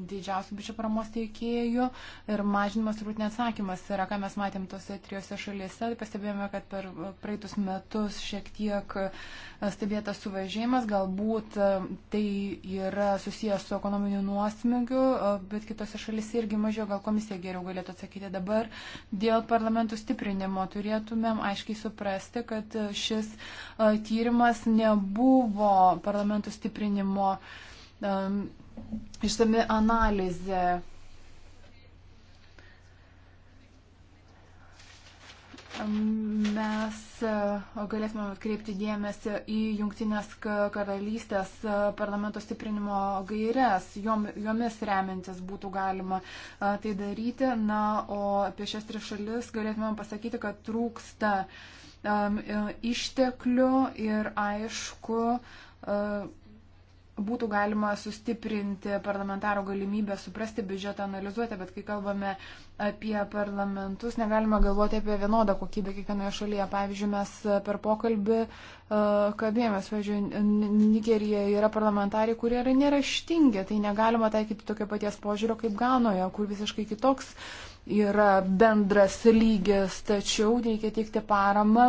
didžiausių biudžeto paramos teikėjų ir mažinimas turbūt neatsakymas yra, ką mes matėm tose trijose šalyse. Pastebėjome, kad per praeitus metus šiek tiek e, stebėtas suvažėjimas, galbūt e, tai yra susijęs su ekonominiu nuosmigiu, e, bet kitose šalyse irgi mažiau, gal komisija geriau galėtų atsakyti dabar. Dėl parlamentų stiprinimo turėtumėm aiškiai suprasti, kad šis tyrimas nebuvo parlamentų stiprinimo vertinimo um, išsami analizė. Mes e, galėsime atkreipti dėmesį į Junktinės karalystės e, parlamento stiprinimo gairias, Jom, jomis remintis būtų galima e, tai daryti. Na, o apie šias tris šalis galėtume pasakyti, kad trūksta um, išteklių ir aišku, uh, būtų galima sustiprinti parlamentaro galimybę suprasti biudžetą, analizuoti, bet kai kalbame apie parlamentus, negalime galvoti apie vienodą kokybę kiekvienoje šalyje. Pavyzdžiui, mes per pokalbį uh, e, kalbėjomės, pavyzdžiui, Nigerija yra parlamentarai, kurie yra neraštingi, tai negalima taikyti tokio paties požiūrio kaip Ganoje, kur visiškai kitoks yra bendras lygis, tačiau reikia teikti paramą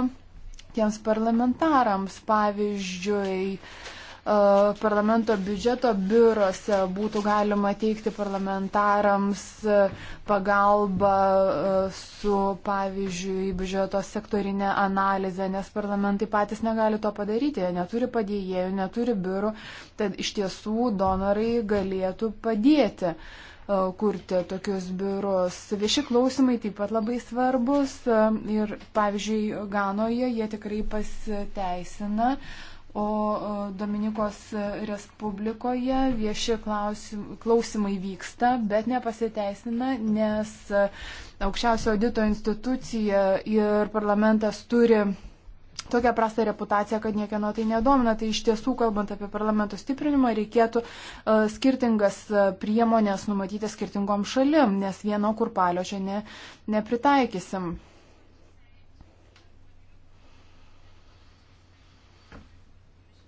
tiems parlamentarams. Pavyzdžiui, uh, Uh, parlamento biudžeto biurose būtų galima teikti parlamentarams uh, pagalbą uh, su, pavyzdžiui, biudžeto sektorinė analizė, nes parlamentai patys negali to padaryti, jie neturi padėjėjų, neturi biurų, tad iš tiesų donorai galėtų padėti kurti tokius biurus. Vieši klausimai taip pat labai svarbus ir, pavyzdžiui, Ganoje jie tikrai pasiteisina. Uh, O Dominikos Respublikoje vieši klausimai vyksta, bet nepasiteisina, nes aukščiausio audito institucija ir parlamentas turi tokią prastą reputaciją, kad niekieno tai nedomina. Tai iš tiesų, kalbant apie parlamento stiprinimą, reikėtų uh, skirtingas uh, priemonės numatyti skirtingom šalim, nes vieno kurpalio čia ne, nepritaikysim.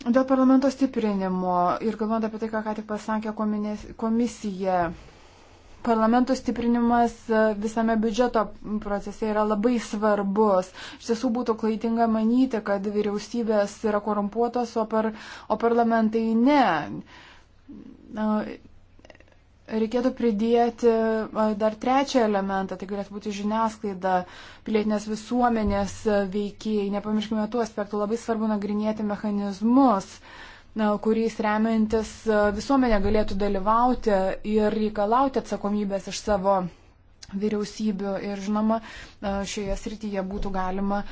Dėl parlamento stiprinimo ir galvojant apie tai, ką ką tik pasakė komisija, parlamento stiprinimas e, visame biudžeto procese yra labai svarbus. Iš tiesų būtų klaidinga manyti, kad vyriausybės yra korumpuotos, o, par, o parlamentai ne. E, Reikėtų pridėti dar trečią elementą, tai galėtų būti žiniasklaida, pilietinės visuomenės veikiai. Nepamirškime tų aspektų, labai svarbu nagrinėti mechanizmus, kuriais remiantis visuomenė galėtų dalyvauti ir reikalauti atsakomybės iš savo vyriausybių. Ir žinoma, šioje srityje būtų galima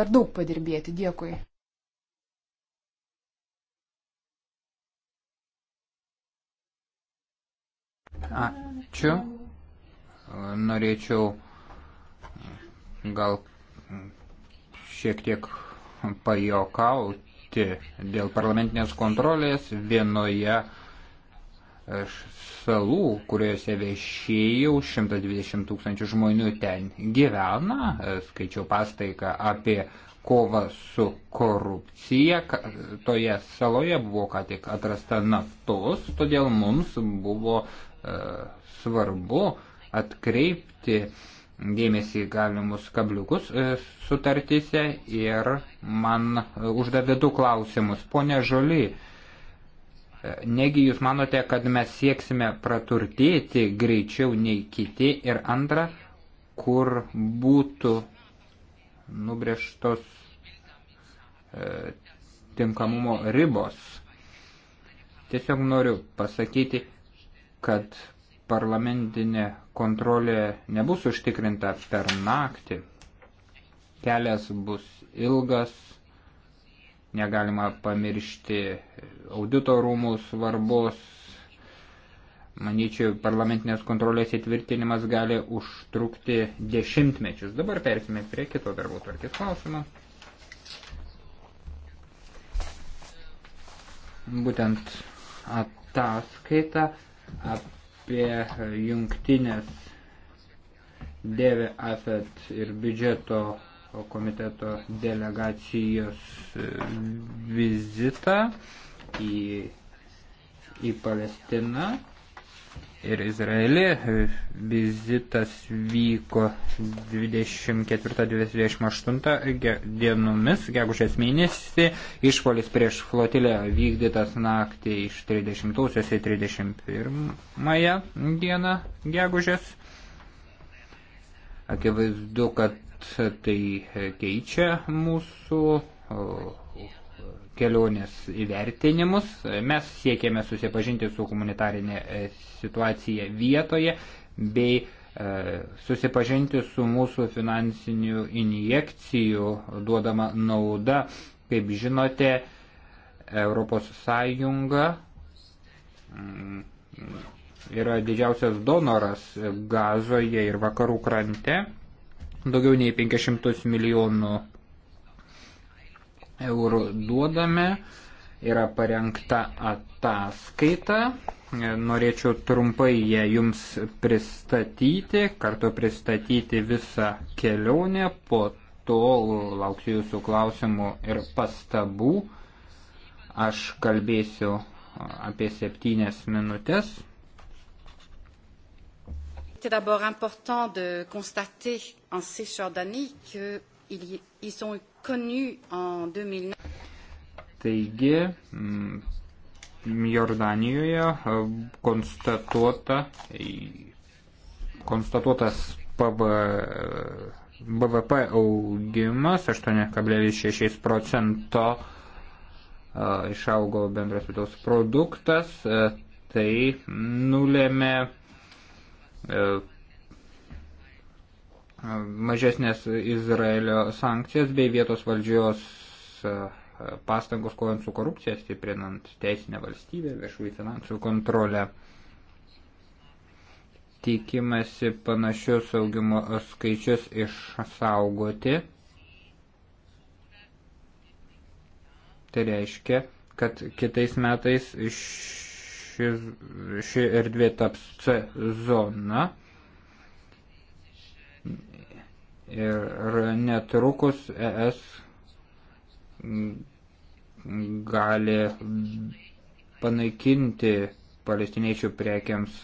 dar daug padirbėti. Dėkui. Ačiū. Norėčiau gal šiek tiek pajokauti dėl parlamentinės kontrolės vienoje salų, kuriuose viešėjau, 120 tūkstančių žmonių ten gyvena, skaičiau pastaiką apie kovą su korupcija, toje saloje buvo ką tik atrasta naftos, todėl mums buvo svarbu atkreipti dėmesį į galimus kabliukus e, sutartyse ir man e, uždavė du klausimus. Pone Žoli, e, negi jūs manote, kad mes sieksime praturtėti greičiau nei kiti ir antra, kur būtų nubrėžtos tinkamumo ribos. Tiesiog noriu pasakyti, kad parlamentinė kontrolė nebus užtikrinta per naktį. Kelias bus ilgas, negalima pamiršti auditorumų svarbos. Manyčiau, parlamentinės kontrolės įtvirtinimas gali užtrukti dešimtmečius. Dabar persime prie kito darbo tvarkės klausimo. Būtent ataskaita apie jungtinės dėvė AFET ir biudžeto komiteto delegacijos vizitą į, į Palestiną ir Izraeli. Vizitas vyko 24-28 dienomis, gegužės mėnesį. Išpolis prieš flotilę vykdytas naktį iš 30-osios į 31 dieną gegužės. Akivaizdu, kad tai keičia mūsų kelionės įvertinimus. Mes siekėme susipažinti su humanitarinė e, situacija vietoje bei e, susipažinti su mūsų finansinių injekcijų duodama nauda. Kaip žinote, Europos Sąjunga mm, yra didžiausias donoras gazoje ir vakarų krante. Daugiau nei 500 milijonų eurų duodame, yra parengta ataskaita. Norėčiau trumpai ją jums pristatyti, kartu pristatyti visą kelionę, po to lauksiu jūsų klausimų ir pastabų. Aš kalbėsiu apie septynias minutės. C'est d'abord important de constater en Cisjordanie qu'ils sont connue en 2009. Taigi, mm, Jordanijoje e, konstatuota, e, konstatuotas PB, e, BVP augimas 8,6 procento išaugo bendras vidaus produktas, tai nulėmė mažesnės Izraelio sankcijos bei vietos valdžios e, pastangos kovant su korupcija, stiprinant teisinę valstybę, viešųjų finansų kontrolę. Tikimasi panašius augimo skaičius išsaugoti. Tai reiškia, kad kitais metais šis, ši erdvė taps C zona ir netrukus ES gali panaikinti palestiniečių prekiams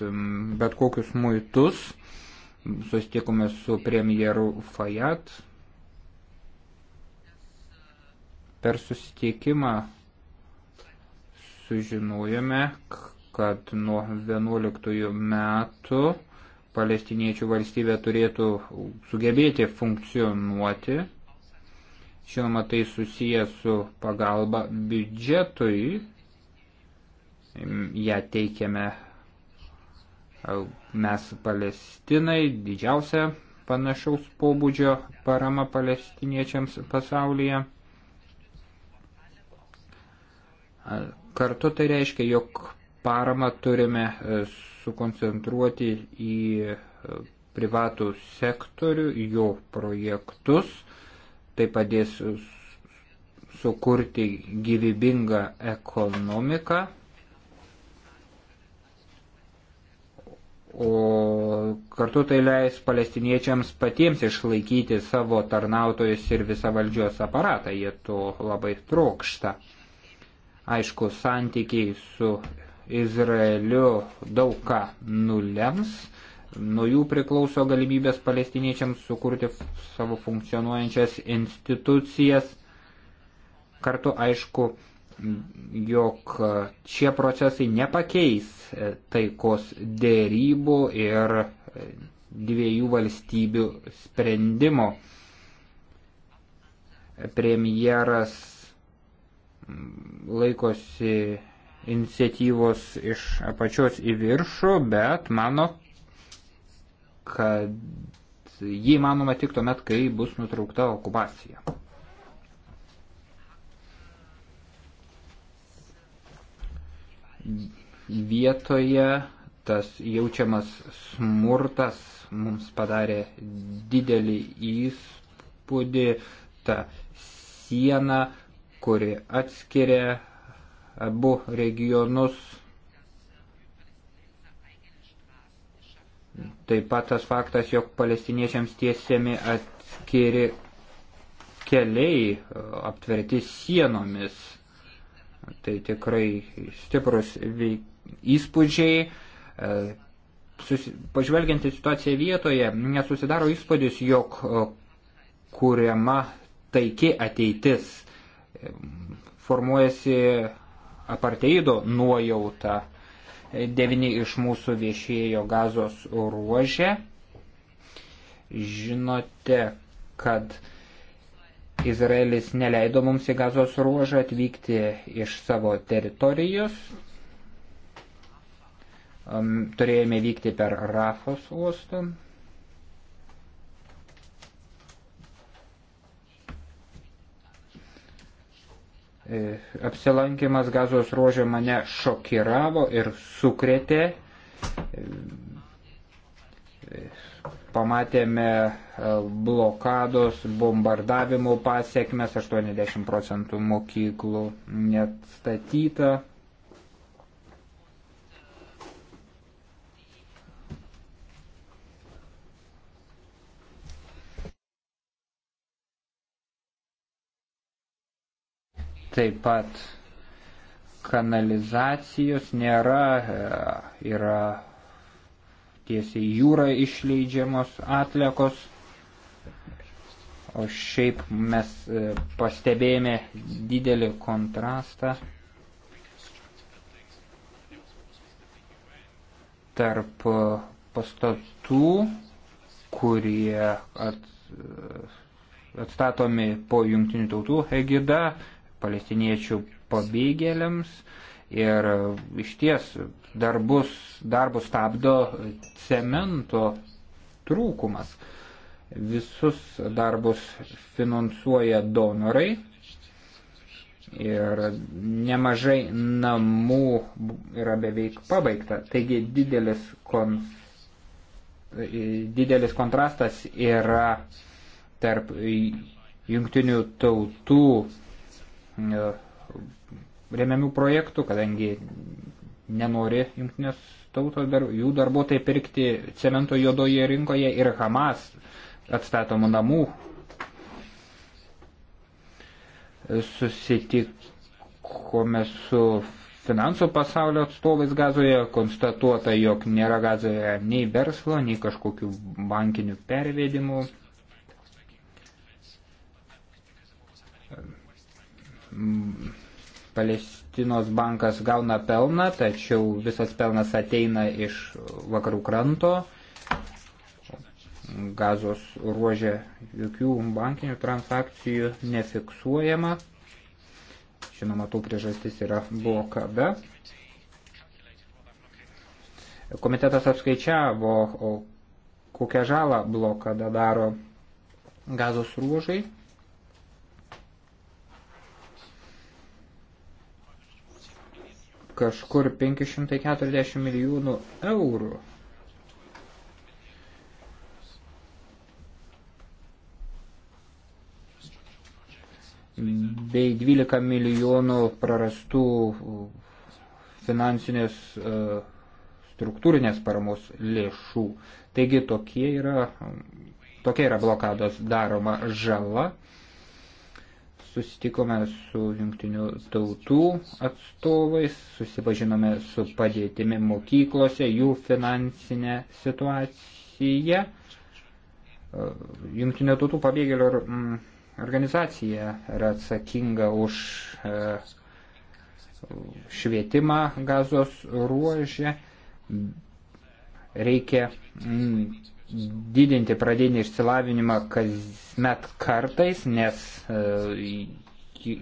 bet kokius muitus. Susitikome su premjeru Fayat. Per susitikimą sužinojome, kad nuo 11 metų palestiniečių valstybė turėtų sugebėti funkcionuoti. Žinoma, tai susiję su pagalba biudžetui. Ja teikiame mes Palestinai didžiausia panašaus pobūdžio parama palestiniečiams pasaulyje. Kartu tai reiškia, jog paramą turime e, sukoncentruoti į e, privatų sektorių, jo projektus. Tai padės sukurti gyvybingą ekonomiką. O kartu tai leis palestiniečiams patiems išlaikyti savo tarnautojus ir visą valdžios aparatą. Jie to labai trokšta. Aišku, santykiai su Izraeliu daug ką nulems. Nuo jų priklauso galimybės palestiniečiams sukurti savo funkcionuojančias institucijas. Kartu aišku, jog šie procesai nepakeis taikos dėrybų ir dviejų valstybių sprendimo. Premjeras laikosi iniciatyvos iš apačios į viršų, bet mano, kad jį manoma tik tuomet, kai bus nutraukta okupacija. Vietoje tas jaučiamas smurtas mums padarė didelį įspūdį, ta siena, kuri atskiria abu regionus. Taip pat tas faktas, jog palestiniečiams tiesiami atskiri keliai aptverti sienomis. Tai tikrai stiprus įspūdžiai. E, pažvelgiant į situaciją vietoje, nesusidaro įspūdis, jog e, kuriama taiki ateitis. E, formuojasi aparteido nuojautą. Devini iš mūsų viešėjo gazos ruožė. Žinote, kad Izraelis neleido mums į gazos ruožą atvykti iš savo teritorijos. Turėjome vykti per Rafos uostą. E, apsilankimas gazos ruožė mane šokiravo ir sukrėtė. E, pamatėme e, blokados, bombardavimų pasiekmes, 80 procentų mokyklų net statyta, Taip pat kanalizacijos nėra, e, yra tiesiai jūra išleidžiamos atliekos. O šiaip mes e, pastebėjome didelį kontrastą tarp pastatų, kurie at, e, atstatomi po jungtinių tautų egida palestiniečių pabėgėliams ir iš ties darbus, darbus stabdo cemento trūkumas. Visus darbus finansuoja donorai ir nemažai namų yra beveik pabaigta. Taigi didelis, kon, didelis kontrastas yra tarp jungtinių tautų E, remiamių projektų, kadangi nenori jungtinės tautos dar, jų darbuotojai pirkti cemento juodoje rinkoje ir Hamas atstatomų namų. Susitikome su finansų pasaulio atstovais gazoje, konstatuota, jog nėra gazoje nei verslo, nei kažkokių bankinių pervedimų. Palestinos bankas gauna pelną, tačiau visas pelnas ateina iš vakarų kranto. Gazos ruožė jokių bankinių transakcijų nefiksuojama. Žinoma, tų priežastis yra blokada. Komitetas apskaičiavo, kokią žalą blokada daro gazos ruožai. kažkur 540 milijonų eurų. bei 12 milijonų prarastų finansinės e, struktūrinės paramos lėšų. Taigi tokie yra, tokia yra blokados daroma žala susitikome su jungtinių tautų atstovais, susipažinome su padėtimi mokyklose, jų finansinė situacija. E, jungtinių tautų pabėgėlių organizacija yra atsakinga už e, švietimą gazos ruožę. Reikia didinti pradinį išsilavinimą kasmet kartais, nes e,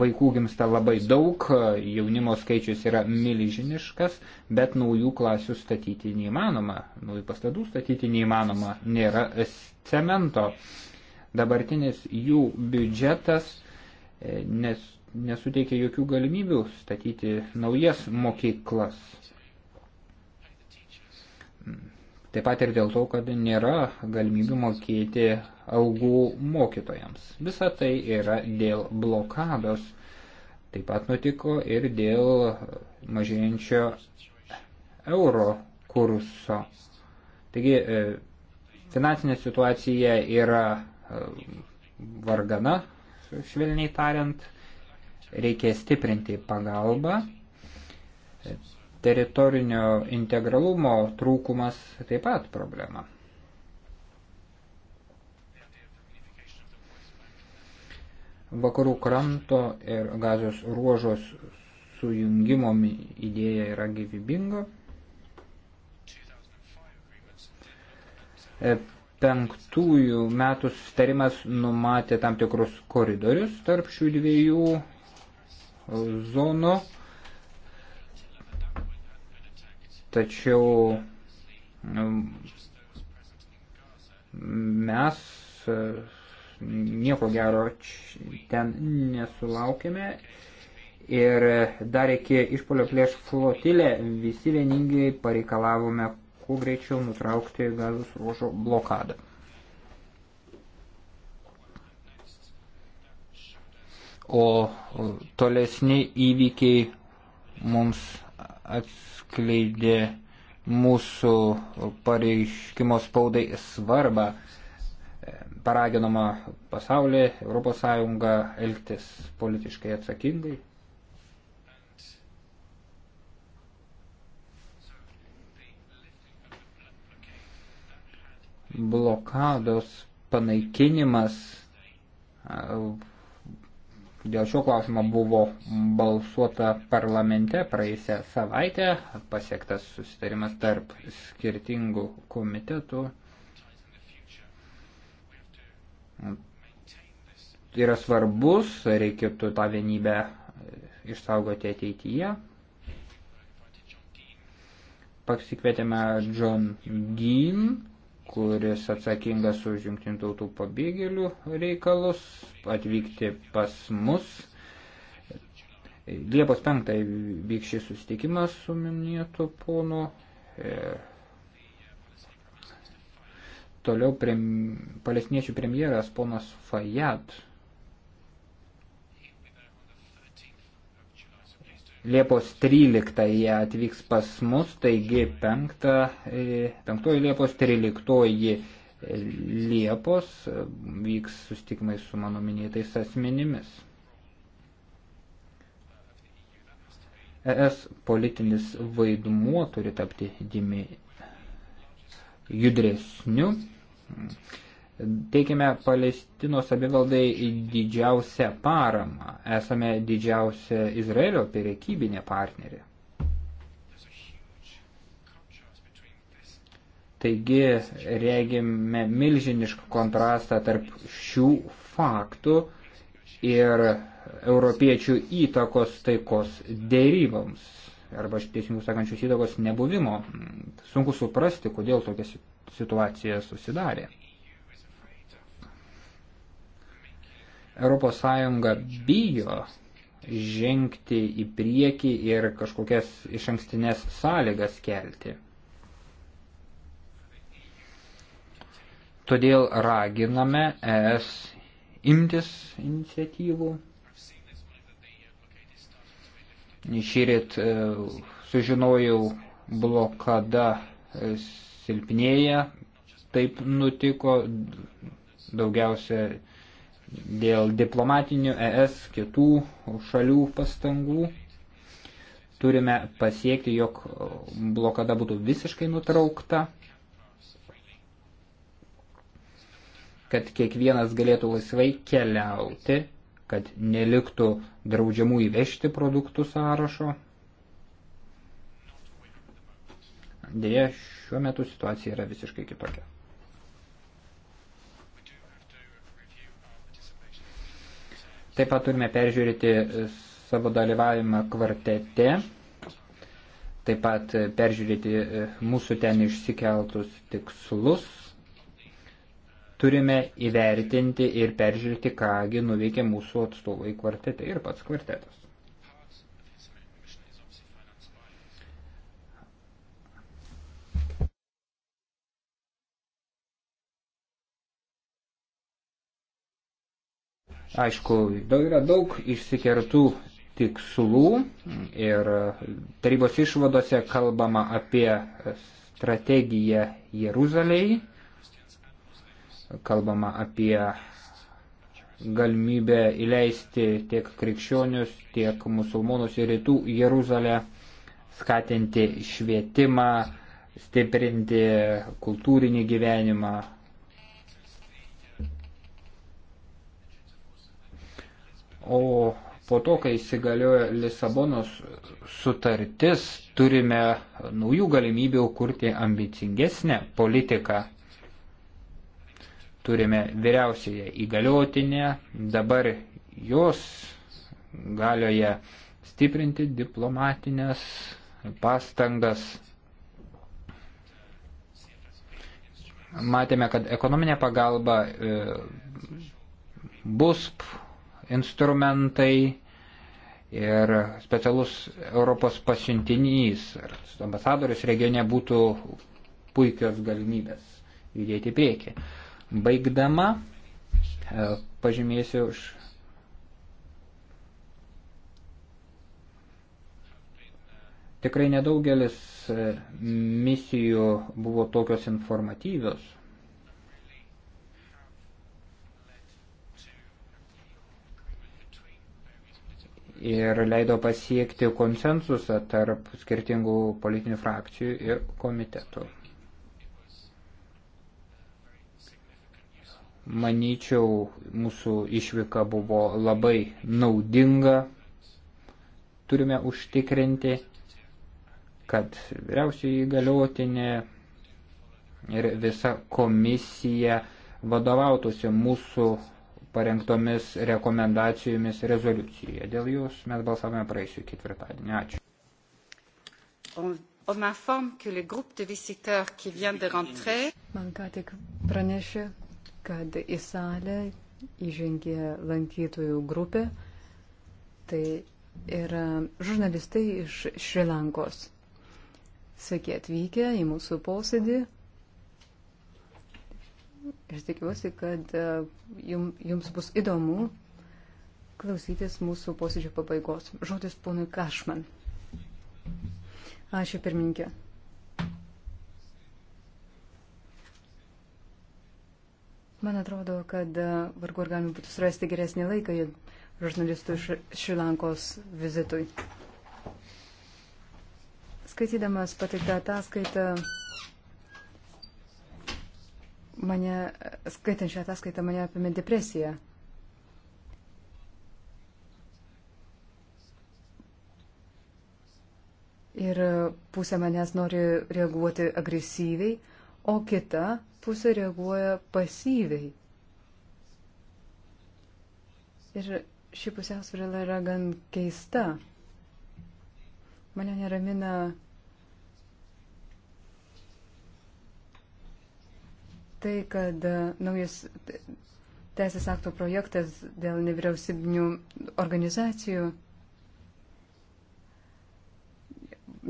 vaikų gimsta labai daug, jaunimo skaičius yra milžiniškas, bet naujų klasių statyti neįmanoma, naujų pastatų statyti neįmanoma, nėra cemento. Dabartinis jų biudžetas e, nes, nesuteikia jokių galimybių statyti naujas mokyklas. Taip pat ir dėl to, kad nėra galimybių mokėti algų mokytojams. Visa tai yra dėl blokados. Taip pat nutiko ir dėl mažėjančio euro kurso. Taigi e, finansinė situacija yra e, vargana, švelniai tariant, reikia stiprinti pagalbą teritorinio integralumo trūkumas taip pat problema. Vakarų kranto ir gazos ruožos sujungimo idėja yra gyvybinga. E, penktųjų metų sustarimas numatė tam tikrus koridorius tarp šių dviejų zonų. Tačiau nu, mes e, nieko gero ten nesulaukėme. Ir dar iki išpolio prieš flotilę visi vieningai pareikalavome kuo greičiau nutraukti gazos ruožo blokadą. O tolesni įvykiai mums atskleidė mūsų pareiškimo spaudai svarbą. E, paraginama pasaulį, ES elgtis politiškai atsakingai. Blokados panaikinimas e, Dėl šio klausimo buvo balsuota parlamente praeisę savaitę, pasiektas susitarimas tarp skirtingų komitetų. Yra svarbus, reikėtų tą vienybę išsaugoti ateityje. Pasikvietėme John Dean kuris atsakingas už jungtinių tautų pabėgėlių reikalus, atvykti pas mus. Liepos 5 vyks šis susitikimas su minėtu ponu. E, toliau prem, palestiniečių premjeras ponas Fayad Liepos 13 jie atvyks pas mus, taigi 5, 5 e, Liepos 13 e, Liepos vyks sustikimai su mano minėtais asmenimis. ES politinis vaidmuo turi tapti dimi judresniu. Teikime Palestinos savivaldai didžiausią paramą. Esame didžiausia Izraelio priekybinė partnerė. Taigi regime milžinišką kontrastą tarp šių faktų ir europiečių įtakos taikos dėryboms arba teisingų sakančius įtakos nebuvimo. Sunku suprasti, kodėl tokia situacija susidarė. ES bijo žengti į priekį ir kažkokias iš ankstinės sąlygas kelti. Todėl raginame ES imtis iniciatyvų. Šįryt e, sužinojau blokada e, silpnėja, taip nutiko daugiausia dėl diplomatinių ES kitų šalių pastangų. Turime pasiekti, jog blokada būtų visiškai nutraukta, kad kiekvienas galėtų laisvai keliauti, kad neliktų draudžiamų įvežti produktų sąrašo. Dėja, šiuo metu situacija yra visiškai kitokia. Taip pat turime peržiūrėti e, savo dalyvavimą kvartete, taip pat e, peržiūrėti e, mūsų ten išsikeltus tikslus. Turime įvertinti ir peržiūrėti, kągi nuveikė mūsų atstovai kvartete ir pats kvartetas. Aišku, yra daug išsikertų tikslų ir tarybos išvadose kalbama apie strategiją Jeruzalėje, kalbama apie galimybę įleisti tiek krikščionius, tiek musulmonus į rytų Jeruzalę, skatinti švietimą, stiprinti kultūrinį gyvenimą, O po to, kai įsigaliojo Lisabonos sutartis, turime naujų galimybių kurti ambicingesnę politiką. Turime vyriausiąją įgaliotinę, dabar jos galioje stiprinti diplomatinės pastangas. Matėme, kad ekonominė pagalba e, bus instrumentai ir specialus Europos pasiuntinys ar ambasadorius regione būtų puikios galimybės judėti į priekį. Baigdama, e, pažymėsiu už. Tikrai nedaugelis e, misijų buvo tokios informatyvios, ir leido pasiekti konsensusą tarp skirtingų politinių frakcijų ir komitetų. Manyčiau, mūsų išvyka buvo labai naudinga. Turime užtikrinti, kad vyriausiai įgaliotinė ir visa komisija vadovautųsi mūsų parengtomis rekomendacijomis rezoliucijoje. Dėl jūs mes balsavome praėjusiu ketvirtadienį. Ačiū. Man ką tik pranešė, kad į salę įžengė lankytojų grupė. Tai yra žurnalistai iš Šrilankos. Sveiki atvykę į mūsų posėdį. Aš tikiuosi, kad e, jums bus įdomu klausytis mūsų posėdžio pabaigos. Žodis ponui Kašman. Ačiū pirmininkė. Man atrodo, kad e, vargu ar galima būtų surasti geresnį laiką žurnalistų iš Šilankos vizitui. Skaitydamas pateiktą ataskaitą mane, skaitant šią ataskaitą, mane apėmė depresija. Ir pusė manęs nori reaguoti agresyviai, o kita pusė reaguoja pasyviai. Ir ši pusiausvyrėla yra gan keista. Mane neramina tai, kad e, naujas teisės akto projektas dėl nevyriausybinių organizacijų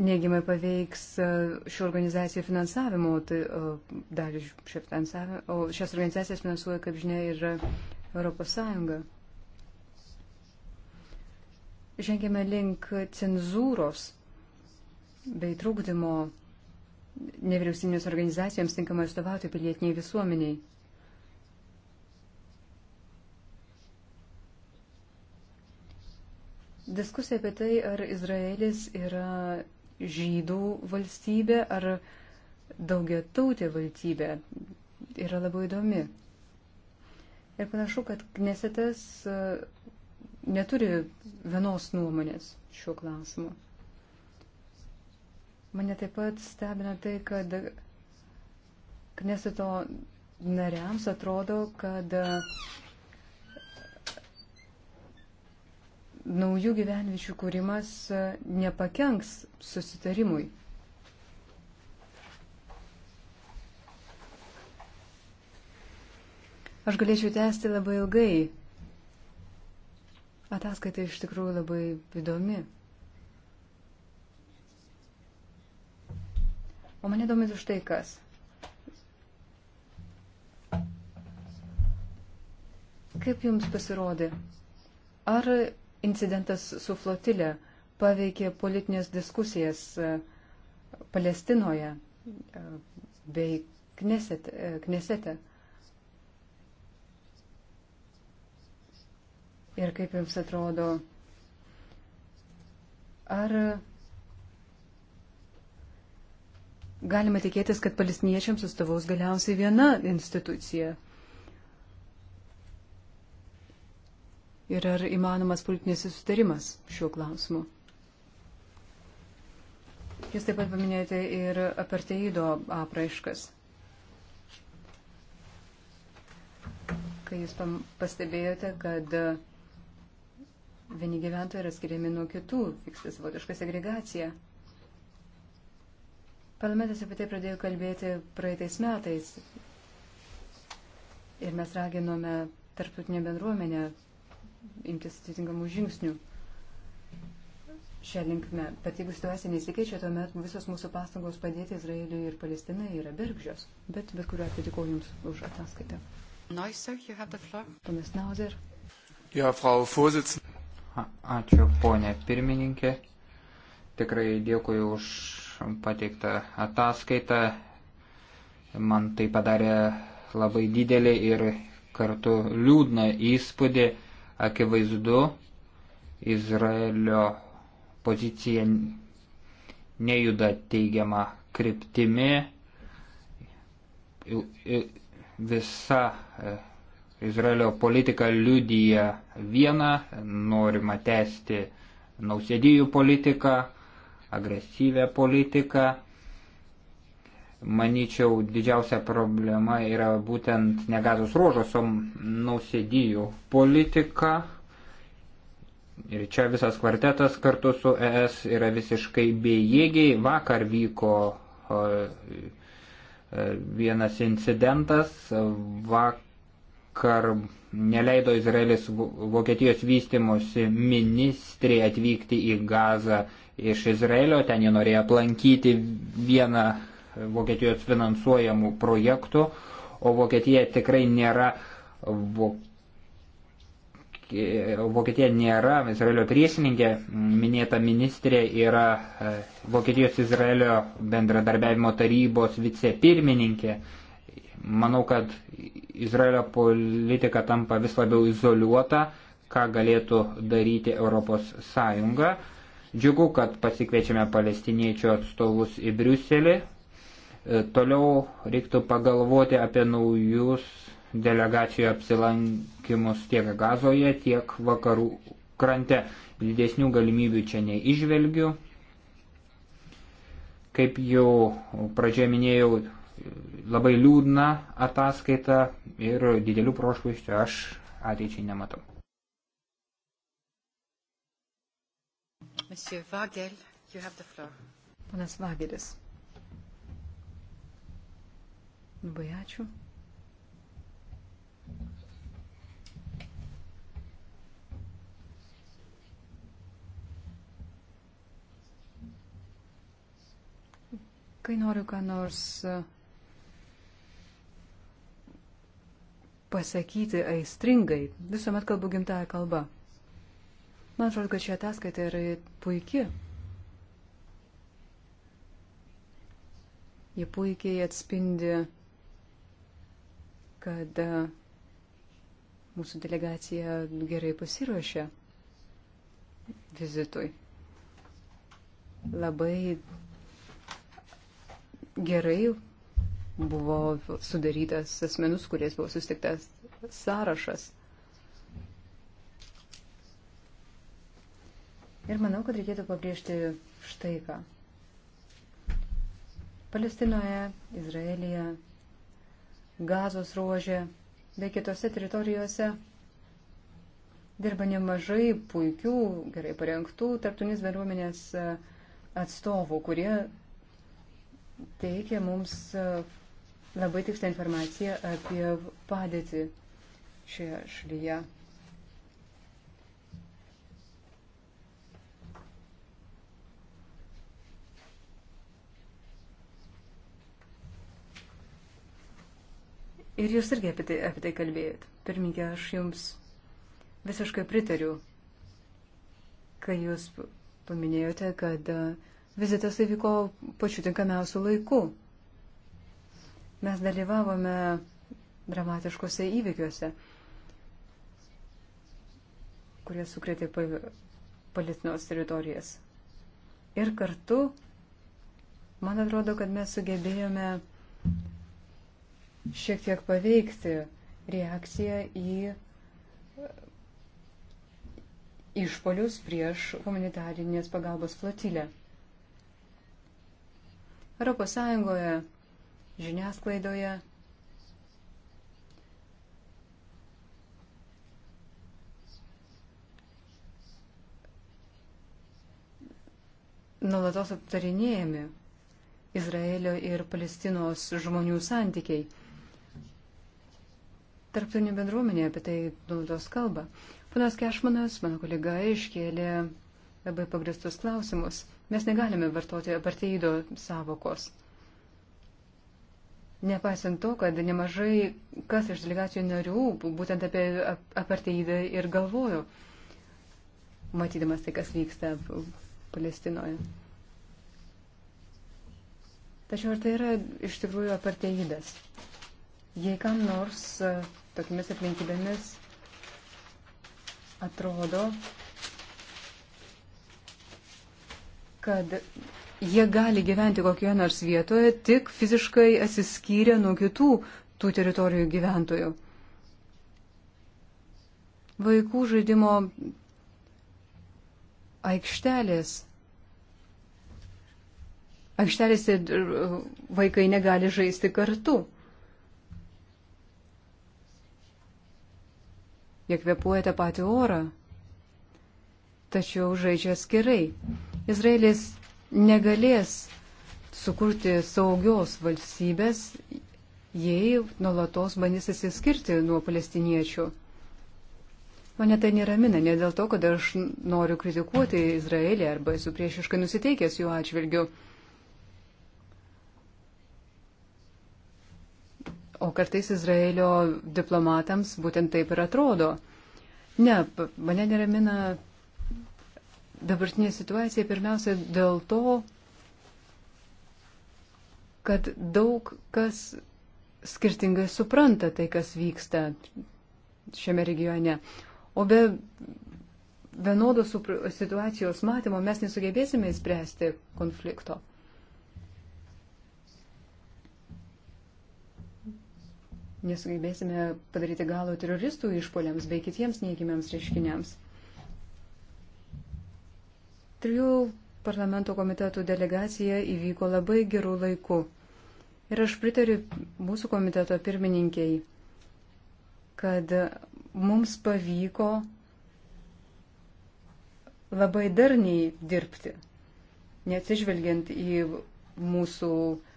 neigiamai paveiks e, šių organizacijų finansavimo, tai dalį šias organizacijas finansuoja, kaip žinia, ir Europos Sąjunga. Žengėme link cenzūros bei trūkdymo nevyriausybinės organizacijoms tinkamai atstovauti pilietiniai visuomeniai. Diskusija apie tai, ar Izraelis yra žydų valstybė ar daugia tautė valstybė, yra labai įdomi. Ir panašu, kad Knesetas e, neturi vienos nuomonės šiuo klausimu. Mane taip pat stebina tai, kad Kneseto nariams atrodo, kad e, naujų gyvenvičių kūrimas e, nepakenks susitarimui. Aš galėčiau tęsti labai ilgai. Ataskaita iš tikrųjų labai įdomi. O mane domės už tai kas. Kaip jums pasirodė? Ar incidentas su flotilė paveikė politinės diskusijas e, Palestinoje e, bei e, Knesete? Ir kaip jums atrodo, ar galima tikėtis, kad palestiniečiams atstovaus galiausiai viena institucija. Ir ar įmanomas politinis susitarimas šiuo klausimu? Jūs taip pat paminėjote ir aparteido apraiškas. Kai jūs pastebėjote, kad vieni gyventojai yra skiriami nuo kitų, vyksta savotiška segregacija. Parlamentas apie tai pradėjo kalbėti praeitais metais. Ir mes raginome tarptautinę bendruomenę imtis atitinkamų žingsnių šią linkmę. Bet jeigu situacija nesikeičia, tuomet visos mūsų pastangos padėti Izraeliui ir Palestinai yra bergžios. Bet bet kuriuo atveju dėkoju Jums už ataskaitą. Neusser, you have the floor. Ponas Nauser. Ja, Frau Vorsitzende. Ačiū, ponė pirmininkė. Tikrai dėkoju už pateiktą ataskaitą. Man tai padarė labai didelį ir kartu liūdną įspūdį. Akivaizdu, Izraelio pozicija nejuda teigiama kryptimi. Visa e, Izraelio politika liudyja vieną, norima tęsti nausėdijų politiką, agresyvę politiką. Manyčiau, didžiausia problema yra būtent ne gazos ruožos, o nausėdijų politika. Ir čia visas kvartetas kartu su ES yra visiškai bejėgiai. Vakar vyko e, vienas incidentas. Vakar neleido Izraelis Vokietijos vystimosi ministrė atvykti į Gazą iš Izraelio, ten jie norėjo aplankyti vieną Vokietijos finansuojamų projektų, o Vokietija tikrai nėra, Vokietija nėra Izraelio priešininkė, minėta ministrė yra e, Vokietijos Izraelio bendradarbiavimo tarybos vicepirmininkė. Manau, kad Izraelio politika tampa vis labiau izoliuota, ką galėtų daryti Europos Sąjunga. Džiugu, kad pasikviečiame palestiniečių atstovus į Briuselį. E, toliau reiktų pagalvoti apie naujus delegacijų apsilankimus tiek Gazoje, tiek vakarų krante. Didesnių galimybių čia neižvelgiu. Kaip jau pradžioje minėjau, labai liūdna ataskaita ir didelių prošvaiščių aš ateičiai nematau. Monsieur Vagel, you have the floor. Ponas Vagelis. Labai ačiū. Kai noriu ką nors e, pasakyti aistringai, visuomet kalbu gimtają kalbą. Man atrodo, kad ši ataskaita yra puikia. Jie puikiai atspindi, kad e, mūsų delegacija gerai pasiruošė vizitui. Labai gerai buvo sudarytas asmenus, kuriais buvo sustiktas sąrašas. Ir manau, kad reikėtų pabrėžti štai ką. Palestinoje, Izraelyje, Gazos ruožė, bei kitose teritorijose dirba nemažai puikių, gerai parengtų tarptautinės bendruomenės e, atstovų, kurie teikia mums e, labai tikslę informaciją apie padėtį šioje šalyje. Ir jūs irgi apie tai, apie tai kalbėjot. Pirminkė, aš jums visiškai pritariu, kai jūs paminėjote, kad e, vizitas įvyko pačiu tinkamiausiu laiku. Mes dalyvavome dramatiškose įvykiuose, kurie sukrėtė palitinos teritorijas. Ir kartu, man atrodo, kad mes sugebėjome šiek tiek paveikti reakciją į išpolius prieš humanitarinės pagalbos flotilę. Europos Sąjungoje, žiniasklaidoje nuolatos aptarinėjami Izraelio ir Palestinos žmonių santykiai tarptautinė bendruomenė apie tai nuolatos kalba. Panas Kešmanas, mano kolega, iškėlė labai pagristus klausimus. Mes negalime vartoti aparteido savokos. Nepaisant to, kad nemažai kas iš delegacijų narių būtent apie aparteidą ir galvojo, matydamas tai, kas vyksta Palestinoje. Tačiau ar tai yra iš tikrųjų aparteidas? Jei kam nors e, tokiamis aplinkybėmis atrodo, kad jie gali gyventi kokioje nors vietoje, tik fiziškai atsiskyrę nuo kitų tų teritorijų gyventojų. Vaikų žaidimo aikštelės. Aikštelėse vaikai negali žaisti kartu. jie kvepuoja tą patį orą, tačiau žaidžia skirai. Izraelis negalės sukurti saugios valstybės, jei nuolatos bandys atsiskirti nuo palestiniečių. Mane tai neramina, ne dėl to, kad aš noriu kritikuoti Izraelį arba esu priešiškai nusiteikęs jų atžvilgiu. o kartais Izraelio diplomatams būtent taip ir atrodo. Ne, mane neramina dabartinė situacija pirmiausia dėl to, kad daug kas skirtingai supranta tai, kas vyksta šiame regione. O be vienodos situacijos matymo mes nesugebėsime įspręsti konflikto. nesugebėsime padaryti galo teroristų išpoliams bei kitiems neįgimiams reiškiniams. Trijų parlamento komitetų delegacija įvyko labai gerų laikų. Ir aš pritariu mūsų komiteto pirmininkiai, kad mums pavyko labai darniai dirbti, neatsižvelgiant į mūsų uh,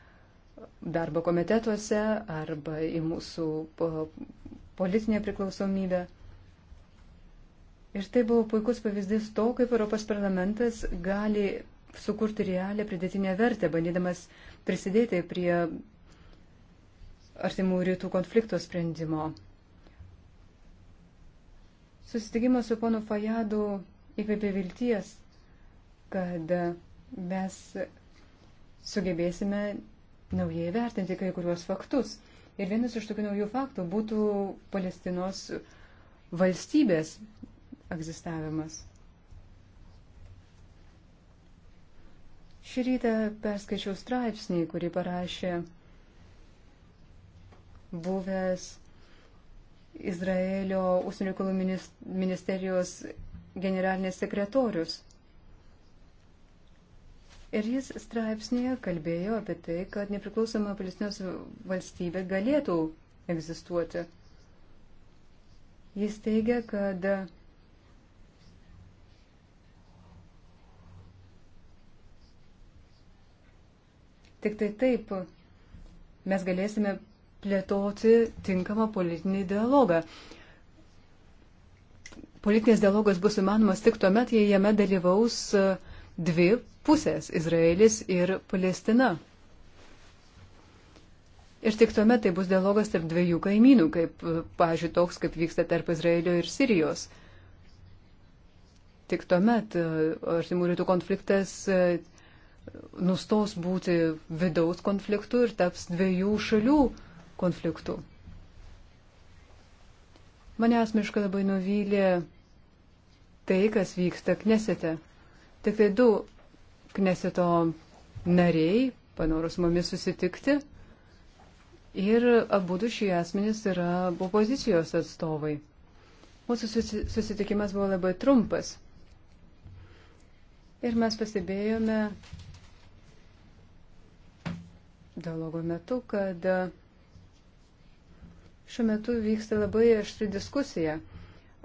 darbo komitetuose arba į mūsų politinę priklausomybę. Ir tai buvo puikus pavyzdys to, kaip Europos parlamentas gali sukurti realią pridėtinę vertę, bandydamas prisidėti prie artimų rytų konflikto sprendimo. Susitikimas su ponu Fajadu įkvėpė vilties, kad mes sugebėsime naujai vertinti kai kuriuos faktus. Ir vienas iš tokių naujų faktų būtų Palestinos valstybės egzistavimas. Šį rytą perskaičiau straipsnį, kurį parašė buvęs Izraelio užsienio reikalų ministerijos generalinis sekretorius. Ir jis straipsnėje kalbėjo apie tai, kad nepriklausoma Palestinos valstybė galėtų egzistuoti. Jis teigia, kad tik tai taip mes galėsime plėtoti tinkamą politinį dialogą. Politinės dialogas bus įmanomas tik tuomet, jei jame dalyvaus dvi pusės - Izraelis ir Palestina. Ir tik tuomet tai bus dialogas tarp dviejų kaimynų, kaip, pažiūrėjau, toks, kaip vyksta tarp Izraelio ir Sirijos. Tik tuomet e, artimų rytų konfliktas e, nustos būti vidaus konfliktu ir taps dviejų šalių konfliktu. Mane asmeniškai labai nuvylė tai, kas vyksta Knesete. Tik tai du kneseto nariai panorus mumis susitikti. Ir abu du šie asmenys yra opozicijos atstovai. Mūsų susitikimas buvo labai trumpas. Ir mes pastebėjome dialogo metu, kad šiuo metu vyksta labai aštri diskusija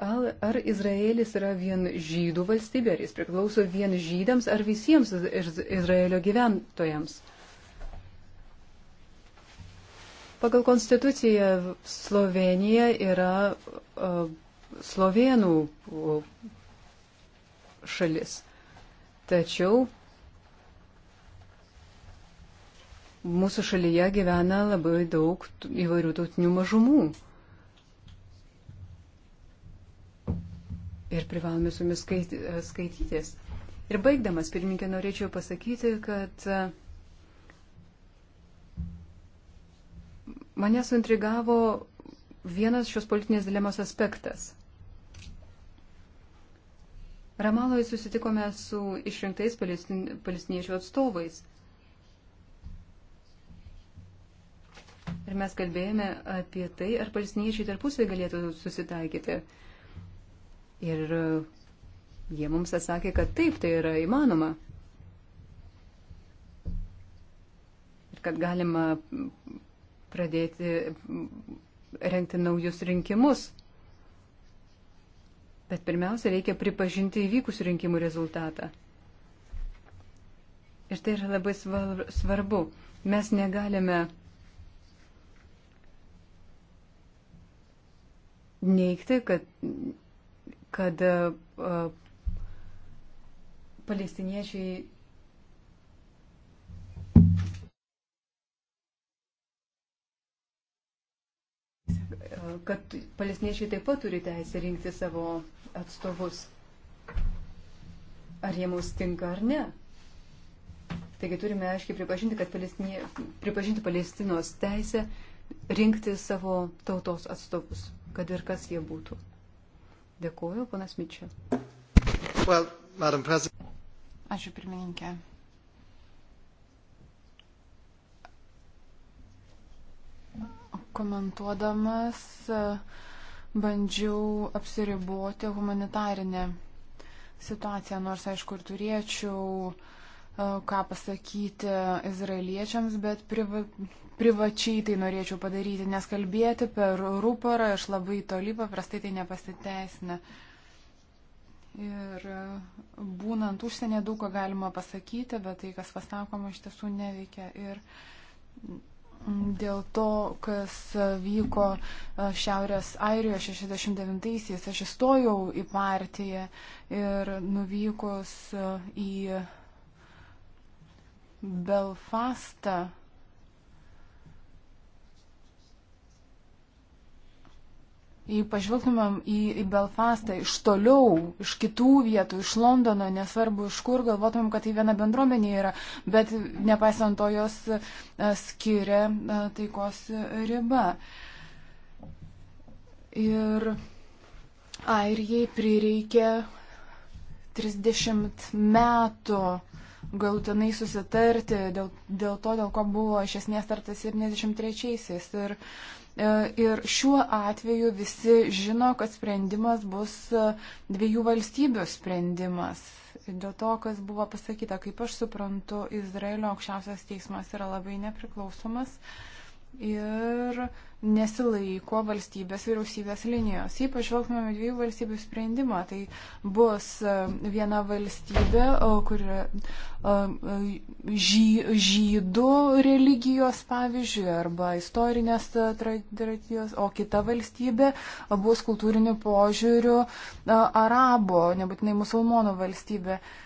Al, ar Izraelis yra vien žydų valstybė, ar jis priklauso vien žydams, ar visiems Izraelio gyventojams? Pagal konstituciją Slovenija yra uh, slovėnų šalis. Tačiau mūsų šalyje gyvena labai daug įvairių tautinių mažumų. ir privalome su jumis skait, skaitytis. Ir baigdamas, pirmininkė, norėčiau pasakyti, kad e, mane suintrigavo vienas šios politinės dilemos aspektas. Ramaloje susitikome su išrinktais palestiniečių atstovais. Ir mes kalbėjome apie tai, ar palestiniečiai tarpusai galėtų susitaikyti. Ir e, jie mums atsakė, kad taip, tai yra įmanoma. Ir kad galima pradėti renkti naujus rinkimus. Bet pirmiausia, reikia pripažinti įvykusių rinkimų rezultatą. Ir tai yra labai svarbu. Mes negalime neikti, kad kad e, e, palestiniečiai kad palestiniečiai taip pat turi teisę rinkti savo atstovus. Ar jie mums tinka ar ne. Taigi turime aiškiai pripažinti, kad palestinie, pripažinti Palestinos teisę rinkti savo tautos atstovus, kad ir kas jie būtų. Dėkuoju, ponas Mičel. Well, Ačiū pirmininkė. Komentuodamas bandžiau apsiriboti humanitarinę situaciją, nors aišku ir turėčiau ką pasakyti izraeliečiams, bet priva, privačiai tai norėčiau padaryti, nes kalbėti per ruporą aš labai toli paprastai tai nepasiteisina. Ir e, būnant užsienė daug ko galima pasakyti, bet tai, kas pasakoma, iš tiesų neveikia. Ir dėl to, kas vyko e, Šiaurės Airijoje 69-aisiais, aš įstojau į partiją ir nuvykus e, į Belfastą Jei pažvelgtumėm į, į Belfastą iš toliau, iš kitų vietų, iš Londono, nesvarbu iš kur, galvotumėm, kad tai viena bendruomenė yra, bet nepaisant to jos e, skiria e, taikos riba. Ir Airijai prireikė 30 metų galutinai susitarti dėl, dėl to, dėl ko buvo iš esmės tartas 73-aisiais. Ir uh, E, ir šiuo atveju visi žino, kad sprendimas bus e, dviejų valstybių sprendimas. Dėl to, kas buvo pasakyta, kaip aš suprantu, Izraelio aukščiausias teismas yra labai nepriklausomas. Uh, ir nesilaiko valstybės vyriausybės linijos. Ypač žvelgtumėm dviejų valstybių sprendimą. Tai bus e, viena valstybė, e, kur e, žy, žydų religijos, pavyzdžiui, arba istorinės tradicijos, o kita valstybė bus kultūriniu požiūriu arabo, nebūtinai musulmonų valstybė. Uh,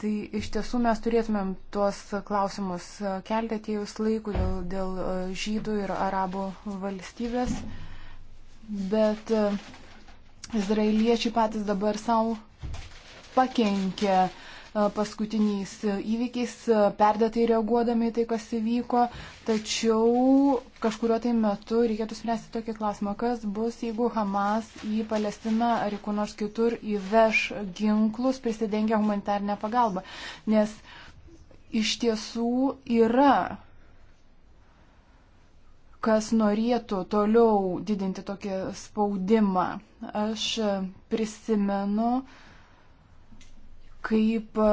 Tai iš tiesų mes turėtumėm tuos klausimus kelti atėjus laikų dėl, dėl e, žydų ir arabų valstybės, bet e, izraeliečiai patys dabar savo pakenkė uh, paskutiniais įvykiais, perdėtai reaguodami į tai, kas įvyko. Tačiau kažkurio tai metu reikėtų spręsti tokį klausimą, kas bus, jeigu Hamas į Palestiną ar į kur nors kitur įveš ginklus prisidengia humanitarnę pagalbą. Nes iš tiesų yra kas norėtų toliau didinti tokį spaudimą. Aš prisimenu uh, kaip e,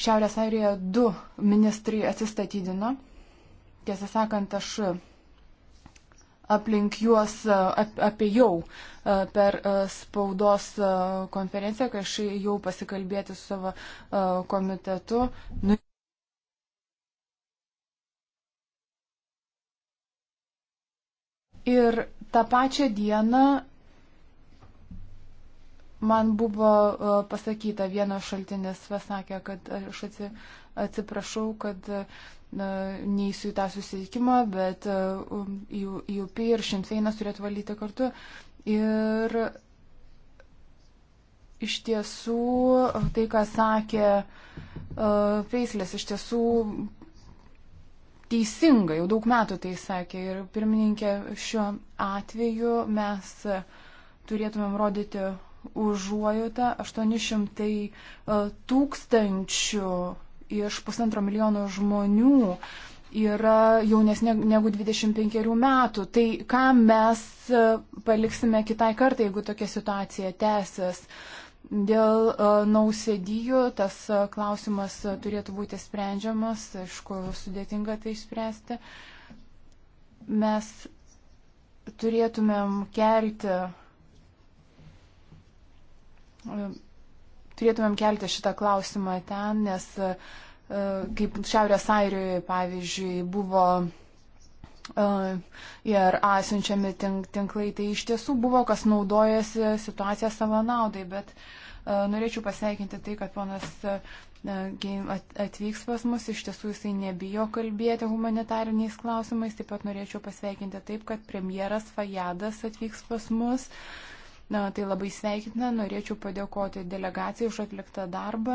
Šiaurės Airijoje du ministrai atsistatydino. Tiesą sakant, aš aplink juos e, apėjau e, per spaudos konferenciją, kai aš jau pasikalbėti su savo komitetu. Nu, Ir tą pačią dieną Man buvo e, pasakyta, vienas šaltinis pasakė, kad aš atsiprašau, kad e, neįsiu į tą susitikimą, bet e, UP um, ir Šimseinas turėtų valyti kartu. Ir iš tiesų tai, ką sakė Peislės, iš tiesų teisinga, jau daug metų tai sakė. Ir pirmininkė, šiuo atveju mes turėtumėm rodyti užuojotą 800 e, tūkstančių iš pusantro milijono žmonių yra jaunesnė negu 25 metų. Tai ką mes e, paliksime kitai kartai, jeigu tokia situacija tęsis? Dėl e, nausėdijų tas klausimas turėtų būti sprendžiamas, aišku, sudėtinga tai išspręsti. Mes turėtumėm kelti turėtumėm kelti šitą klausimą ten, nes e, kaip Šiaurės Airijoje, pavyzdžiui, buvo e, ir asiunčiami tinklai, tai iš tiesų buvo, kas naudojasi situaciją savo naudai, bet e, norėčiau pasveikinti tai, kad ponas atvyks pas mus, iš tiesų jisai nebijo kalbėti humanitariniais klausimais, taip pat norėčiau pasveikinti taip, kad premjeras Fajadas atvyks pas mus. Uh, Na, tai labai sveikitina, norėčiau padėkoti delegacijai už atliktą darbą.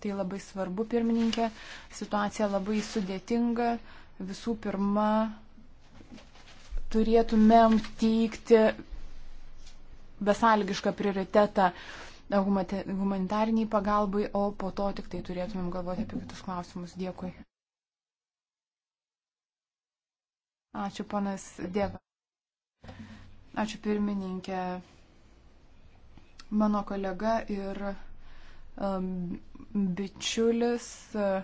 Tai labai svarbu, pirmininkė. Situacija labai sudėtinga. Visų pirma, turėtumėm teikti besalgišką prioritetą humanitariniai pagalbai, o po to tik tai turėtumėm galvoti apie kitus klausimus. Dėkui. Ačiū, panas Dieva. Ačiū pirmininkė. Mano kolega ir um, bičiulis uh,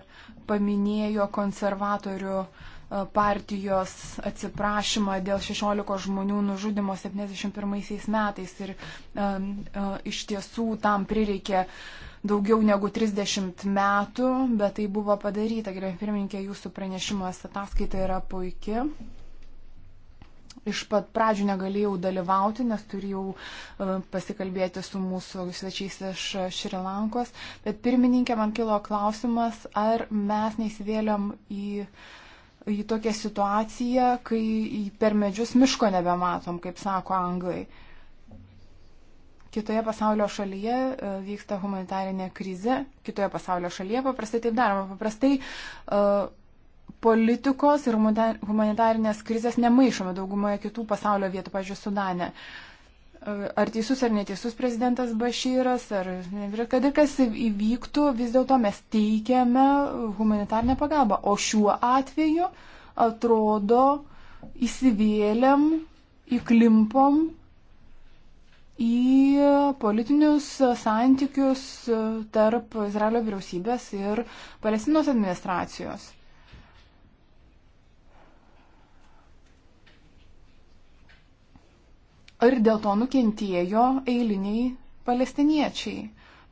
paminėjo konservatorių uh, partijos atsiprašymą dėl 16 žmonių nužudimo 71 metais ir um, uh, iš tiesų tam prireikė daugiau negu 30 metų, bet tai buvo padaryta. Gerai, pirmininkė, jūsų pranešimas ataskaita yra puikia iš pat pradžių negalėjau dalyvauti, nes turėjau e, pasikalbėti su mūsų svečiais iš e, Šri Lankos, bet pirmininkė man kilo klausimas, ar mes neįsivėlėm į, į tokią situaciją, kai per medžius miško nebematom, kaip sako anglai. Kitoje pasaulio šalyje e, vyksta humanitarinė krize, kitoje pasaulio šalyje paprastai taip daroma. Paprastai uh, politikos ir humanitarinės krizės nemaišome daugumoje kitų pasaulio vietų, pažiūrėjau, Sudane. Ar teisus ar neteisus prezidentas Bašyras, ar kad ir kas įvyktų, vis dėlto mes teikiame humanitarnę pagalbą. O šiuo atveju atrodo įsivėlėm, įklimpom į politinius santykius tarp Izraelio vyriausybės ir Palestinos administracijos. ir dėl to nukentėjo eiliniai palestiniečiai.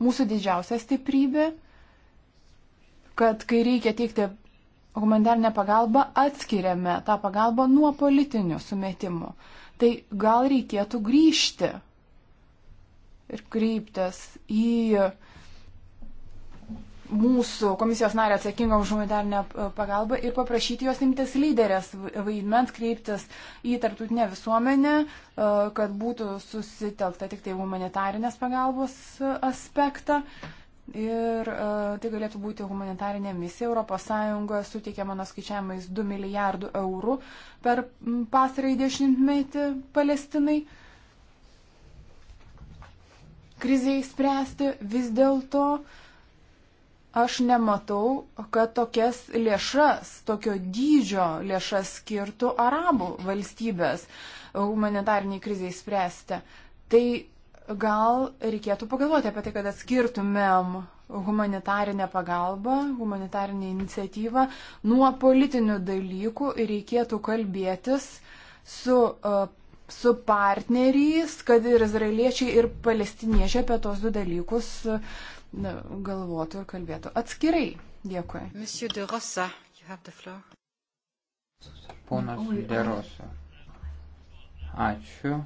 Mūsų didžiausia stiprybė, kad kai reikia teikti humanitarnę pagalbą, atskiriame tą pagalbą nuo politinių sumetimų. Tai gal reikėtų grįžti ir kreiptis į uh, mūsų komisijos narę atsakingą už humanitarnę e, pagalbą ir paprašyti jos imtis lyderės vaidmens, kreiptis į tarptautinę visuomenę, e, kad būtų susitelkta tik tai humanitarinės pagalbos aspektą. Ir e, tai galėtų būti humanitarinė misija. ES suteikė mano skaičiavimais 2 milijardų eurų per pasarąjį dešimtmetį Palestinai kriziai spręsti. Vis dėlto uh, aš nematau, kad tokias lėšas, tokio dydžio lėšas skirtų arabų valstybės humanitariniai kriziai spręsti. Tai gal reikėtų pagalvoti apie tai, kad atskirtumėm humanitarinę pagalbą, humanitarinę iniciatyvą nuo politinių dalykų ir reikėtų kalbėtis su uh, su partneriais, kad ir izraeliečiai, ir palestiniečiai apie tos du dalykus galvotų ir kalbėtų atskirai. Dėkui. Monsieur de Rosa, you have the floor. Ponas de Rosa. Ačiū.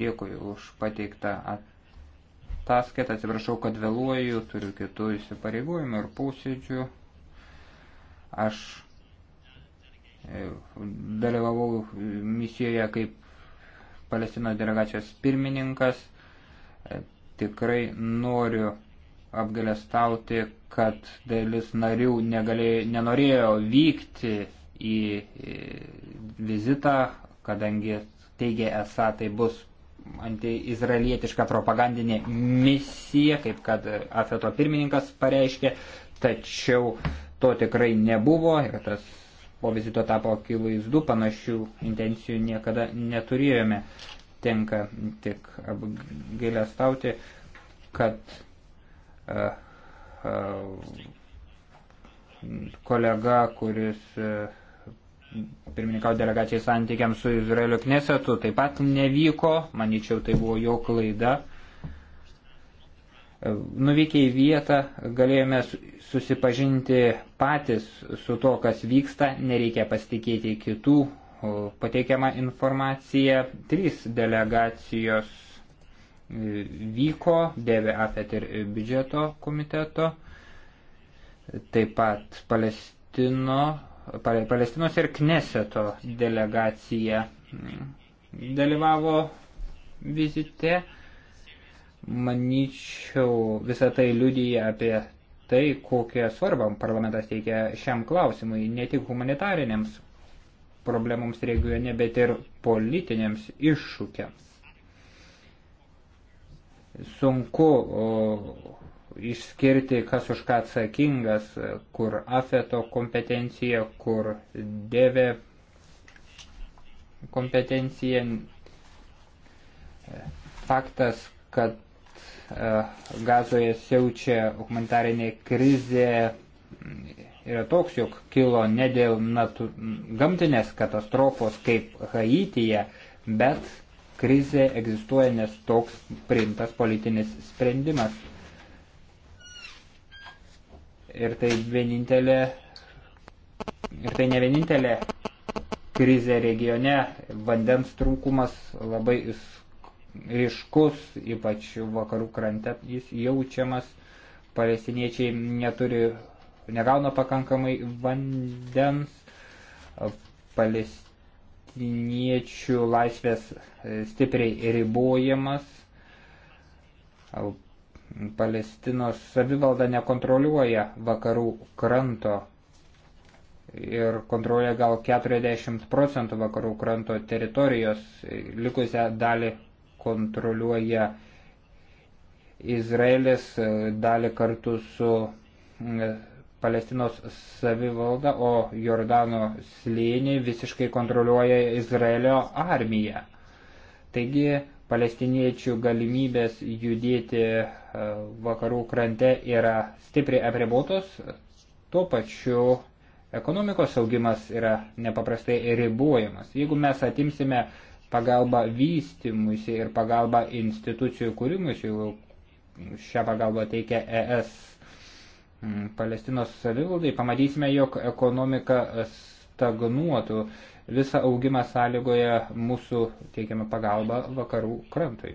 Dėkui už pateiktą ataskaitą. Atsiprašau, kad vėluoju, turiu kitų įsipareigojimų ir posėdžių. Aš dalyvavau misijoje kaip Palestinos delegacijos pirmininkas. Tikrai noriu apgalėstauti, kad dalis narių negalėjo, nenorėjo vykti į vizitą, kadangi teigė esą tai bus antiizraelietiška propagandinė misija, kaip kad Afeto pirmininkas pareiškė, tačiau to tikrai nebuvo ir tas po vizito tapo akivaizdu, panašių intencijų niekada neturėjome. Tenka tik gailę stauti, kad uh, uh, kolega, kuris uh, pirmininkau delegacijai santykiams su Izraelio knesetu, taip pat nevyko, manyčiau, tai buvo jo klaida. Uh, Nuvykę į vietą galėjome susipažinti patys su to, kas vyksta, nereikia pasitikėti kitų pateikiamą informaciją. Trys delegacijos e, vyko, dėvė AFET ir biudžeto komiteto, taip pat Palestino, Palestinos ir Kneseto delegacija dalyvavo vizite. Manyčiau, visą tai liudyja apie tai, kokią svarbą parlamentas teikia šiam klausimui, ne tik humanitariniams problemams regione, bet ir politiniams iššūkiams. Sunku o, išskirti, kas už ką atsakingas, kur afeto kompetencija, kur dėvė kompetencija. Faktas, kad E, gazoje siaučia humanitarinė krizė yra toks, jog kilo ne dėl natu, gamtinės katastrofos kaip Haityje, bet krizė egzistuoja, nes toks priimtas politinis sprendimas. Ir tai vienintelė, ir tai ne vienintelė krizė regione, vandens trūkumas labai ryškus, ypač vakarų krante jis jaučiamas, palestiniečiai neturi, negauna pakankamai vandens, palestiniečių laisvės stipriai ribojamas, Palestinos savivalda nekontroliuoja vakarų kranto ir kontroliuoja gal 40 procentų vakarų kranto teritorijos, likusią dalį kontroliuoja Izraelis e, dalį kartu su e, Palestinos savivalda, o Jordano slėnį visiškai kontroliuoja Izraelio armija. Taigi palestiniečių galimybės judėti e, vakarų krante yra stipriai apribotos, tuo pačiu ekonomikos augimas yra nepaprastai ribojamas. Jeigu mes atimsime pagalba vystimusi ir pagalba institucijų kūrimusi, šią pagalbą teikia ES mm, Palestinos savivaldai, pamatysime, jog ekonomika stagnuotų. Visą augimą sąlygoja mūsų teikiama pagalba vakarų krantui.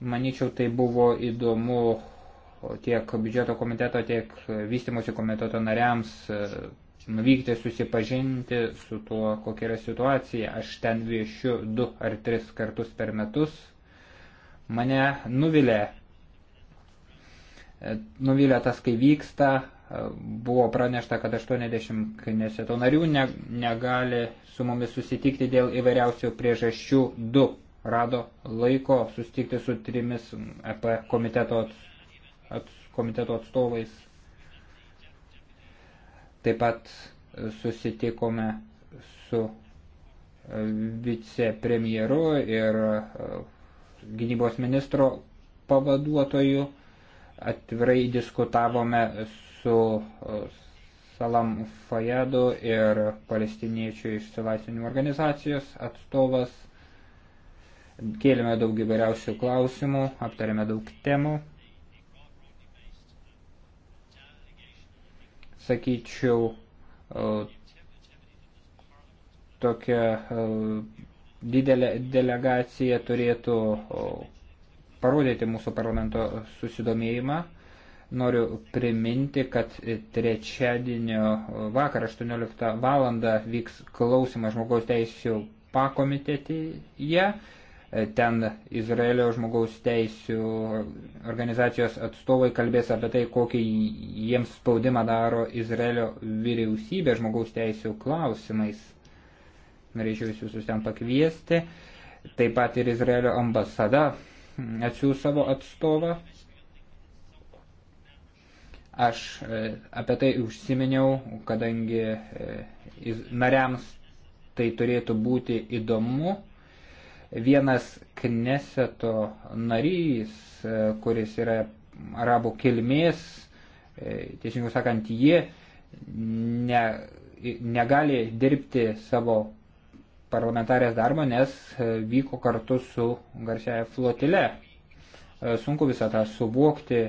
Maničiau, tai buvo įdomu tiek biudžeto komiteto, tiek vystimosi komiteto nariams nuvykti susipažinti su tuo, kokia yra situacija. Aš ten viešiu du ar tris kartus per metus. Mane nuvilė, e, nuvilė tas, kai vyksta. E, buvo pranešta, kad 80 kneseto narių negali su mumis susitikti dėl įvairiausių priežasčių. Du rado laiko susitikti su trimis EP komiteto, ats, komiteto atstovais Taip pat e, susitikome su e, vicepremjeru ir e, gynybos ministro pavaduotoju. Atvirai diskutavome su Salam Fajadu ir palestiniečių išsilaisvinimo organizacijos atstovas. Kėlėme daug įvairiausių klausimų, aptarėme daug temų. sakyčiau, e, tokia e, didelė delegacija turėtų e, parodyti mūsų parlamento susidomėjimą. Noriu priminti, kad trečiadienio vakar 18 val. vyks klausimas žmogaus teisų pakomitetėje. E, ten Izraelio žmogaus teisių organizacijos atstovai kalbės apie tai, kokį jiems spaudimą daro Izraelio vyriausybė žmogaus teisių klausimais. Norėčiau jūs visus ten pakviesti. Taip pat ir Izraelio ambasada atsiūs savo atstovą. Aš e, apie tai užsiminiau, kadangi e, nariams tai turėtų būti įdomu Vienas Kneseto narys, e, kuris yra arabų kilmės, e, teisingiau sakant, jie ne, negali dirbti savo parlamentarės darbą, nes e, vyko kartu su garsiaja flotile. Sunku visą tą suvokti,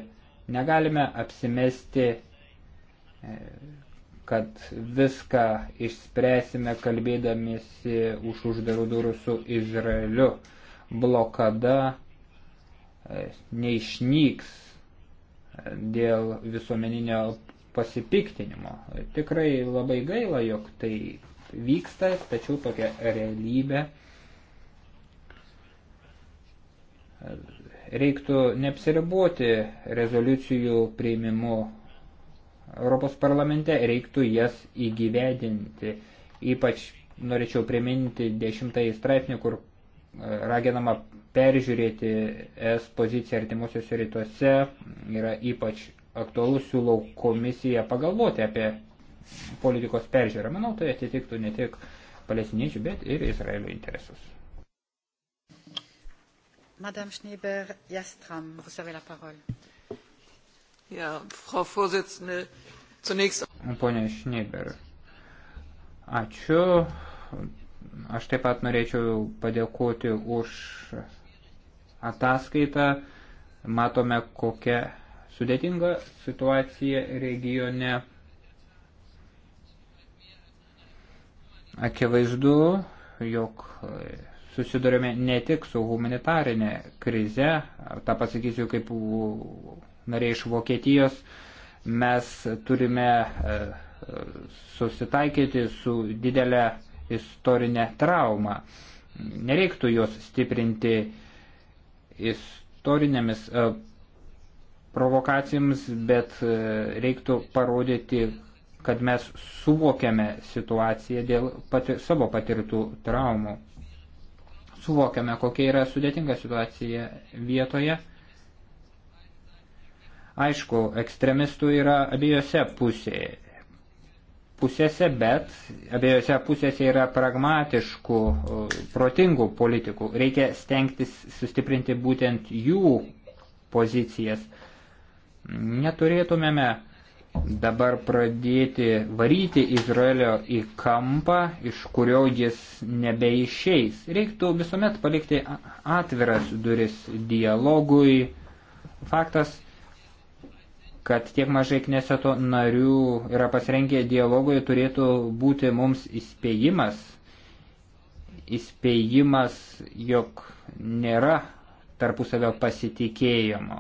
negalime apsimesti kad viską išspręsime kalbėdamėsi už uždarų durų su Izraeliu. Blokada e, neišnyks dėl visuomeninio pasipiktinimo. Tikrai labai gaila, jog tai vyksta, tačiau tokia realybė. E, reiktų neapsiriboti rezoliucijų prieimimu Europos parlamente, reiktų jas įgyvedinti. Ypač norėčiau priminti dešimtąjį straipsnį, kur e, raginama peržiūrėti es poziciją artimuosiuose rytuose, yra ypač aktualus siūlau komisiją pagalvoti apie politikos peržiūrą. Manau, tai atitiktų ne tik palestiniečių, bet ir Izraelio interesus. Madame Schneeber-Jastram, vous avez la parole. Ja, Frau Vorsitzende, zunächst. Pone Šnyber, ačiū. Aš taip pat norėčiau padėkoti už ataskaitą. Matome, kokia sudėtinga situacija regione. Akivaizdu, jog susidurime ne tik su humanitarinė krize, tą pasakysiu kaip narė iš Vokietijos, mes turime e, susitaikyti su didelė istorinė trauma. Nereiktų jos stiprinti istorinėmis e, provokacijomis, bet e, reiktų parodyti, kad mes suvokiame situaciją dėl pati, savo patirtų traumų. Suvokiame, kokia yra sudėtinga situacija vietoje Aišku, ekstremistų yra abiejose pusėje, pusėse, bet abiejose pusėse yra pragmatiškų, protingų politikų. Reikia stengtis sustiprinti būtent jų pozicijas. Neturėtumėme dabar pradėti varyti Izraelio į kampą, iš kurio jis nebeišeis. Reiktų visuomet palikti atviras duris dialogui. Faktas, kad tiek mažai kneseto narių yra pasirengę dialogui, turėtų būti mums įspėjimas, įspėjimas, jog nėra tarpusavio pasitikėjimo.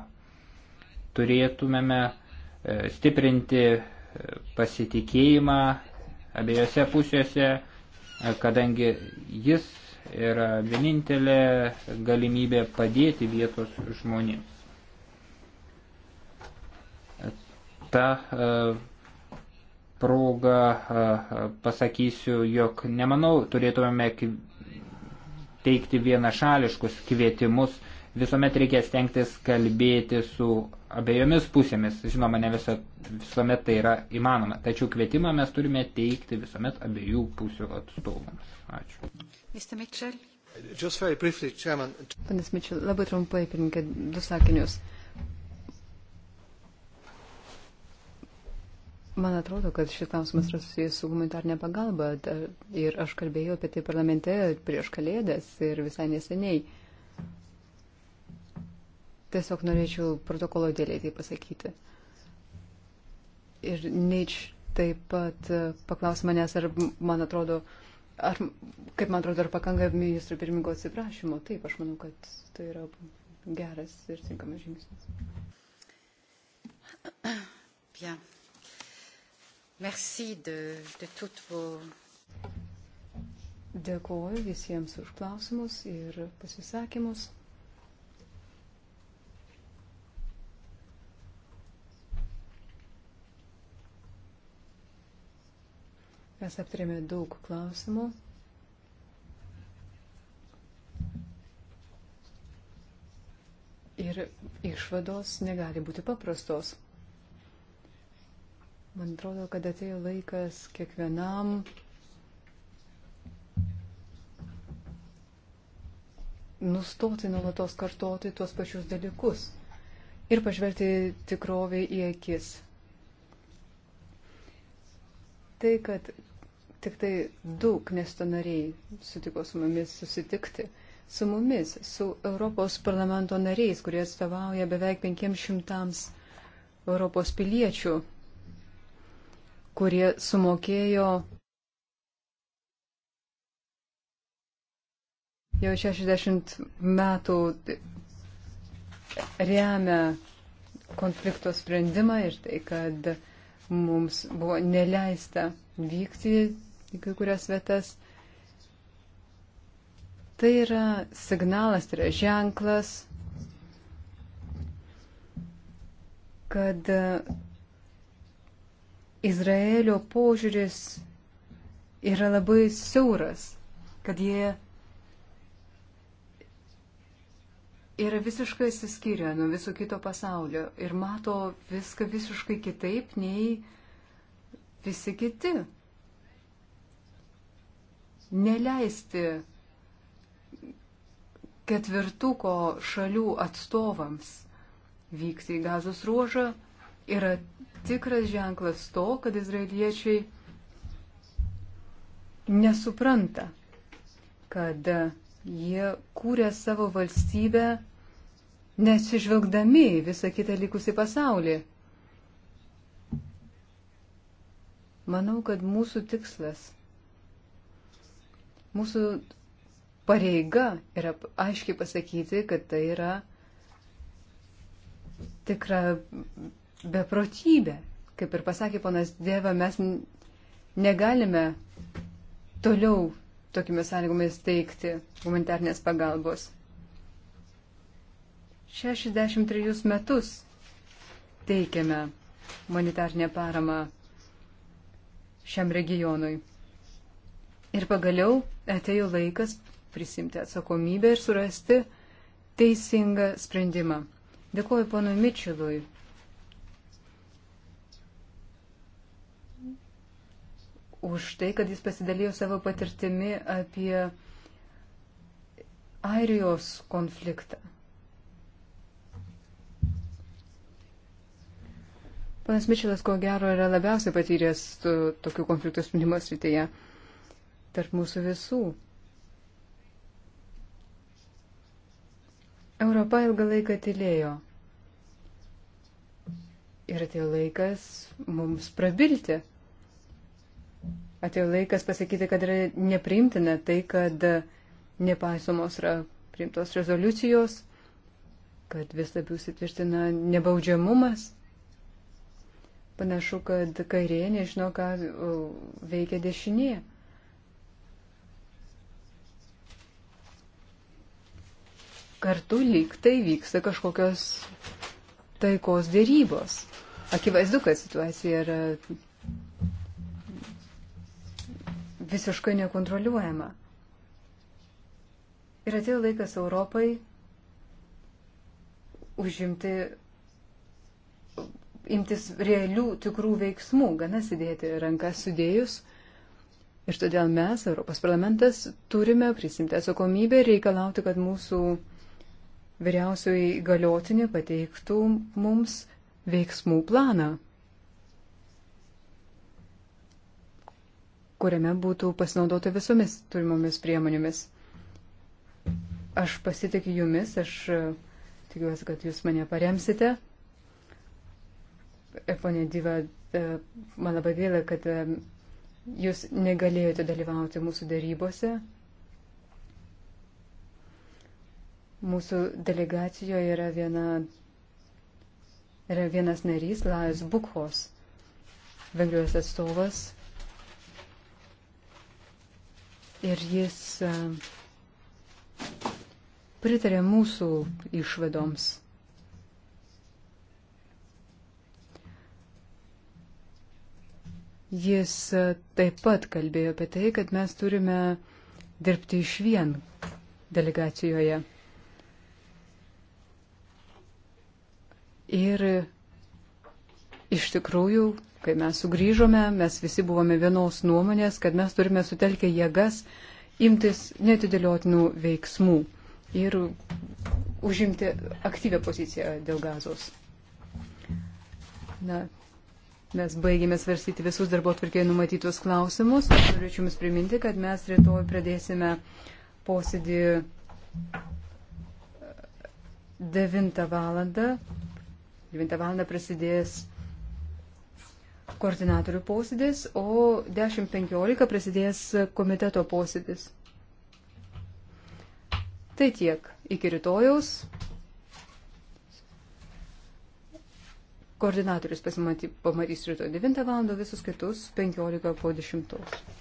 Turėtumėme e, stiprinti e, pasitikėjimą abiejose pusėse, e, kadangi jis yra vienintelė galimybė padėti vietos žmonėms. Ta e, proga e, pasakysiu, jog nemanau turėtumėme teikti vienašališkus kvietimus. Visuomet reikia stengtis kalbėti su abiejomis pusėmis. Žinoma, ne viso, visuomet tai yra įmanoma. Tačiau kvietimą mes turime teikti visuomet abiejų pusių atstovams. Ačiū. Mr. Mitchell. Just very briefly, Chairman. Panas Mitchell, labai trumpai, pirmininkai, du sakinius. Uh, Man atrodo, kad šis klausimas yra susijęs su humanitarnė pagalba ir aš kalbėjau apie tai parlamente prieš kalėdas ir visai neseniai. Tiesiog norėčiau protokolo dėliai tai pasakyti. Ir Nietzsche taip pat e, paklausė manęs, ar man atrodo, ar, kaip man atrodo, ar pakanka ministro pirmininko atsiprašymo. Taip, aš manau, kad tai yra geras ir tinkamas žingsnis. Bien. Ja. Merci de, de toutes vos. Dėkuoju visiems už klausimus ir pasisakymus. Mes aptarėme daug klausimų. Ir išvados negali būti paprastos. Man atrodo, kad atėjo laikas kiekvienam nustoti nuolatos kartoti tuos pačius dalykus ir pažvelgti tikroviai į akis. Tai, kad tik tai du knesto nariai sutiko su mumis susitikti, su mumis, su Europos parlamento nariais, kurie atstovauja beveik 500 Europos piliečių kurie sumokėjo jau 60 metų remia konflikto sprendimą ir tai, kad mums buvo neleista vykti į kai kurias vietas. Tai yra signalas, tai yra ženklas, kad Izraelio požiūris yra labai siauras, kad jie yra visiškai atsiskyrę nuo viso kito pasaulio ir mato viską visiškai kitaip nei visi kiti. Neleisti ketvirtuko šalių atstovams vykti į gazos ruožą yra tikras ženklas to, kad izraeliečiai nesupranta, kad jie kūrė savo valstybę nesižvelgdami visą kitą likusį pasaulį. Manau, kad mūsų tikslas, mūsų pareiga yra aiškiai pasakyti, kad tai yra tikra beprotybė. Kaip ir pasakė ponas Dėva, mes negalime toliau tokiamis sąlygomis teikti humanitarnės pagalbos. 63 metus teikiame humanitarnę paramą šiam regionui. Ir pagaliau atėjo laikas prisimti atsakomybę ir surasti teisingą sprendimą. Dėkuoju ponui Mičilui už tai, kad jis pasidalijo savo patirtimi apie Airijos konfliktą. Panas Mičelas, ko gero, yra labiausiai patyręs to, tokių konfliktų sprendimo srityje tarp mūsų visų. Europa ilgą laiką tylėjo. Ir atėjo laikas mums prabilti. Atėjo laikas pasakyti, kad yra nepriimtina tai, kad nepaisomos yra priimtos rezoliucijos, kad vis labiau sitvirtina nebaudžiamumas. Panašu, kad kairė nežino, ką veikia dešinė. Kartu lyg tai vyksta kažkokios taikos dėrybos. Akivaizdu, kad situacija yra visiškai nekontroliuojama. Ir atėjo laikas Europai užimti, imtis realių, tikrų veiksmų, gana sėdėti rankas sudėjus. Ir todėl mes, Europos parlamentas, turime prisimti atsakomybę ir reikalauti, kad mūsų vyriausioji galiotinė pateiktų mums veiksmų planą. kuriame būtų pasinaudota visomis turimomis priemonėmis. Aš pasitikiu jumis, aš e, tikiuosi, kad jūs mane paremsite. E, Pone Dyva, e, man labai gaila, kad jūs negalėjote dalyvauti mūsų darybose. Mūsų delegacijoje yra, viena, yra vienas narys, Lajus Bukhos, Vengrijos atstovas, ir jis e, pritarė mūsų išvadoms. Jis e, taip pat kalbėjo apie tai, kad mes turime dirbti iš vien delegacijoje. Ir iš tikrųjų Kai mes sugrįžome, mes visi buvome vienos nuomonės, kad mes turime sutelkę jėgas imtis netidėliotinų veiksmų ir užimti aktyvę poziciją dėl gazos. Na, mes baigėme svarstyti visus darbo tvarkiai numatytus klausimus. Aš norėčiau Jums priminti, kad mes rytoj pradėsime posėdį 9 valandą. 9 valandą prasidės koordinatorių posėdis, o 10.15 prasidės komiteto posėdis. Tai tiek. Iki rytojaus. Koordinatorius pasimatys rytoj 9 val. visus kitus 15 po 10.